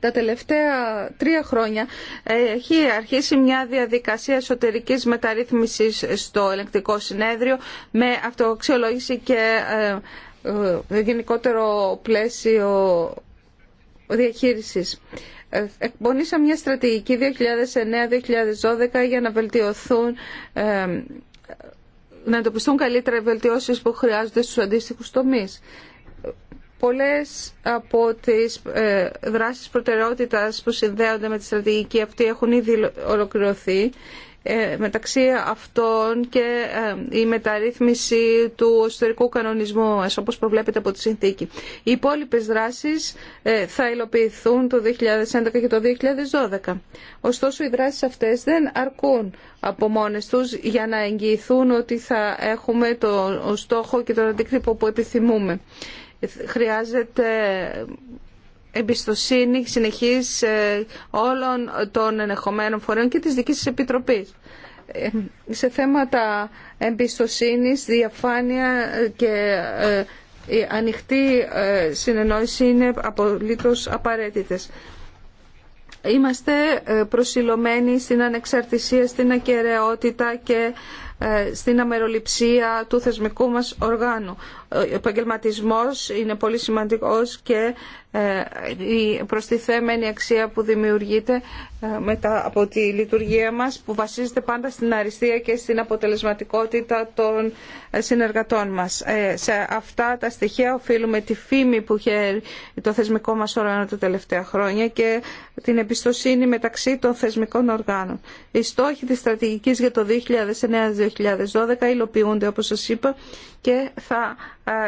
C: τα τελευταία τρία χρόνια έχει αρχίσει μια διαδικασία εσωτερικής μεταρρύθμισης στο Ελεκτικό συνέδριο με αυτοξιολόγηση και ε, ε, γενικότερο πλαίσιο διαχείρισης. Ε, εκπονήσαμε μια στρατηγική 2009-2012 για να βελτιωθούν να εντοπιστούν καλύτερα οι βελτιώσεις που χρειάζονται στους αντίστοιχους τομείς. Πολλές από τις ε, δράσεις προτεραιότητας που συνδέονται με τη στρατηγική αυτή έχουν ήδη ολοκληρωθεί. Ε, μεταξύ αυτών και ε, η μεταρρύθμιση του εσωτερικού κανονισμού μας, όπως προβλέπεται από τη συνθήκη. Οι υπόλοιπες δράσεις θα υλοποιηθούν το 2011 και το 2012. Ωστόσο, οι δράσεις αυτές δεν αρκούν από μόνες τους για να εγγυηθούν ότι θα έχουμε τον στόχο και τον αντίκτυπο που επιθυμούμε χρειάζεται εμπιστοσύνη συνεχής ε, όλων των ενεχομένων φορέων και της δικής της Επιτροπής. Ε, σε θέματα εμπιστοσύνης, διαφάνεια και ε, η ανοιχτή συνεννόηση είναι απολύτως απαραίτητες. Είμαστε προσιλωμένοι στην ανεξαρτησία, στην ακαιρεότητα και ε, στην αμεροληψία του θεσμικού μας οργάνου. Ο επαγγελματισμό είναι πολύ σημαντικός και ε, η προστιθέμενη αξία που δημιουργείται ε, μετά από τη λειτουργία μας που βασίζεται πάντα στην αριστεία και στην αποτελεσματικότητα των συνεργατών μας. Σε αυτά τα στοιχεία οφείλουμε τη φήμη που χαίρει το θεσμικό μας όργανο τα τελευταία χρόνια και την εμπιστοσύνη μεταξύ των θεσμικών οργάνων. Οι στόχοι της στρατηγικής για το 2009 2012 υλοποιούνται όπως σας είπα και θα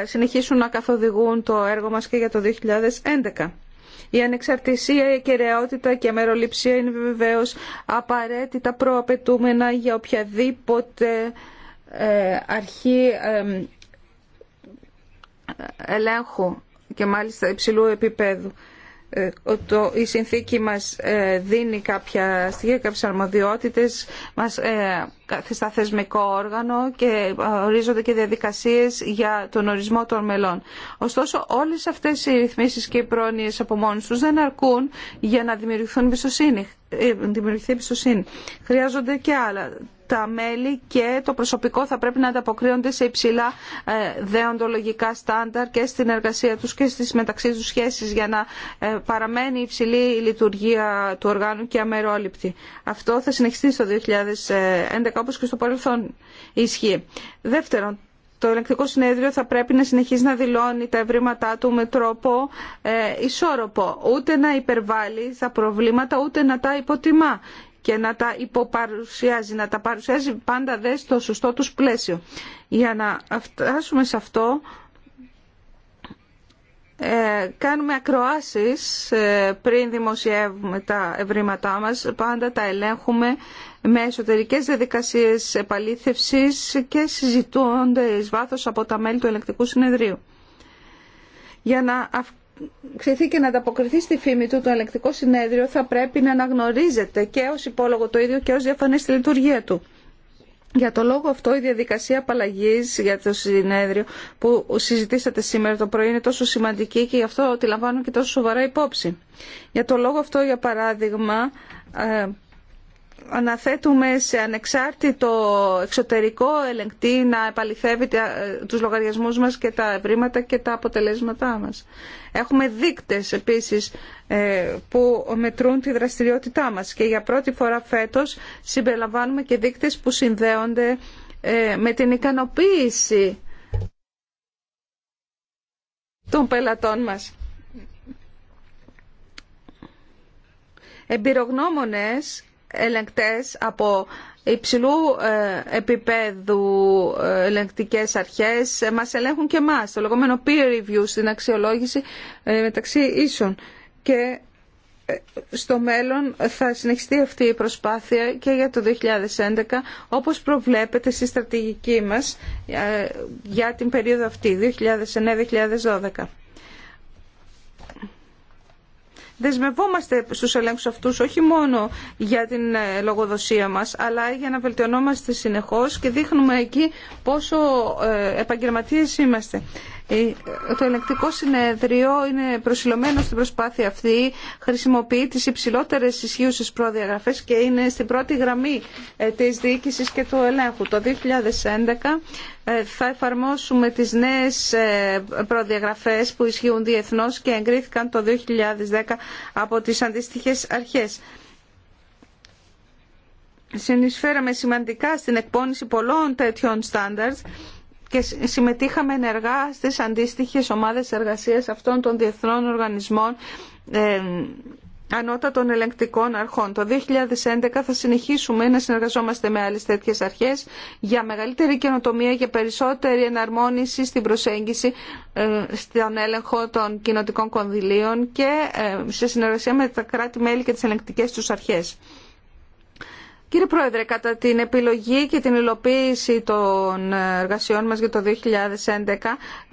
C: ε, συνεχίσουν να καθοδηγούν το έργο μας και για το 2011. Η ανεξαρτησία, η κεραιότητα και η μεροληψία είναι βεβαίω απαραίτητα προαπαιτούμενα για οποιαδήποτε ε, αρχή ελέγχου και μάλιστα υψηλού επίπεδου. Ε, το, η συνθήκη μας ε, δίνει κάποια στοιχεία, κάποιες αρμοδιότητες μας, ε, στα θεσμικό όργανο και ε, ορίζονται και διαδικασίες για τον ορισμό των μελών. Ωστόσο όλες αυτές οι ρυθμίσεις και οι πρόνοιες από μόνους τους δεν αρκούν για να δημιουργηθούν εμπιστοσύνη. δημιουργηθεί εμπιστοσύνη. Χρειάζονται και άλλα τα μέλη και το προσωπικό θα πρέπει να ανταποκρίνονται σε υψηλά ε, δεοντολογικά στάνταρ και στην εργασία τους και στις μεταξύ τους σχέσεις για να ε, παραμένει υψηλή η λειτουργία του οργάνου και αμερόληπτη. Αυτό θα συνεχιστεί στο 2011 όπως και στο παρελθόν ισχύει. Δεύτερον, το Ελεκτικό συνέδριο θα πρέπει να συνεχίζει να δηλώνει τα ευρήματά του με τρόπο ε, ισόρροπο. Ούτε να υπερβάλλει τα προβλήματα, ούτε να τα υποτιμά και να τα υποπαρουσιάζει, να τα παρουσιάζει πάντα δε στο σωστό τους πλαίσιο. Για να φτάσουμε σε αυτό, ε, κάνουμε ακροάσεις ε, πριν δημοσιεύουμε τα ευρήματά μας, πάντα τα ελέγχουμε με εσωτερικές διαδικασίες επαλήθευσης και συζητούνται εις βάθος από τα μέλη του ελεκτικού συνεδρίου. Για να ξηθεί και να ανταποκριθεί στη φήμη του το ελεκτικό συνέδριο θα πρέπει να αναγνωρίζεται και ως υπόλογο το ίδιο και ως διαφανή στη λειτουργία του. Για το λόγο αυτό η διαδικασία απαλλαγή για το συνέδριο που συζητήσατε σήμερα το πρωί είναι τόσο σημαντική και γι' αυτό τη λαμβάνω και τόσο σοβαρά υπόψη. Για το λόγο αυτό, για παράδειγμα, ε, αναθέτουμε σε ανεξάρτητο εξωτερικό ελεγκτή να επαληθεύει ε, τους λογαριασμούς μας και τα ευρήματα και τα αποτελέσματά μας. Έχουμε δείκτες επίσης ε, που μετρούν τη δραστηριότητά μας και για πρώτη φορά φέτος συμπεριλαμβάνουμε και δείκτες που συνδέονται ε, με την ικανοποίηση των πελατών μας. Εμπειρογνώμονες ελεγκτές από υψηλού ε, επίπεδου ε, ελεγκτικές αρχές ε, μας ελέγχουν και μας το λεγόμενο peer review στην αξιολόγηση μεταξύ ίσων και στο μέλλον θα συνεχιστεί αυτή η προσπάθεια και για το 2011 όπως προβλέπεται στη στρατηγική μας για την περίοδο αυτή 2009-2012 δεσμευόμαστε στους ελέγχους αυτούς όχι μόνο για την ε, λογοδοσία μας αλλά για να βελτιωνόμαστε συνεχώς και δείχνουμε εκεί πόσο ε, επαγγελματίες είμαστε. Το ελεκτικό συνέδριο είναι προσιλωμένο στην προσπάθεια αυτή, χρησιμοποιεί τις υψηλότερες ισχύουσες προδιαγραφές και είναι στην πρώτη γραμμή ε, της διοίκησης και του ελέγχου. Το 2011 ε, θα εφαρμόσουμε τις νέες ε, προδιαγραφές που ισχύουν διεθνώς και εγκρίθηκαν το 2010 από τις αντίστοιχες αρχές. Συνεισφέραμε σημαντικά στην εκπόνηση πολλών τέτοιων στάνταρτς και συμμετείχαμε ενεργά στις αντίστοιχες ομάδες εργασίας αυτών των διεθνών οργανισμών ε, ανώτατων ελεγκτικών αρχών. Το 2011 θα συνεχίσουμε να συνεργαζόμαστε με άλλες τέτοιες αρχές για μεγαλύτερη καινοτομία και περισσότερη εναρμόνιση στην προσέγγιση ε, στον έλεγχο των κοινοτικών κονδυλίων και ε, σε συνεργασία με τα κράτη-μέλη και τις ελεγκτικές τους αρχές. Κύριε Πρόεδρε, κατά την επιλογή και την υλοποίηση των εργασιών μας για το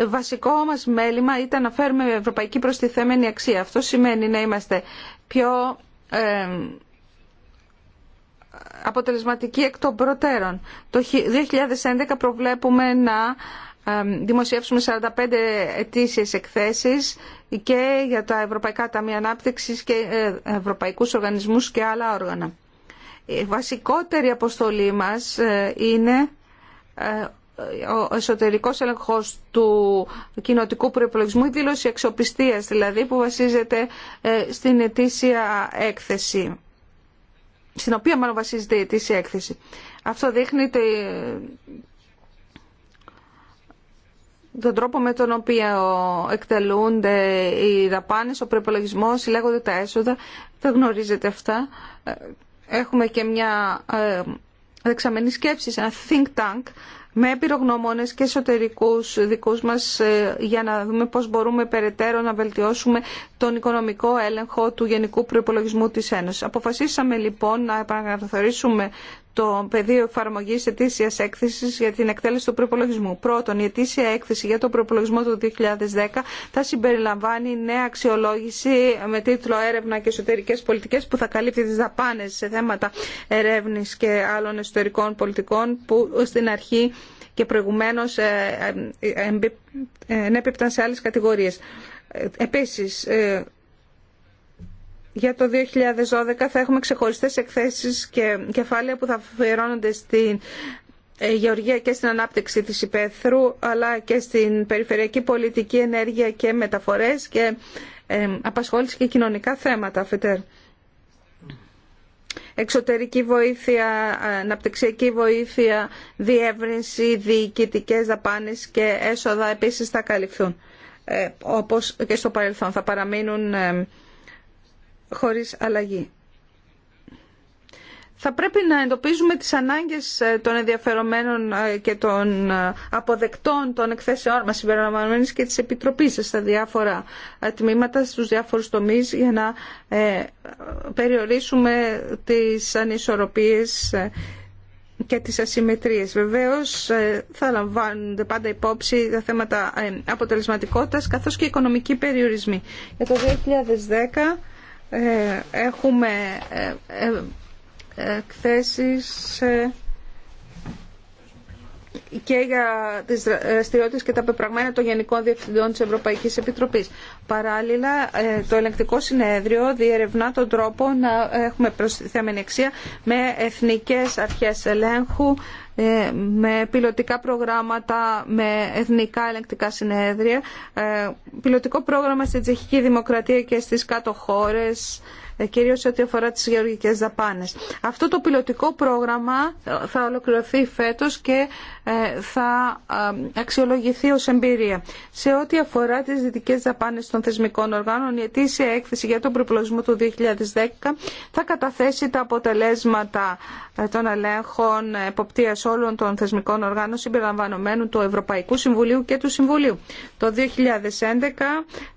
C: 2011, βασικό μας μέλημα ήταν να φέρουμε ευρωπαϊκή προστιθέμενη αξία. Αυτό σημαίνει να είμαστε πιο αποτελεσματικοί εκ των προτέρων. Το 2011 προβλέπουμε να δημοσιεύσουμε 45 ετήσιες εκθέσεις και για τα Ευρωπαϊκά Ταμεία Ανάπτυξης και ε, Ευρωπαϊκούς Οργανισμούς και άλλα όργανα. Η βασικότερη αποστολή μας ε, είναι ε, ο εσωτερικός έλεγχος του κοινοτικού προϋπολογισμού, η δήλωση αξιοπιστίας δηλαδή που βασίζεται ε, στην ετήσια έκθεση, στην οποία μάλλον βασίζεται η ετήσια έκθεση. Αυτό δείχνει τον τρόπο με τον οποίο εκτελούνται οι δαπάνες, ο προπολογισμό, συλλέγονται τα έσοδα, δεν γνωρίζετε αυτά έχουμε και μια ε, δεξαμενή σκέψη, ένα think tank, με επιρογνώμονες και εσωτερικούς δικούς μας ε, για να δούμε πώς μπορούμε περαιτέρω να βελτιώσουμε τον οικονομικό έλεγχο του Γενικού Προϋπολογισμού της Ένωσης. Αποφασίσαμε λοιπόν να επανακαθορίσουμε το πεδίο εφαρμογή ετήσια έκθεση για την εκτέλεση του προπολογισμού. Πρώτον, η ετήσια έκθεση για τον προπολογισμό του 2010 θα συμπεριλαμβάνει νέα αξιολόγηση με τίτλο Έρευνα και εσωτερικέ πολιτικέ που θα καλύπτει τι δαπάνε σε θέματα ερεύνη και άλλων εσωτερικών πολιτικών που στην αρχή και προηγουμένω ε, ε, ε, ενέπιπταν σε άλλε κατηγορίε. Επίσης, για το 2012 θα έχουμε ξεχωριστές εκθέσεις και κεφάλαια που θα αφιερώνονται στην ε, γεωργία και στην ανάπτυξη της υπαίθρου αλλά και στην περιφερειακή πολιτική ενέργεια και μεταφορές και ε, απασχόληση και κοινωνικά θέματα Εξωτερική βοήθεια, αναπτυξιακή βοήθεια, διεύρυνση, διοικητικέ δαπάνες και έσοδα επίσης θα καλυφθούν ε, όπως και στο παρελθόν θα παραμείνουν χωρίς αλλαγή. Θα πρέπει να εντοπίζουμε τις ανάγκες ε, των ενδιαφερομένων ε, και των ε, αποδεκτών των εκθέσεών μας συμπεριλαμβανομένης και της Επιτροπής στα διάφορα τμήματα, στους διάφορους τομείς για να περιορίσουμε τις ανισορροπίες και τις ασυμμετρίες. Βεβαίως θα λαμβάνονται πάντα υπόψη τα θέματα αποτελεσματικότητας καθώς και οικονομική οικονομικοί περιορισμοί. Για το 2010 ε, έχουμε ε, ε, εκθέσεις και για τις δραστηριότητες και τα πεπραγμένα των Γενικών Διευθυντών της Ευρωπαϊκής Επιτροπής. Παράλληλα, το ελεγκτικό συνέδριο διερευνά τον τρόπο να έχουμε προσθέμενη αξία με εθνικές αρχές ελέγχου, ε, με πιλωτικά προγράμματα, με εθνικά ελεγκτικά συνέδρια, ε, πιλωτικό πρόγραμμα στην Τσεχική Δημοκρατία και στις κάτω χώρες, ε, σε ό,τι αφορά τι γεωργικές δαπάνε. Αυτό το πιλωτικό πρόγραμμα ε, θα ολοκληρωθεί φέτο και ε, θα αξιολογηθεί ω εμπειρία. Σε ό,τι αφορά τι δυτικέ δαπάνε των θεσμικών οργάνων, η ετήσια έκθεση για τον προπολογισμό του 2010 θα καταθέσει τα αποτελέσματα των ελέγχων εποπτείας όλων των θεσμικών οργάνων συμπεριλαμβανομένου του Ευρωπαϊκού Συμβουλίου και του Συμβουλίου. Το 2011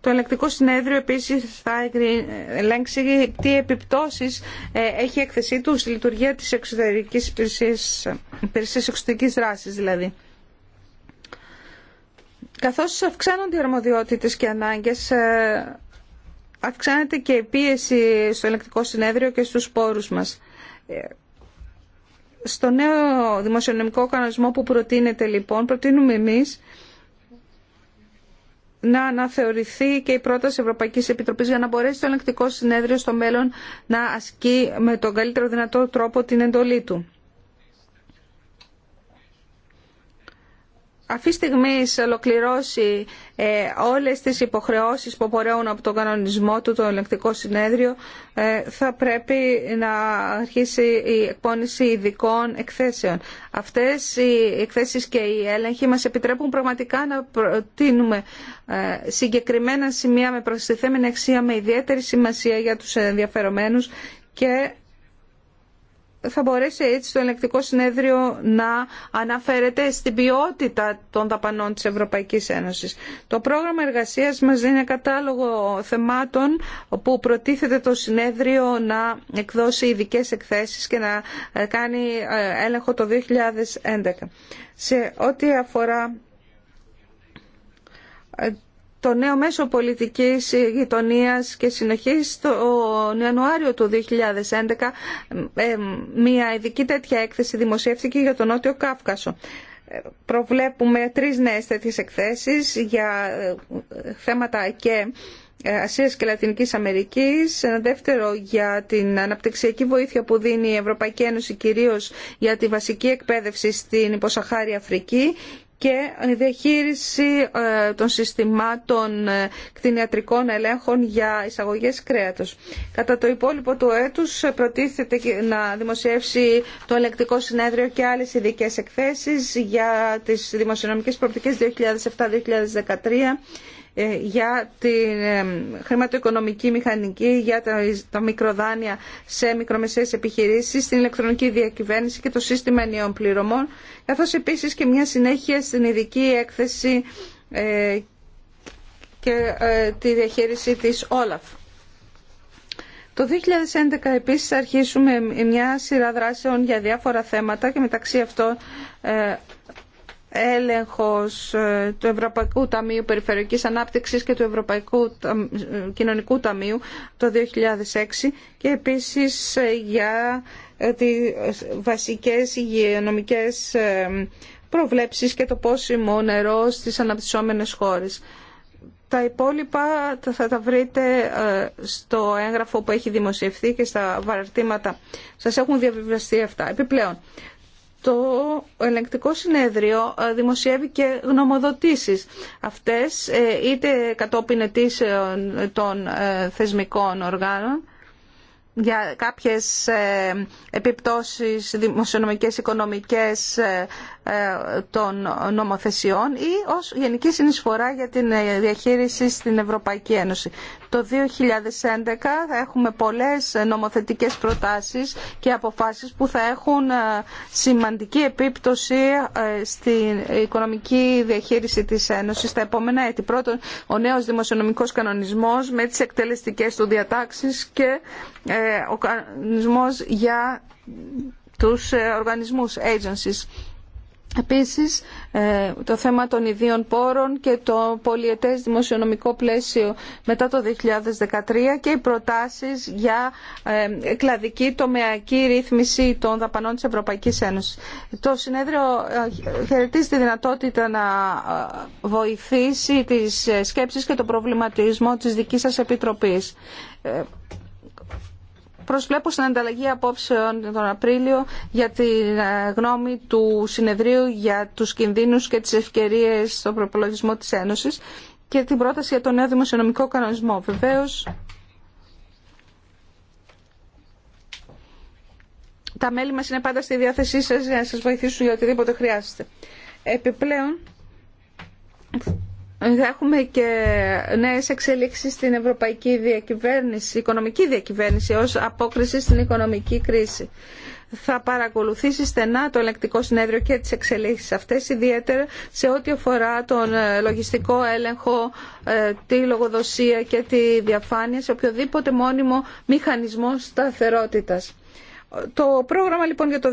C: το Ελεκτικό Συνέδριο επίση θα ελέγξει τι επιπτώσεις ε, έχει η έκθεσή του στη λειτουργία της εξωτερικής υπηρεσίας, υπηρεσίας εξωτερικής δράσης δηλαδή. Καθώς αυξάνονται οι αρμοδιότητες και ανάγκες, ε, αυξάνεται και η πίεση στο ελεκτικό συνέδριο και στους πόρους μας. Ε, στο νέο δημοσιονομικό κανονισμό που προτείνεται λοιπόν, προτείνουμε εμείς να αναθεωρηθεί και η πρόταση Ευρωπαϊκής Επιτροπής για να μπορέσει το ελεγκτικό συνέδριο στο μέλλον να ασκεί με τον καλύτερο δυνατό τρόπο την εντολή του. αυτή τη στιγμή ολοκληρώσει ε, όλες τις υποχρεώσεις που απορρέουν από τον κανονισμό του το ελεγκτικό συνέδριο ε, θα πρέπει να αρχίσει η εκπόνηση ειδικών εκθέσεων. Αυτές οι εκθέσεις και οι έλεγχοι μας επιτρέπουν πραγματικά να προτείνουμε ε, συγκεκριμένα σημεία με προστιθέμενη αξία με ιδιαίτερη σημασία για τους ενδιαφερομένους και θα μπορέσει έτσι το ελεκτικό συνέδριο να αναφέρεται στην ποιότητα των δαπανών της Ευρωπαϊκής Ένωσης. Το πρόγραμμα εργασίας μας είναι κατάλογο θεμάτων που προτίθεται το συνέδριο να εκδώσει ειδικέ εκθέσεις και να κάνει ε, έλεγχο το 2011. Σε ό,τι αφορά ε, το νέο μέσο πολιτικής γειτονίας και συνοχής το Ιανουάριο του 2011 ε, μια ειδική τέτοια έκθεση δημοσιεύτηκε για τον Νότιο Κάφκασο. Ε, προβλέπουμε τρεις νέες τέτοιες εκθέσεις για ε, θέματα και Ασίας και Λατινικής Αμερικής, ένα δεύτερο για την αναπτυξιακή βοήθεια που δίνει η Ευρωπαϊκή Ένωση κυρίως για τη βασική εκπαίδευση στην υποσαχάρη Αφρική και η διαχείριση ε, των συστημάτων ε, κτηνιατρικών ελέγχων για εισαγωγές κρέατος. Κατά το υπόλοιπο του έτους ε, προτίθεται να δημοσιεύσει το ελεκτικό συνέδριο και άλλες ειδικέ εκθέσεις για τις δημοσιονομικές προοπτικές 2007-2013 ε, για τη ε, χρηματοοικονομική μηχανική, για τα μικροδάνεια σε μικρομεσαίες επιχειρήσεις, την ηλεκτρονική διακυβέρνηση και το σύστημα ενιαίων πληρωμών, καθώς επίσης και μια συνέχεια στην ειδική έκθεση ε, και τη διαχείριση της Όλαφ. Το 2011 επίσης θα αρχίσουμε μια σειρά δράσεων για διάφορα θέματα και μεταξύ αυτών έλεγχος ε, του Ευρωπαϊκού Ταμείου Περιφερειακής Ανάπτυξης και του Ευρωπαϊκού ε, Κοινωνικού Ταμείου το 2006 και επίσης ε, για τις βασικές υγειονομικές προβλέψεις και το πόσιμο νερό στις αναπτυσσόμενες χώρες. Τα υπόλοιπα θα τα βρείτε στο έγγραφο που έχει δημοσιευθεί και στα βαρτήματα. Σας έχουν διαβιβαστεί αυτά. Επιπλέον, το ελεγκτικό συνέδριο ε, δημοσιεύει και γνωμοδοτήσεις. Αυτές ε, είτε κατόπιν ετήσεων των ε, θεσμικών οργάνων για κάποιες επιπτώσεις δημοσιονομικές, οικονομικές ε, των νομοθεσιών ή ως γενική συνεισφορά για την ε, διαχείριση στην Ευρωπαϊκή Ένωση. Το 2011 θα έχουμε πολλές νομοθετικές προτάσεις και αποφάσεις που θα έχουν ε, σημαντική επίπτωση στην οικονομική διαχείριση της Ένωσης τα επόμενα έτη. Πρώτον, ο νέος δημοσιονομικός κανονισμός με τις εκτελεστικές του διατάξεις και ο κανονισμός για τους οργανισμούς, agencies. Επίσης, ε, το θέμα των ιδίων πόρων και το πολιετές δημοσιονομικό πλαίσιο μετά το 2013 και οι προτάσεις για ε, κλαδική τομεακή ρύθμιση των δαπανών της Ευρωπαϊκής Ένωσης. Το συνέδριο ε, χαιρετίζει τη δυνατότητα να βοηθήσει τις σκέψεις και τον προβληματισμό της δικής σας Επιτροπής προσβλέπω στην ανταλλαγή απόψεων τον Απρίλιο για τη ε, γνώμη του συνεδρίου για τους κινδύνους και τις ευκαιρίες στον προπολογισμό της Ένωσης και την πρόταση για τον νέο δημοσιονομικό κανονισμό. Βεβαίως, τα μέλη μας είναι πάντα στη διάθεσή σας για να σας βοηθήσουν για οτιδήποτε χρειάζεται. Επιπλέον, θα Έχουμε και νέες εξελίξεις στην ευρωπαϊκή διακυβέρνηση, οικονομική διακυβέρνηση ως απόκριση στην οικονομική κρίση. Θα παρακολουθήσει στενά το Ελεκτικό συνέδριο και τις εξελίξεις αυτές, ιδιαίτερα σε ό,τι αφορά τον ε, λογιστικό έλεγχο, ε, τη λογοδοσία και τη διαφάνεια σε οποιοδήποτε μόνιμο μηχανισμό σταθερότητας. Το πρόγραμμα λοιπόν για το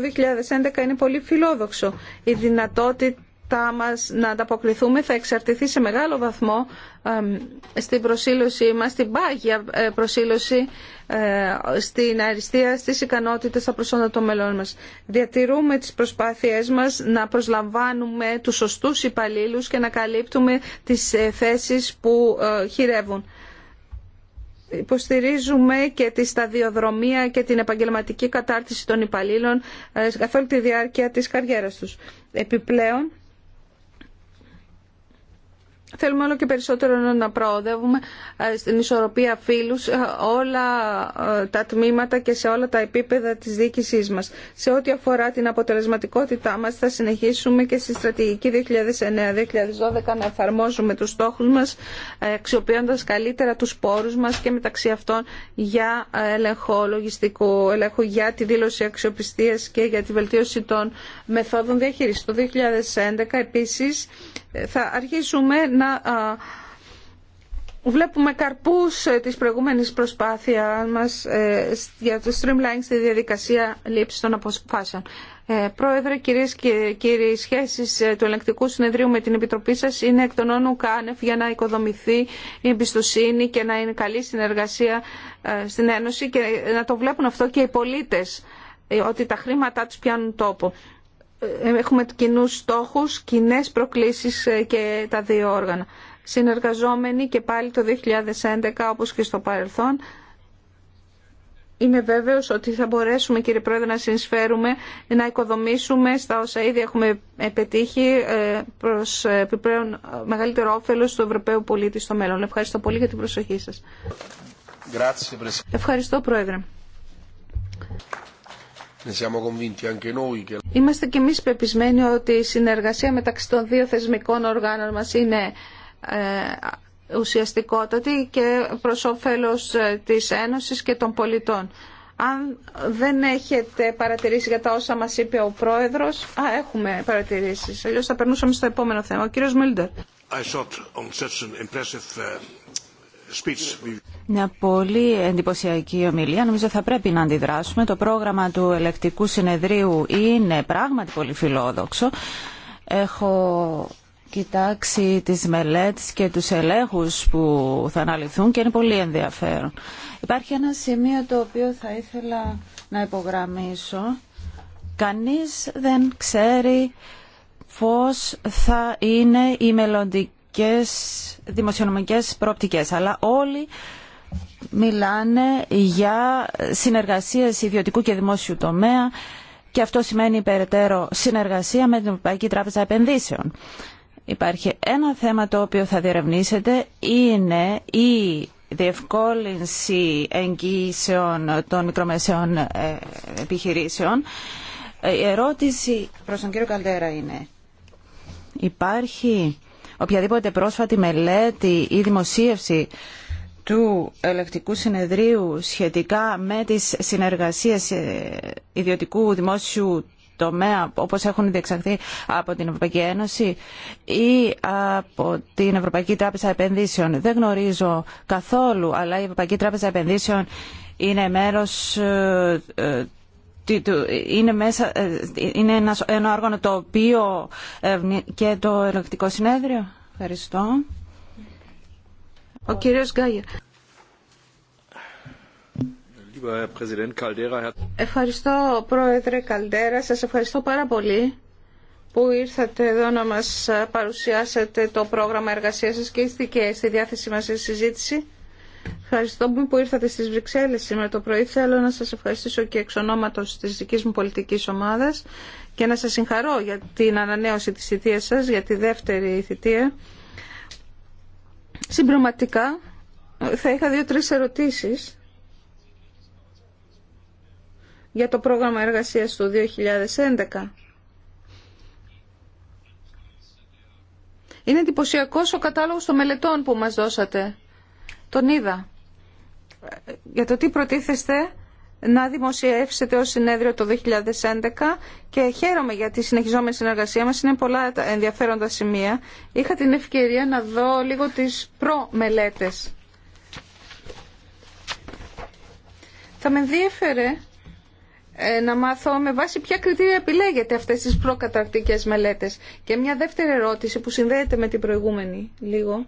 C: 2011 είναι πολύ φιλόδοξο. Η δυνατότητα τα μας να ανταποκριθούμε θα εξαρτηθεί σε μεγάλο βαθμό στην προσήλωσή μας, στην πάγια ε, προσήλωση ε, στην αριστεία, στις ικανότητες, στα προσόντα των μελών μας. Διατηρούμε τις προσπάθειές μας να προσλαμβάνουμε τους σωστούς υπαλλήλους και να καλύπτουμε τις ε, θέσεις που χειρεύουν. Υποστηρίζουμε και τη σταδιοδρομία και την επαγγελματική κατάρτιση των υπαλλήλων καθ' όλη τη διάρκεια της καριέρας τους. Επιπλέον, Θέλουμε όλο και περισσότερο να προοδεύουμε ε, στην ισορροπία φίλους ε, όλα ε, τα τμήματα και σε όλα τα επίπεδα της διοίκησής μας. Σε ό,τι αφορά την αποτελεσματικότητά μας θα συνεχίσουμε και στη στρατηγική 2009-2012 να εφαρμόζουμε τους στόχους μας αξιοποιώντα καλύτερα τους πόρους μας και μεταξύ αυτών για έλεγχο λογιστικού, έλεγχο για τη δήλωση αξιοπιστίας και για τη βελτίωση των μεθόδων διαχείρισης. Το 2011 επίσης θα αρχίσουμε να βλέπουμε καρπούς ε, της προηγούμενης προσπάθειας μας ε, για το streamline στη διαδικασία λήψης των αποφάσεων. Ε, πρόεδρε, κυρίες και κύριοι, οι σχέσεις του Ελεκτικού Συνεδρίου με την Επιτροπή σας είναι εκ των όνων για να οικοδομηθεί η εμπιστοσύνη και να είναι καλή συνεργασία στην Ένωση και να το βλέπουν αυτό και οι πολίτες ότι τα χρήματά τους πιάνουν τόπο έχουμε κοινούς στόχους, κοινέ προκλήσεις ε, και τα δύο όργανα. Συνεργαζόμενοι και πάλι το 2011 όπως και στο παρελθόν, Είμαι βέβαιος ότι θα μπορέσουμε κύριε Πρόεδρε να συνεισφέρουμε, να οικοδομήσουμε στα όσα ήδη έχουμε πετύχει ε, προς ε, επιπλέον μεγαλύτερο όφελος του Ευρωπαίου πολίτη στο μέλλον. Ευχαριστώ πολύ για την προσοχή σας. Ευχαριστώ Πρόεδρε. Είμαστε και εμείς πεπισμένοι ότι η συνεργασία μεταξύ των δύο θεσμικών οργάνων μας είναι ε, ουσιαστικότατη και προς όφελος ε, της Ένωσης και των πολιτών. Αν δεν έχετε παρατηρήσει για τα όσα μας είπε ο Πρόεδρος, α, έχουμε παρατηρήσεις, αλλιώς θα περνούσαμε στο επόμενο θέμα. Ο κύριος Μίλντερ. Μια πολύ
A: εντυπωσιακή ομιλία. Νομίζω θα πρέπει να αντιδράσουμε. Το πρόγραμμα του ελεκτικού συνεδρίου είναι πράγματι πολύ φιλόδοξο. Έχω κοιτάξει τις μελέτες και τους ελέγχους που θα αναλυθούν και είναι πολύ ενδιαφέρον. Υπάρχει ένα σημείο το οποίο θα ήθελα να υπογραμμίσω. Κανείς δεν ξέρει πώς θα είναι οι μελλοντικές δημοσιονομικές προοπτικές, αλλά όλοι μιλάνε για συνεργασίες ιδιωτικού και δημόσιου τομέα και αυτό σημαίνει περαιτέρω συνεργασία με την Ευρωπαϊκή Τράπεζα Επενδύσεων. Υπάρχει ένα θέμα το οποίο θα διερευνήσετε είναι η διευκόλυνση εγγύησεων των μικρομεσαίων ε, επιχειρήσεων. Ε, η ερώτηση προς τον κύριο Καλτέρα είναι υπάρχει οποιαδήποτε πρόσφατη μελέτη ή δημοσίευση του ελεκτικού συνεδρίου σχετικά με τις συνεργασίες ε, ιδιωτικού δημόσιου τομέα όπως έχουν διεξαχθεί από την Ευρωπαϊκή Ένωση ή από την Ευρωπαϊκή Τράπεζα Επενδύσεων. Δεν γνωρίζω καθόλου, αλλά η Ευρωπαϊκή Τράπεζα Επενδύσεων είναι μέρος ε, ε, είναι, μέσα, είναι ένα, ένα όργανο το οποίο και το ελεκτικό συνέδριο.
C: Ευχαριστώ. Ο κύριος Γκάγερ. Ευχαριστώ Πρόεδρε Καλτέρα, σας ευχαριστώ πάρα πολύ που ήρθατε εδώ να μας παρουσιάσετε το πρόγραμμα εργασίας σας και είστε και στη διάθεση μας στη συζήτηση. Ευχαριστώ που ήρθατε στις Βρυξέλλες σήμερα το πρωί. Θέλω να σας ευχαριστήσω και εξ ονόματος της δικής μου πολιτικής ομάδας και να σας συγχαρώ για την ανανέωση της θητείας σας, για τη δεύτερη θητεία. Συμπροματικά θα είχα δύο-τρεις ερωτήσεις για το πρόγραμμα εργασίας του 2011. Είναι εντυπωσιακό ο κατάλογος των μελετών που μας δώσατε. Τον είδα. Ε, για το τι προτίθεστε να δημοσιεύσετε ως συνέδριο το 2011 και χαίρομαι για τη συνεχιζόμενη συνεργασία μας. Είναι πολλά ενδιαφέροντα σημεία. Είχα την ευκαιρία να δω λίγο τις προμελέτες. Θα με ενδιαφέρε ε, να μάθω με βάση ποια κριτήρια επιλέγετε αυτές τις προκαταρκτικές μελέτες. Και μια δεύτερη ερώτηση που συνδέεται με την προηγούμενη λίγο.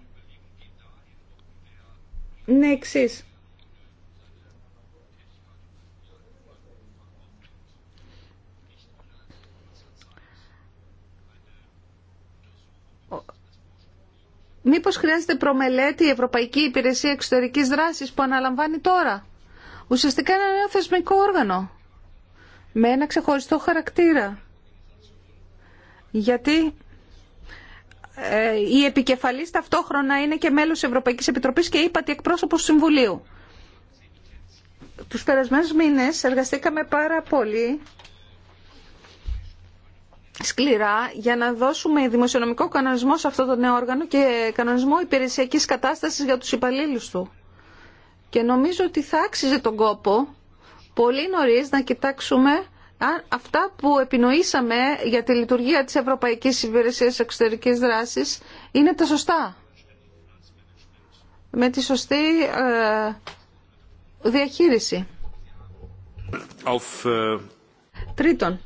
C: Ναι, εξής. Μήπως χρειάζεται προμελέτη η Ευρωπαϊκή Υπηρεσία Εξωτερικής Δράσης που αναλαμβάνει τώρα. Ουσιαστικά ένα νέο θεσμικό όργανο. Με ένα ξεχωριστό χαρακτήρα. Γιατί ε, η επικεφαλής ταυτόχρονα είναι και μέλος Ευρωπαϊκής Επιτροπής και ύπατη εκπρόσωπος Συμβουλίου. Τους περασμένους μήνες εργαστήκαμε πάρα πολύ σκληρά για να δώσουμε δημοσιονομικό κανονισμό σε αυτό το νέο όργανο και κανονισμό υπηρεσιακής κατάστασης για τους υπαλλήλους του. Και νομίζω ότι θα άξιζε τον κόπο πολύ νωρίς να κοιτάξουμε αν αυτά που επινοήσαμε για τη λειτουργία της Ευρωπαϊκής Υπηρεσίας Εξωτερικής Δράσης είναι τα σωστά. Με τη σωστή ε, διαχείριση. Ε, Τρίτον,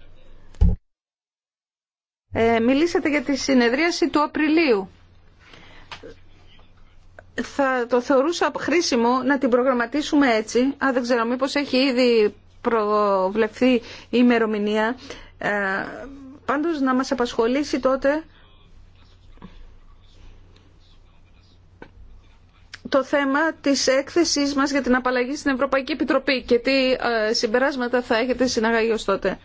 C: ε, μιλήσατε για τη συνεδρίαση του Απριλίου. Θα το θεωρούσα χρήσιμο να την προγραμματίσουμε έτσι. αν δεν ξέρω, μήπως έχει ήδη προβλεφθεί η ημερομηνία. Ε, πάντως να μας απασχολήσει τότε το θέμα της έκθεσής μας για την απαλλαγή στην Ευρωπαϊκή Επιτροπή και τι ε, συμπεράσματα θα έχετε συναγάγει ως τότε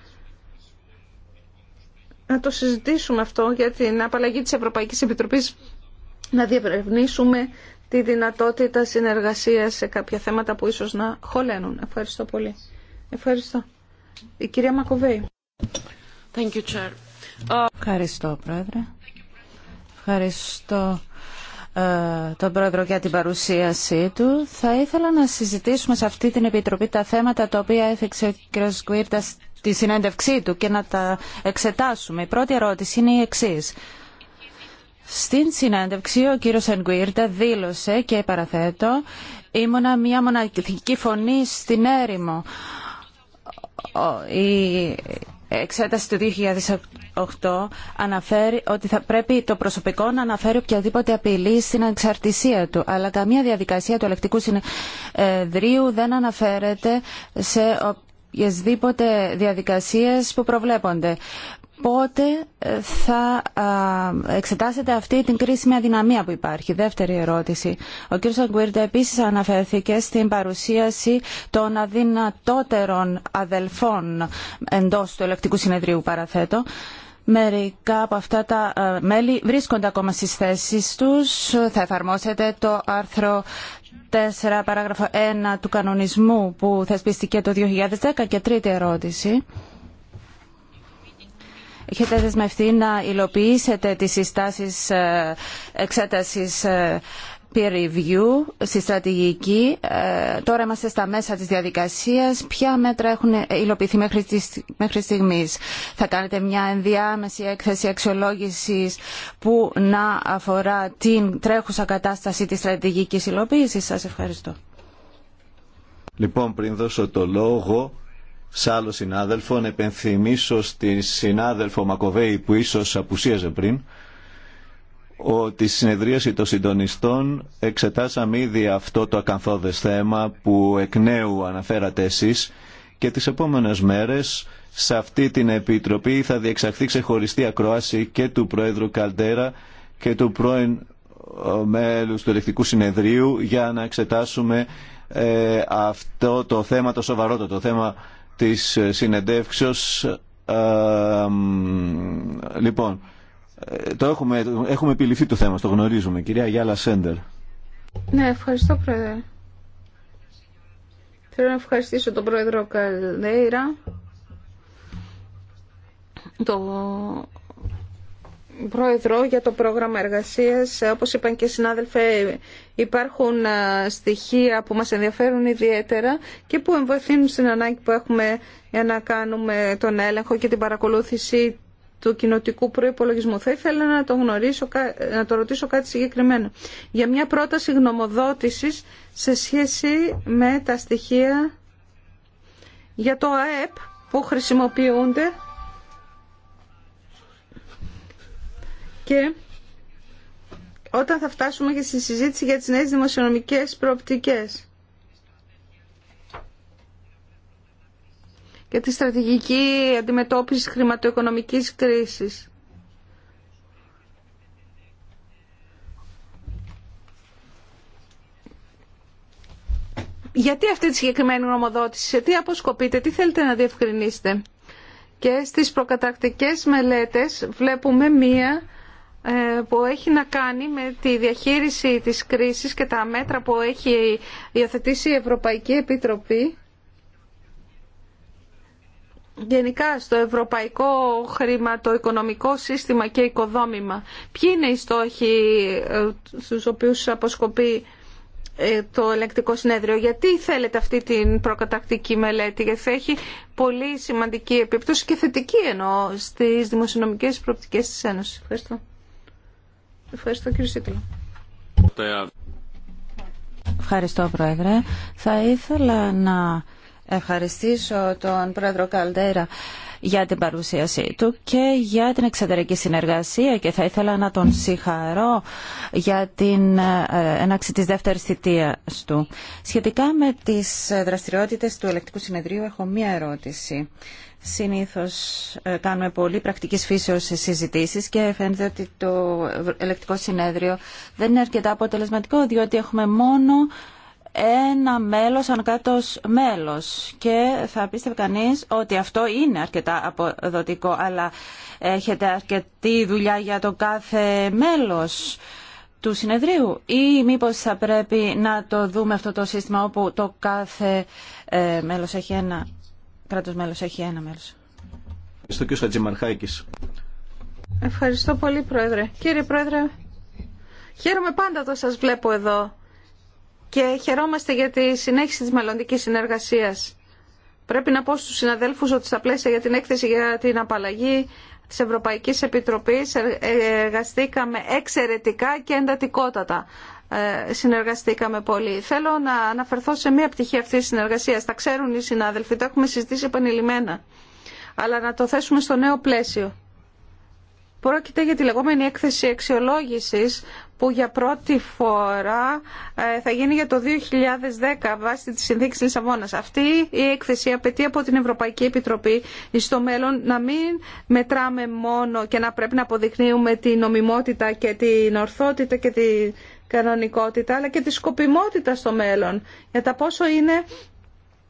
C: να το συζητήσουμε αυτό για την απαλλαγή της Ευρωπαϊκής Επιτροπής να διευρευνήσουμε τη δυνατότητα συνεργασίας σε κάποια θέματα που ίσως να χωλένουν. Ευχαριστώ πολύ. Ευχαριστώ. Η κυρία Μακοβέη. Thank you, Chair. Ευχαριστώ, Πρόεδρε. Ευχαριστώ
A: ε, τον Πρόεδρο για την παρουσίασή του. Θα ήθελα να συζητήσουμε σε αυτή την Επιτροπή τα θέματα τα οποία έφεξε ο κ. Γκουίρτα στη συνέντευξή του και να τα εξετάσουμε. Η πρώτη ερώτηση είναι η εξή. Στην συνέντευξη ο κύριος Σκουίρτα δήλωσε και παραθέτω «Ήμουνα μια μοναδική φωνή στην έρημο» εξέταση του 2008 αναφέρει ότι θα πρέπει το προσωπικό να αναφέρει οποιαδήποτε απειλή στην εξαρτησία του. Αλλά καμία διαδικασία του ελεκτικού συνεδρίου δεν αναφέρεται σε οποιασδήποτε διαδικασίες που προβλέπονται πότε ε, θα εξετάσετε αυτή την κρίσιμη αδυναμία που υπάρχει. Δεύτερη ερώτηση. Ο κ. Αγκουίρντα επίση αναφέρθηκε στην παρουσίαση των αδυνατότερων αδελφών εντό του ελεκτικού συνεδρίου παραθέτω. Μερικά από αυτά τα ε, μέλη βρίσκονται ακόμα στι θέσει του. Θα εφαρμόσετε το άρθρο 4 παράγραφο 1 του κανονισμού που θεσπιστήκε το 2010 και τρίτη ερώτηση έχετε δεσμευτεί να υλοποιήσετε τις συστάσεις ε, εξέτασης ε, peer review στη στρατηγική. Ε, τώρα είμαστε στα μέσα της διαδικασίας. Ποια μέτρα έχουν υλοποιηθεί μέχρι στιγμής. Θα κάνετε μια ενδιάμεση έκθεση αξιολόγησης που να αφορά την τρέχουσα κατάσταση της στρατηγικής υλοποίησης. Σας ευχαριστώ.
B: Λοιπόν, πριν δώσω το λόγο σε άλλο συνάδελφο, να επενθυμίσω στη συνάδελφο Μακοβέη που ίσως απουσίαζε πριν, ότι στη συνεδρίαση των συντονιστών εξετάσαμε ήδη αυτό το ακαθόδες θέμα που εκ νέου αναφέρατε εσείς και τις επόμενες μέρες σε αυτή την Επιτροπή θα διεξαχθεί ξεχωριστή ακρόαση και του Πρόεδρου Καλτέρα και του πρώην μέλους του Ελεκτικού Συνεδρίου για να εξετάσουμε ε, αυτό το θέμα, το σοβαρό το θέμα της συνεντεύξεως. Ε, λοιπόν, ε, το έχουμε, έχουμε επιληφθεί το θέμα, το γνωρίζουμε. Κυρία Γιάλα Σέντερ.
C: Ναι, ευχαριστώ Πρόεδρε. Θέλω να ευχαριστήσω τον Πρόεδρο Καλδέιρα, το Πρόεδρο, για το πρόγραμμα εργασίας, όπως είπαν και οι συνάδελφοι, υπάρχουν στοιχεία που μας ενδιαφέρουν ιδιαίτερα και που εμβαθύνουν στην ανάγκη που έχουμε για να κάνουμε τον έλεγχο και την παρακολούθηση του κοινοτικού προϋπολογισμού. Θα ήθελα να το, γνωρίσω, να το ρωτήσω κάτι συγκεκριμένο. Για μια πρόταση γνωμοδότηση σε σχέση με τα στοιχεία για το ΑΕΠ που χρησιμοποιούνται Και όταν θα φτάσουμε και στη συζήτηση για τις νέες δημοσιονομικές προοπτικές. για τη στρατηγική αντιμετώπιση χρηματοοικονομικής κρίσης. Γιατί αυτή τη συγκεκριμένη νομοδότηση, σε τι αποσκοπείτε, τι θέλετε να διευκρινίσετε. Και στις προκατακτικές μελέτες βλέπουμε μία ε, που έχει να κάνει με τη διαχείριση της κρίσης και τα μέτρα που έχει υιοθετήσει η Ευρωπαϊκή Επιτροπή γενικά στο ευρωπαϊκό το χρηματοοικονομικό σύστημα και οικοδόμημα. Ποιοι είναι οι στόχοι ε, στους οποίους αποσκοπεί ε, το ελεκτικό συνέδριο. Γιατί θέλετε αυτή την προκατακτική μελέτη, γιατί θα έχει πολύ σημαντική επίπτωση και θετική εννοώ στις δημοσιονομικές προοπτικές της Ένωσης. Ευχαριστώ. Ευχαριστώ κύριε Ευχαριστώ Πρόεδρε. Θα ήθελα
A: να ευχαριστήσω τον Πρόεδρο Καλτέρα για την παρουσίασή του και για την εξωτερική συνεργασία και θα ήθελα να τον συγχαρώ για την ε, έναξη της δεύτερης θητείας του. Σχετικά με τις δραστηριότητες του Ελεκτικού Συνεδρίου έχω μία ερώτηση. Συνήθως ε, κάνουμε πολύ πρακτικής φύσεως συζητήσεις και φαίνεται ότι το ελεκτικό συνέδριο δεν είναι αρκετά αποτελεσματικό διότι έχουμε μόνο ένα μέλος αν κάτω μέλος και θα πίστευε κανείς ότι αυτό είναι αρκετά αποδοτικό αλλά έχετε αρκετή δουλειά για το κάθε μέλος του συνεδρίου ή μήπως θα πρέπει να το δούμε αυτό το σύστημα όπου το κάθε ε, μέλος έχει ένα έχει ένα
C: Ευχαριστώ πολύ Πρόεδρε. Κύριε Πρόεδρε, χαίρομαι πάντα όταν σας βλέπω εδώ και χαιρόμαστε για τη συνέχιση της μελλοντική συνεργασίας. Πρέπει να πω στους συναδέλφους ότι στα πλαίσια για την έκθεση για την απαλλαγή της Ευρωπαϊκής Επιτροπής εργαστήκαμε εξαιρετικά και εντατικότατα. Ε, συνεργαστήκαμε πολύ. Θέλω να αναφερθώ σε μία πτυχή αυτή τη συνεργασία. Τα ξέρουν οι συνάδελφοι, το έχουμε συζητήσει επανειλημμένα. Αλλά να το θέσουμε στο νέο πλαίσιο. Πρόκειται για τη λεγόμενη έκθεση αξιολόγησης που για πρώτη φορά ε, θα γίνει για το 2010 βάσει της τη Λισαβόνα. Αυτή η έκθεση απαιτεί από την Ευρωπαϊκή Επιτροπή στο μέλλον να μην μετράμε μόνο και να πρέπει να αποδεικνύουμε την νομιμότητα και την ορθότητα και την κανονικότητα αλλά και τη σκοπιμότητα στο μέλλον για τα πόσο είναι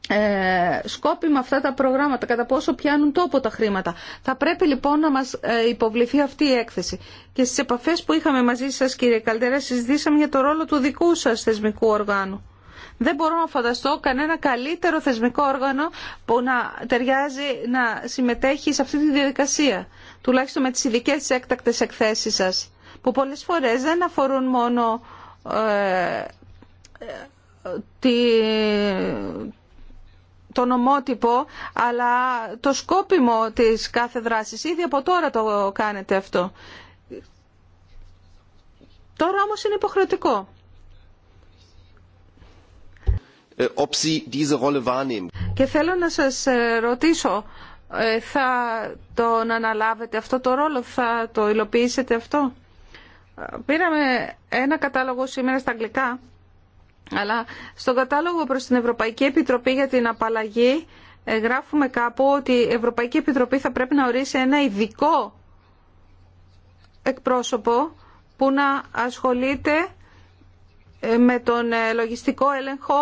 C: ε, σκόπιμα αυτά τα προγράμματα, κατά πόσο πιάνουν τόπο τα χρήματα. Θα πρέπει λοιπόν να μας ε, υποβληθεί αυτή η έκθεση. Και στις επαφές που είχαμε μαζί σας κύριε Καλτέρα συζητήσαμε για το ρόλο του δικού σας θεσμικού οργάνου. Δεν μπορώ να φανταστώ κανένα καλύτερο θεσμικό όργανο που να ταιριάζει να συμμετέχει σε αυτή τη διαδικασία, τουλάχιστον με τις ειδικέ έκτακτες εκθέσεις σας που πολλές φορές δεν αφορούν μόνο ε, τη, το νομότυπο, αλλά το σκόπιμο της κάθε δράσης. Ήδη από τώρα το κάνετε αυτό. Τώρα όμως είναι υποχρεωτικό.
B: Ε, ob Sie diese Rolle wahrnehmen.
C: Και θέλω να σας ε, ρωτήσω, ε, θα τον αναλάβετε αυτό το ρόλο, θα το υλοποιήσετε αυτό. Πήραμε ένα κατάλογο σήμερα στα αγγλικά, αλλά στον κατάλογο προς την Ευρωπαϊκή Επιτροπή για την απαλλαγή ε, γράφουμε κάπου ότι η Ευρωπαϊκή Επιτροπή θα πρέπει να ορίσει ένα ειδικό εκπρόσωπο που να ασχολείται με τον ε, λογιστικό έλεγχο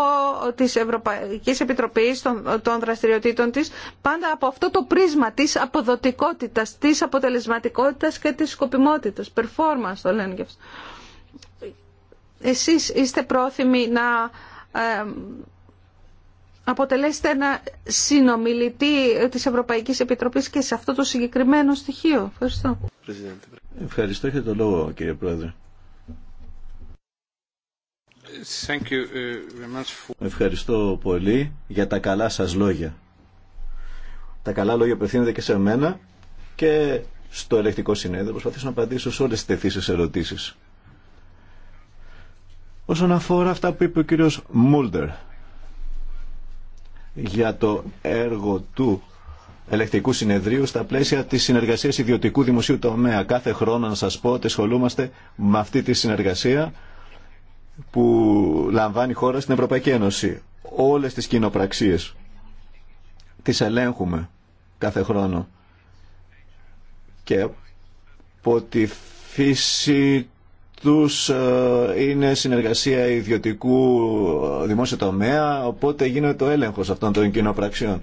C: της Ευρωπαϊκής Επιτροπής των, δραστηριοτήτων της πάντα από αυτό το πρίσμα της αποδοτικότητας, της αποτελεσματικότητας και της σκοπιμότητας. Performance το λένε και Εσείς είστε πρόθυμοι να ε, αποτελέσετε ένα συνομιλητή της Ευρωπαϊκής Επιτροπής και σε αυτό το συγκεκριμένο στοιχείο. Ευχαριστώ.
B: Ευχαριστώ για το λόγο κύριε Πρόεδρε.
A: Uh,
B: Ευχαριστώ πολύ για τα καλά σας λόγια. Τα καλά λόγια απευθύνονται και σε μένα και στο ελεκτικό συνέδριο προσπαθήσω να απαντήσω σε όλες τις τεθήσεις ερωτήσεις. Όσον αφορά αυτά που είπε ο κύριος Μούλτερ για το έργο του ελεκτικού συνεδρίου στα πλαίσια της συνεργασίας ιδιωτικού δημοσίου τομέα. Κάθε χρόνο να σας πω ότι ασχολούμαστε με αυτή τη συνεργασία που λαμβάνει η χώρα στην Ευρωπαϊκή Ένωση. Όλες τις κοινοπραξίες τις ελέγχουμε κάθε χρόνο και από τη φύση τους ε, είναι συνεργασία ιδιωτικού ε, δημόσια τομέα οπότε γίνεται ο έλεγχος αυτών των κοινοπραξιών.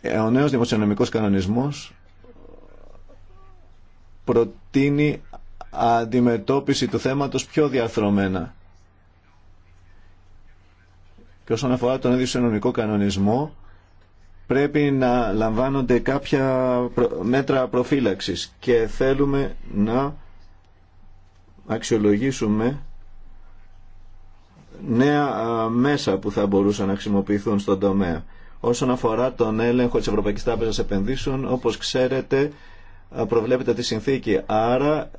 B: Ε, ο νέος δημοσιονομικός κανονισμός προτείνει αντιμετώπιση του θέματος πιο διαρθρωμένα. Και όσον αφορά τον ίδιο συνομικό κανονισμό, πρέπει να λαμβάνονται κάποια μέτρα προφύλαξης και θέλουμε να αξιολογήσουμε νέα μέσα που θα μπορούσαν να χρησιμοποιηθούν στον τομέα. Όσον αφορά τον έλεγχο της Ευρωπαϊκής Τράπεζας Επενδύσεων, όπως ξέρετε, προβλέπεται τη συνθήκη. Άρα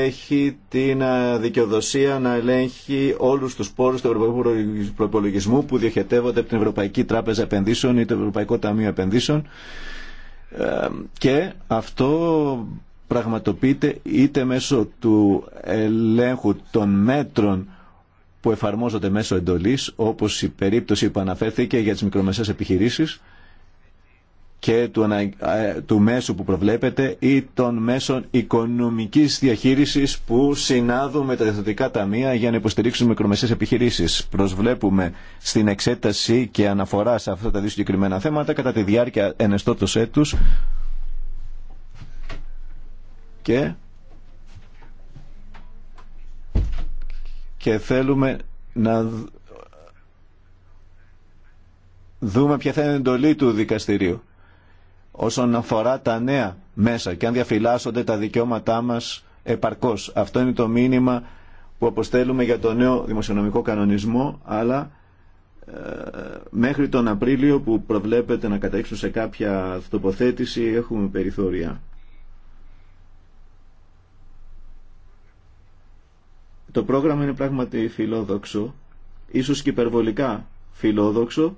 B: έχει την δικαιοδοσία να ελέγχει όλου του πόρου του Ευρωπαϊκού Προπολογισμού που διοχετεύονται από την Ευρωπαϊκή Τράπεζα Επενδύσεων ή το Ευρωπαϊκό Ταμείο Επενδύσεων. Ε, και αυτό πραγματοποιείται είτε μέσω του ελέγχου των μέτρων που εφαρμόζονται μέσω εντολής, όπως η περίπτωση που αναφέρθηκε για τις μικρομεσαίες επιχειρήσεις, και του, ε, του μέσου που προβλέπεται ή των μέσων οικονομικής διαχείρισης που συνάδουν με τα διευθυντικά ταμεία για να υποστηρίξουν μικρομεσαίες επιχειρήσεις. Προσβλέπουμε στην εξέταση και αναφορά σε αυτά τα δύο συγκεκριμένα θέματα κατά τη διάρκεια ενεστώτος έτους και, και θέλουμε να δούμε ποια θα είναι η εντολή του δικαστηρίου όσον αφορά τα νέα μέσα και αν διαφυλάσσονται τα δικαιώματά μας επαρκώς. Αυτό είναι το μήνυμα που αποστέλουμε για το νέο δημοσιονομικό κανονισμό, αλλά ε, μέχρι τον Απρίλιο που προβλέπεται να καταλήξουν σε κάποια τοποθέτηση έχουμε περιθώρια. Το πρόγραμμα είναι πράγματι φιλόδοξο, ίσως και υπερβολικά φιλόδοξο.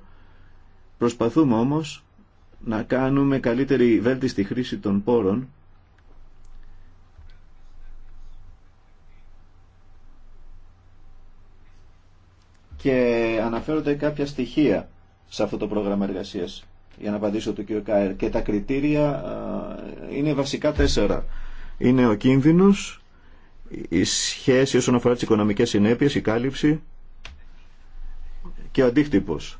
B: Προσπαθούμε όμως να κάνουμε καλύτερη βέλτιστη χρήση των πόρων και αναφέρονται κάποια στοιχεία σε αυτό το πρόγραμμα εργασίας για να απαντήσω το κ. Κάερ και τα κριτήρια είναι βασικά τέσσερα είναι ο κίνδυνος η σχέση όσον αφορά τις οικονομικές συνέπειες η κάλυψη και ο αντίκτυπος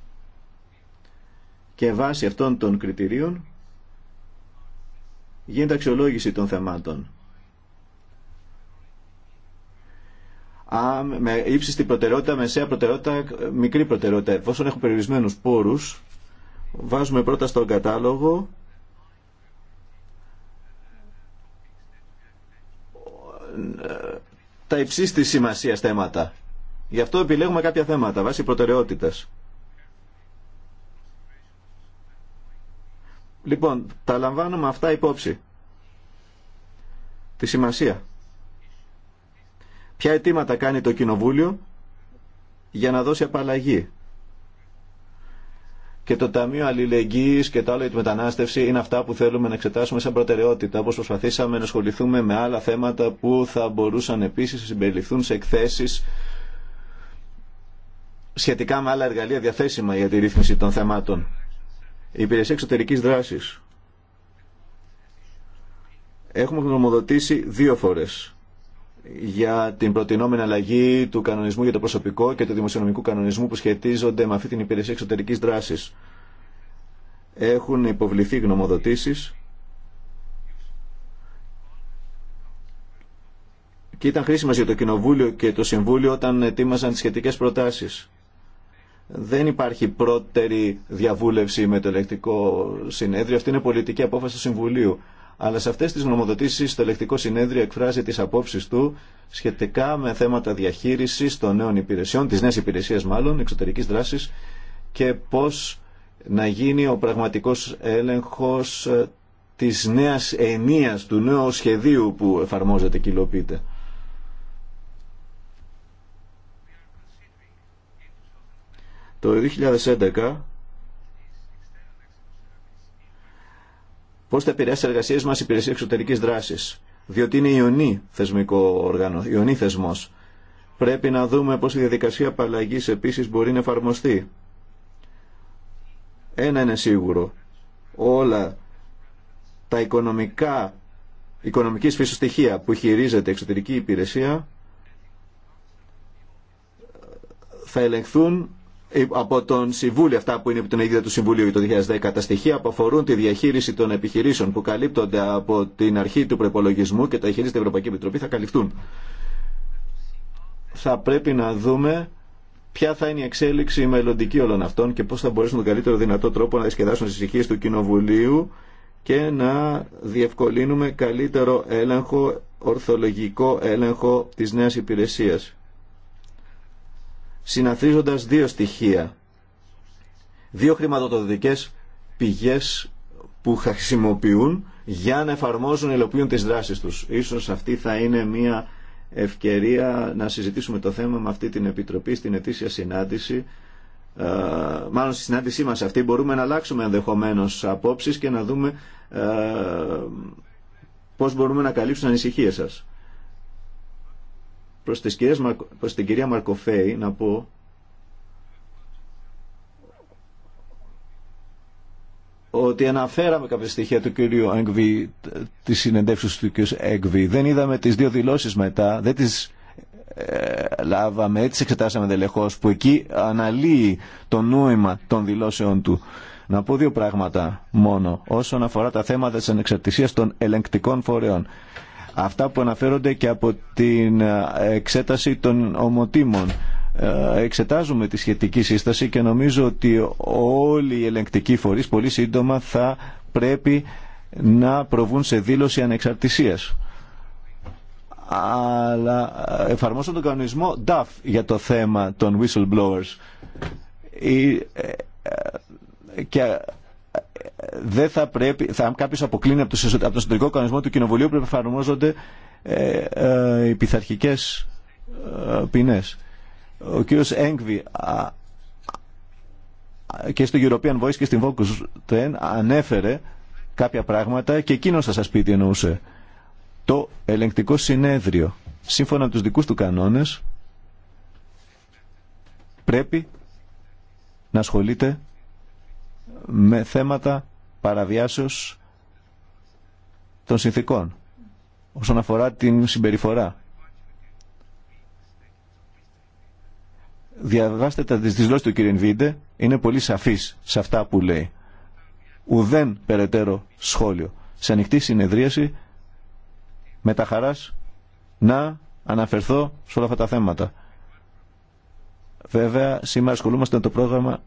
B: και βάσει αυτών των κριτηρίων γίνεται αξιολόγηση των θεμάτων. Α, με ύψιστη προτεραιότητα, μεσαία προτεραιότητα, μικρή προτεραιότητα. Εφόσον έχω περιορισμένους πόρους, βάζουμε πρώτα στον κατάλογο τα υψίστη σημασία θέματα. Γι' αυτό επιλέγουμε κάποια θέματα βάσει προτεραιότητας. Λοιπόν, τα λαμβάνουμε αυτά υπόψη. Τη σημασία. Ποια αιτήματα κάνει το Κοινοβούλιο για να δώσει απαλλαγή. Και το Ταμείο Αλληλεγγύη και τα άλλα για τη μετανάστευση είναι αυτά που θέλουμε να εξετάσουμε σαν προτεραιότητα, όπω προσπαθήσαμε να ασχοληθούμε με άλλα θέματα που θα μπορούσαν επίση να συμπεριληφθούν σε εκθέσει σχετικά με άλλα εργαλεία διαθέσιμα για τη ρύθμιση των θεμάτων. Η υπηρεσία εξωτερική δράση. Έχουμε γνωμοδοτήσει δύο φορές για την προτινόμενη αλλαγή του κανονισμού για το προσωπικό και του δημοσιονομικού κανονισμού που σχετίζονται με αυτή την υπηρεσία εξωτερική δράση. Έχουν υποβληθεί γνωμοδοτήσεις και ήταν χρήσιμα για το Κοινοβούλιο και το Συμβούλιο όταν ετοίμαζαν τι σχετικέ προτάσει δεν υπάρχει πρώτερη διαβούλευση με το ελεκτικό συνέδριο. Αυτή είναι πολιτική απόφαση του Συμβουλίου. Αλλά σε αυτές τις νομοδοτήσεις το ελεκτικό συνέδριο εκφράζει τις απόψεις του σχετικά με θέματα διαχείρισης των νέων υπηρεσιών, της νέας υπηρεσίας μάλλον, εξωτερικής δράσης και πώς να γίνει ο πραγματικός έλεγχος ε, της νέας ενίας, του νέου σχεδίου που εφαρμόζεται και υλοποιείται. Το 2011 πώς θα επηρεάσει εργασίες μας η υπηρεσία εξωτερικής δράσης. Διότι είναι ιονή θεσμικό όργανο, ιονή θεσμός. Πρέπει να δούμε πώς η διαδικασία απαλλαγή επίσης μπορεί να εφαρμοστεί. Ένα είναι σίγουρο. Όλα τα οικονομικά, οικονομικής φύσης που χειρίζεται η εξωτερική υπηρεσία θα ελεγχθούν ε, από τον Συμβούλιο, αυτά που είναι από την αιγύδα του Συμβουλίου το 2010, τα στοιχεία που αφορούν τη διαχείριση των επιχειρήσεων που καλύπτονται από την αρχή του προπολογισμού και τα χειρίζεται η Ευρωπαϊκή Επιτροπή θα καλυφθούν. Θα πρέπει να δούμε ποια θα είναι η εξέλιξη η μελλοντική όλων αυτών και πώς θα μπορέσουν τον καλύτερο δυνατό τρόπο να διασκεδάσουν τις ησυχίες του Κοινοβουλίου και να διευκολύνουμε καλύτερο έλεγχο, ορθολογικό έλεγχο τη νέα υπηρεσία συναθρίζοντας δύο στοιχεία. Δύο χρηματοδοτικές πηγές που χρησιμοποιούν για να εφαρμόζουν, υλοποιούν τις δράσεις τους. Ίσως αυτή θα είναι μια ευκαιρία να συζητήσουμε το θέμα με αυτή την Επιτροπή στην ετήσια συνάντηση. Ε, μάλλον στη συνάντησή μας αυτή μπορούμε να αλλάξουμε ενδεχομένως απόψεις και να δούμε ε, πώς μπορούμε να καλύψουμε ανησυχίες σας. Προς, τις προς την κυρία Μαρκοφέη να πω ότι αναφέραμε κάποια στοιχεία του κυρίου Έγκβη, τη συνεντεύξεις του κυρίου Έγκβη. Δεν είδαμε τις δύο δηλώσεις μετά, δεν τις ε, λάβαμε, έτσι εξετάσαμε δελεχώς, που εκεί αναλύει το νόημα των δηλώσεων του. Να πω δύο πράγματα μόνο όσον αφορά τα θέματα της ανεξαρτησίας των ελεγκτικών φορέων. Αυτά που αναφέρονται και από την ε, εξέταση των ομοτήμων. Ε, εξετάζουμε τη σχετική σύσταση και νομίζω ότι όλοι οι ελεγκτικοί φορείς πολύ σύντομα θα πρέπει να προβούν σε δήλωση ανεξαρτησίας αλλά εφαρμόσω τον κανονισμό DAF για το θέμα των whistleblowers. Ε, και δεν θα πρέπει, θα, κάποιος αποκλίνει από, το, από τον κανονισμό του Κοινοβουλίου πρέπει να εφαρμόζονται ε, ε οι πειθαρχικέ ε, Ο κύριος Έγκβη και στο European Voice και στην Focus Ten ανέφερε κάποια πράγματα και εκείνο θα σας πει τι εννοούσε. Το ελεγκτικό συνέδριο, σύμφωνα με τους δικούς του κανόνες, πρέπει να ασχολείται με θέματα παραβιάσεως των συνθήκων όσον αφορά την συμπεριφορά. Διαβάστε τα τις του κ. Βίντε, είναι πολύ σαφής σε αυτά που λέει. Ουδέν περαιτέρω σχόλιο. Σε ανοιχτή συνεδρίαση με τα χαράς να αναφερθώ σε όλα αυτά τα θέματα. Βέβαια, σήμερα ασχολούμαστε με το πρόγραμμα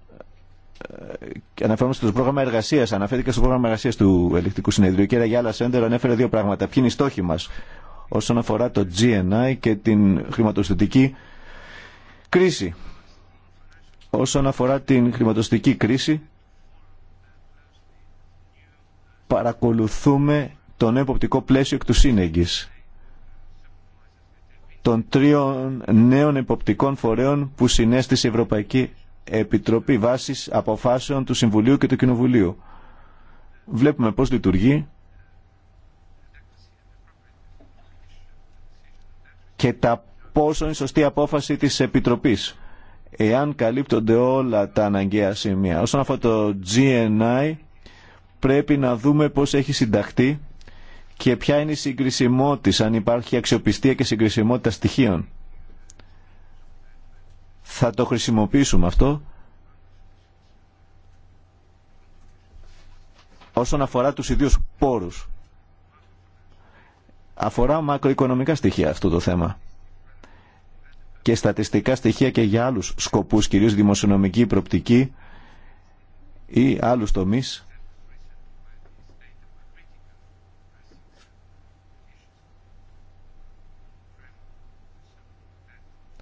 B: ε, αναφέρομαι στο πρόγραμμα εργασία. Αναφέρθηκα στο πρόγραμμα εργασία του ελεκτικού συνεδρίου. Η κυρία Γιάλα Σέντερ ανέφερε δύο πράγματα. Ποιοι είναι οι στόχοι μα όσον αφορά το GNI και την χρηματοστατική κρίση. Όσον αφορά την χρηματοστική κρίση, παρακολουθούμε τον εποπτικό πλαίσιο εκ του σύνεγγης των τρίων νέων εποπτικών φορέων που συνέστησε η Ευρωπαϊκή Επιτροπή Βάσης Αποφάσεων του Συμβουλίου και του Κοινοβουλίου. Βλέπουμε πώς λειτουργεί και τα πόσο είναι σωστή απόφαση της Επιτροπής. Εάν καλύπτονται όλα τα αναγκαία σημεία. Όσον αφορά το GNI, πρέπει να δούμε πώς έχει συνταχθεί και ποια είναι η συγκρισιμότητα, αν υπάρχει αξιοπιστία και συγκρισιμότητα στοιχείων θα το χρησιμοποιήσουμε αυτό όσον αφορά τους ιδίους πόρους. Αφορά μακροοικονομικά στοιχεία αυτό το θέμα και στατιστικά στοιχεία και για άλλους σκοπούς, κυρίως δημοσιονομική προπτική ή άλλους τομείς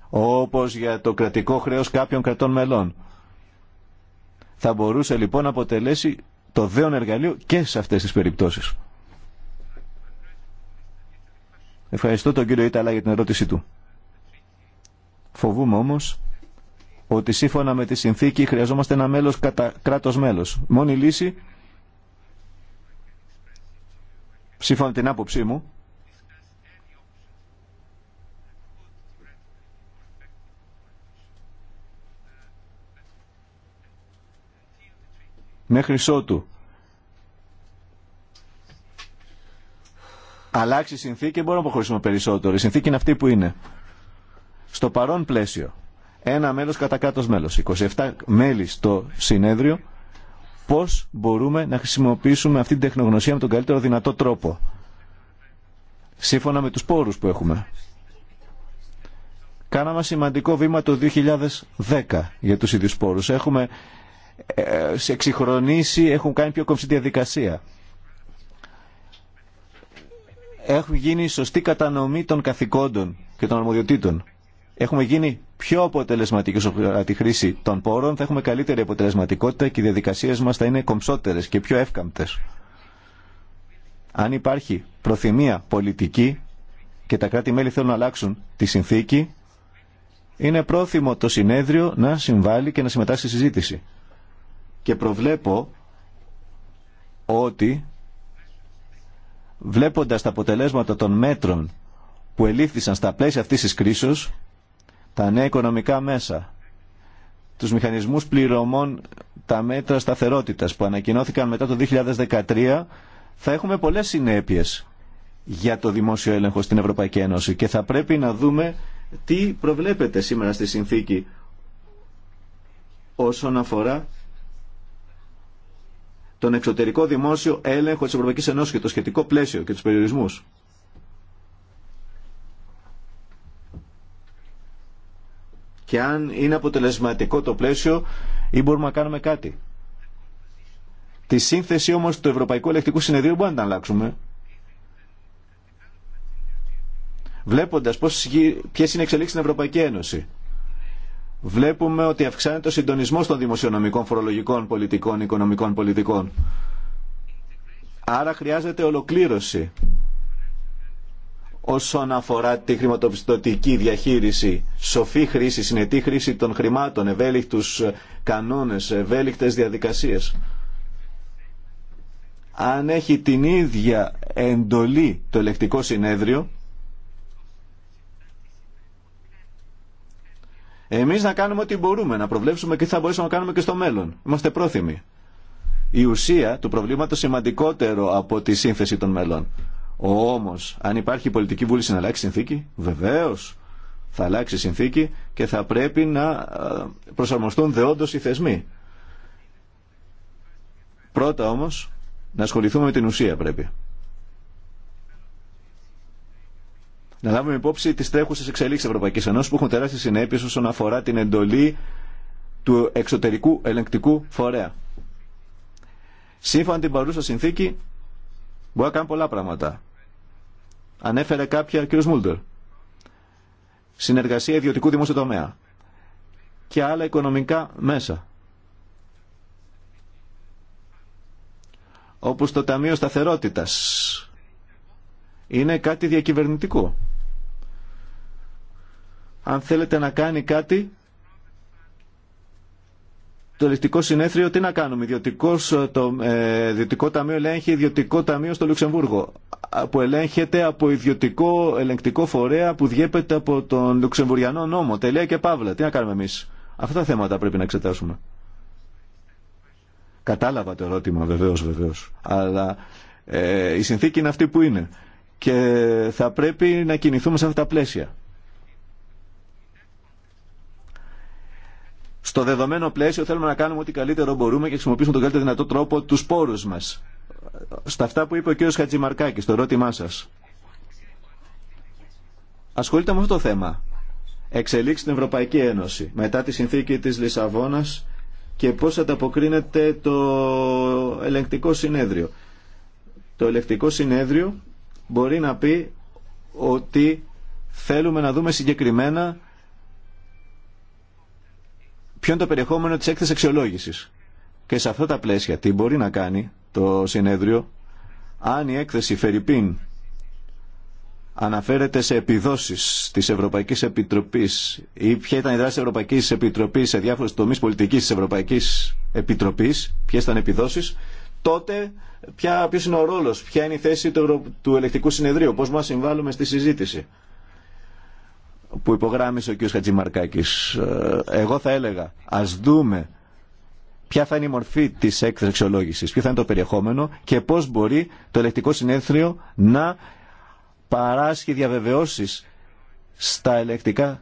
B: όπως για το κρατικό χρέος κάποιων κρατών μελών. Θα μπορούσε λοιπόν να αποτελέσει το δέον εργαλείο και σε αυτές τις περιπτώσεις. Ευχαριστώ τον κύριο Ιταλά για την ερώτησή του. Φοβούμαι όμως ότι σύμφωνα με τη συνθήκη χρειαζόμαστε ένα μέλος κατά κράτος μέλος. Μόνη λύση, σύμφωνα με την άποψή μου, μέχρι ότου αλλάξει η συνθήκη μπορούμε να αποχωρήσουμε περισσότερο. Η συνθήκη είναι αυτή που είναι. Στο παρόν πλαίσιο, ένα μέλος κατά κάτω μέλος, 27 μέλη στο συνέδριο, πώς μπορούμε να χρησιμοποιήσουμε αυτή την τεχνογνωσία με τον καλύτερο δυνατό τρόπο. Σύμφωνα με τους πόρους που έχουμε. Κάναμε σημαντικό βήμα το 2010 για τους ίδιους πόρους. Έχουμε ε, σε εξυγχρονίσει, έχουν κάνει πιο κομψή διαδικασία. Έχουν γίνει σωστή κατανομή των καθηκόντων και των αρμοδιοτήτων. Έχουμε γίνει πιο αποτελεσματικοί από τη χρήση των πόρων, θα έχουμε καλύτερη αποτελεσματικότητα και οι διαδικασίε μα θα είναι κομψότερε και πιο εύκαμπτε. Αν υπάρχει προθυμία πολιτική και τα κράτη-μέλη θέλουν να αλλάξουν τη συνθήκη, είναι πρόθυμο το συνέδριο να συμβάλλει και να συμμετάσχει στη συζήτηση και προβλέπω ότι βλέποντας τα αποτελέσματα των μέτρων που ελήφθησαν στα πλαίσια αυτής της κρίσης, τα νέα οικονομικά μέσα, τους μηχανισμούς πληρωμών, τα μέτρα σταθερότητας που ανακοινώθηκαν μετά το 2013, θα έχουμε πολλές συνέπειες για το δημόσιο έλεγχο στην Ευρωπαϊκή Ένωση και θα πρέπει να δούμε τι προβλέπεται σήμερα στη συνθήκη όσον αφορά τον εξωτερικό δημόσιο έλεγχο της Ευρωπαϊκή Ένωση και το σχετικό πλαίσιο και τους περιορισμού. Και αν είναι αποτελεσματικό το πλαίσιο ή μπορούμε να κάνουμε κάτι. Τη σύνθεση όμως του Ευρωπαϊκού Ελεκτικού Συνεδρίου μπορούμε να την αλλάξουμε. Βλέποντας ποιες είναι εξελίξεις στην Ευρωπαϊκή Ένωση βλέπουμε ότι αυξάνεται ο συντονισμό των δημοσιονομικών, φορολογικών, πολιτικών, οικονομικών πολιτικών. Άρα χρειάζεται ολοκλήρωση όσον αφορά τη χρηματοπιστωτική διαχείριση, σοφή χρήση, συνετή χρήση των χρημάτων, ευέλικτους κανόνες, ευέλικτες διαδικασίες. Αν έχει την ίδια εντολή το ελεκτικό συνέδριο, Εμείς να κάνουμε ό,τι μπορούμε, να προβλέψουμε και τι θα μπορέσουμε να κάνουμε και στο μέλλον. Είμαστε πρόθυμοι. Η ουσία του προβλήματος σημαντικότερο από τη σύνθεση των μελών. Όμως, αν υπάρχει πολιτική βούληση να αλλάξει συνθήκη, βεβαίως θα αλλάξει συνθήκη και θα πρέπει να ε, προσαρμοστούν δεόντω οι θεσμοί. Πρώτα όμω, να ασχοληθούμε με την ουσία πρέπει. να λάβουμε υπόψη τι τρέχουσε εξελίξει τη Ευρωπαϊκή Ενώση που έχουν τεράστιε συνέπειε όσον αφορά την εντολή του εξωτερικού ελεγκτικού φορέα. Σύμφωνα την παρούσα συνθήκη, μπορεί να κάνει πολλά πράγματα. Ανέφερε κάποια ο κ. Μούλτερ. Συνεργασία ιδιωτικού δημόσιου τομέα. Και άλλα οικονομικά μέσα. Όπως το Ταμείο Σταθερότητας είναι κάτι διακυβερνητικό. Αν θέλετε να κάνει κάτι, το ελεκτικό συνέθριο τι να κάνουμε. ιδιωτικό ε, το, ε, ιδιωτικό ταμείο ελέγχει ιδιωτικό ταμείο στο Λουξεμβούργο που ελέγχεται από ιδιωτικό ελεγκτικό φορέα που διέπεται από τον Λουξεμβουριανό νόμο. Τελεία και παύλα. Τι να κάνουμε εμείς. Αυτά τα θέματα πρέπει να εξετάσουμε. Κατάλαβα το ερώτημα βεβαίως, βεβαίω. Αλλά ε, η συνθήκη είναι αυτή που είναι και θα πρέπει να κινηθούμε σε αυτά τα πλαίσια. Στο δεδομένο πλαίσιο θέλουμε να κάνουμε ό,τι καλύτερο μπορούμε και χρησιμοποιήσουμε τον καλύτερο δυνατό τρόπο τους πόρους μας. Στα αυτά που είπε ο κ. Χατζημαρκάκης, το ερώτημά σας. Ασχολείται με αυτό το θέμα. Εξελίξει την Ευρωπαϊκή Ένωση μετά τη συνθήκη της Λισαβόνας και πώς ανταποκρίνεται το ελεγκτικό συνέδριο. Το ελεγκτικό συνέδριο μπορεί να πει ότι θέλουμε να δούμε συγκεκριμένα ποιο είναι το περιεχόμενο της έκθεσης αξιολόγησης. Και σε αυτά τα πλαίσια τι μπορεί να κάνει το συνέδριο αν η έκθεση Φερρυπίν αναφέρεται σε επιδόσεις της Ευρωπαϊκής Επιτροπής ή ποια ήταν η δράση της Ευρωπαϊκής Επιτροπής σε διάφορες τομείς πολιτικής της Ευρωπαϊκής Επιτροπής, ποιες ήταν επιδόσεις, τότε ποιο είναι ο ρόλος, ποια είναι η θέση του, του ελεκτικού συνεδρίου, πώς μας συμβάλλουμε στη συζήτηση που υπογράμμισε ο κ. Χατζημαρκάκης. Ε, εγώ θα έλεγα, α δούμε ποια θα είναι η μορφή τη έκθεση ποιο θα είναι το περιεχόμενο και πώ μπορεί το ελεκτικό συνέδριο να παράσχει διαβεβαιώσει στα ελεκτικά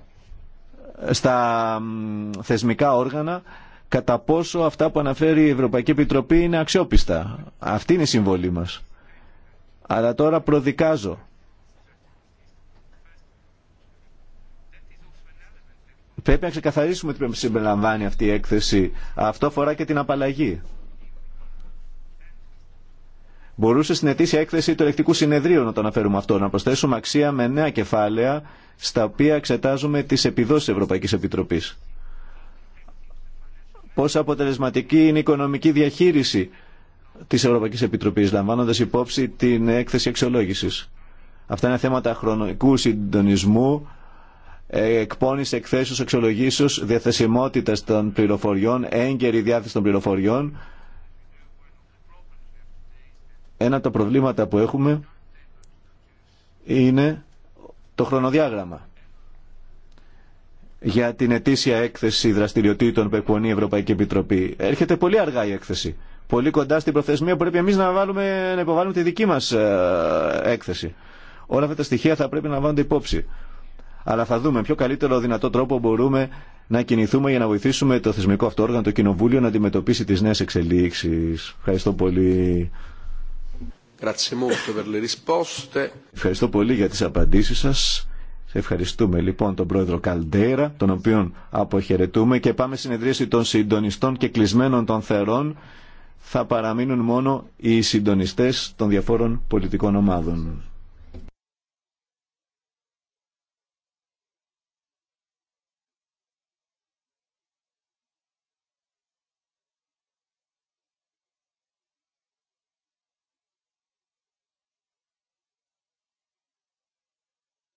B: στα θεσμικά όργανα κατά πόσο αυτά που αναφέρει η Ευρωπαϊκή Επιτροπή είναι αξιόπιστα. Αυτή είναι η συμβολή μας. Αλλά τώρα προδικάζω. Πρέπει να ξεκαθαρίσουμε τι πρέπει να συμπεριλαμβάνει αυτή η έκθεση. Αυτό αφορά και την απαλλαγή. Μπορούσε στην ετήσια έκθεση του ελεκτικού συνεδρίου να το αναφέρουμε αυτό, να προσθέσουμε αξία με νέα κεφάλαια στα οποία εξετάζουμε τις επιδόσεις Ευρωπαϊκής Επιτροπής πόσο αποτελεσματική είναι η οικονομική διαχείριση της Ευρωπαϊκής Επιτροπής, λαμβάνοντας υπόψη την έκθεση αξιολόγησης. Αυτά είναι θέματα χρονικού συντονισμού, ε, εκπώνηση εκθέσεως αξιολογήσεως, διαθεσιμότητας των πληροφοριών, έγκαιρη διάθεση των πληροφοριών. Ένα από τα προβλήματα που έχουμε είναι το χρονοδιάγραμμα για την ετήσια έκθεση δραστηριοτήτων που εκπονεί η Ευρωπαϊκή Επιτροπή. Έρχεται πολύ αργά η έκθεση. Πολύ κοντά στην προθεσμία πρέπει εμεί να, να υποβάλουμε τη δική μα ε, έκθεση. Όλα αυτά τα στοιχεία θα πρέπει να λαμβάνονται υπόψη. Αλλά θα δούμε ποιο καλύτερο δυνατό τρόπο μπορούμε να κινηθούμε για να βοηθήσουμε το θεσμικό αυτό όργανο, το Κοινοβούλιο, να αντιμετωπίσει τι νέε εξελίξει. Ευχαριστώ πολύ. Ευχαριστώ πολύ για τι απαντήσει σα. Ευχαριστούμε λοιπόν τον πρόεδρο Καλντέρα, τον οποίον αποχαιρετούμε και πάμε συνεδρίαση των συντονιστών και κλεισμένων των θερών. Θα παραμείνουν μόνο οι συντονιστές των διαφόρων πολιτικών ομάδων.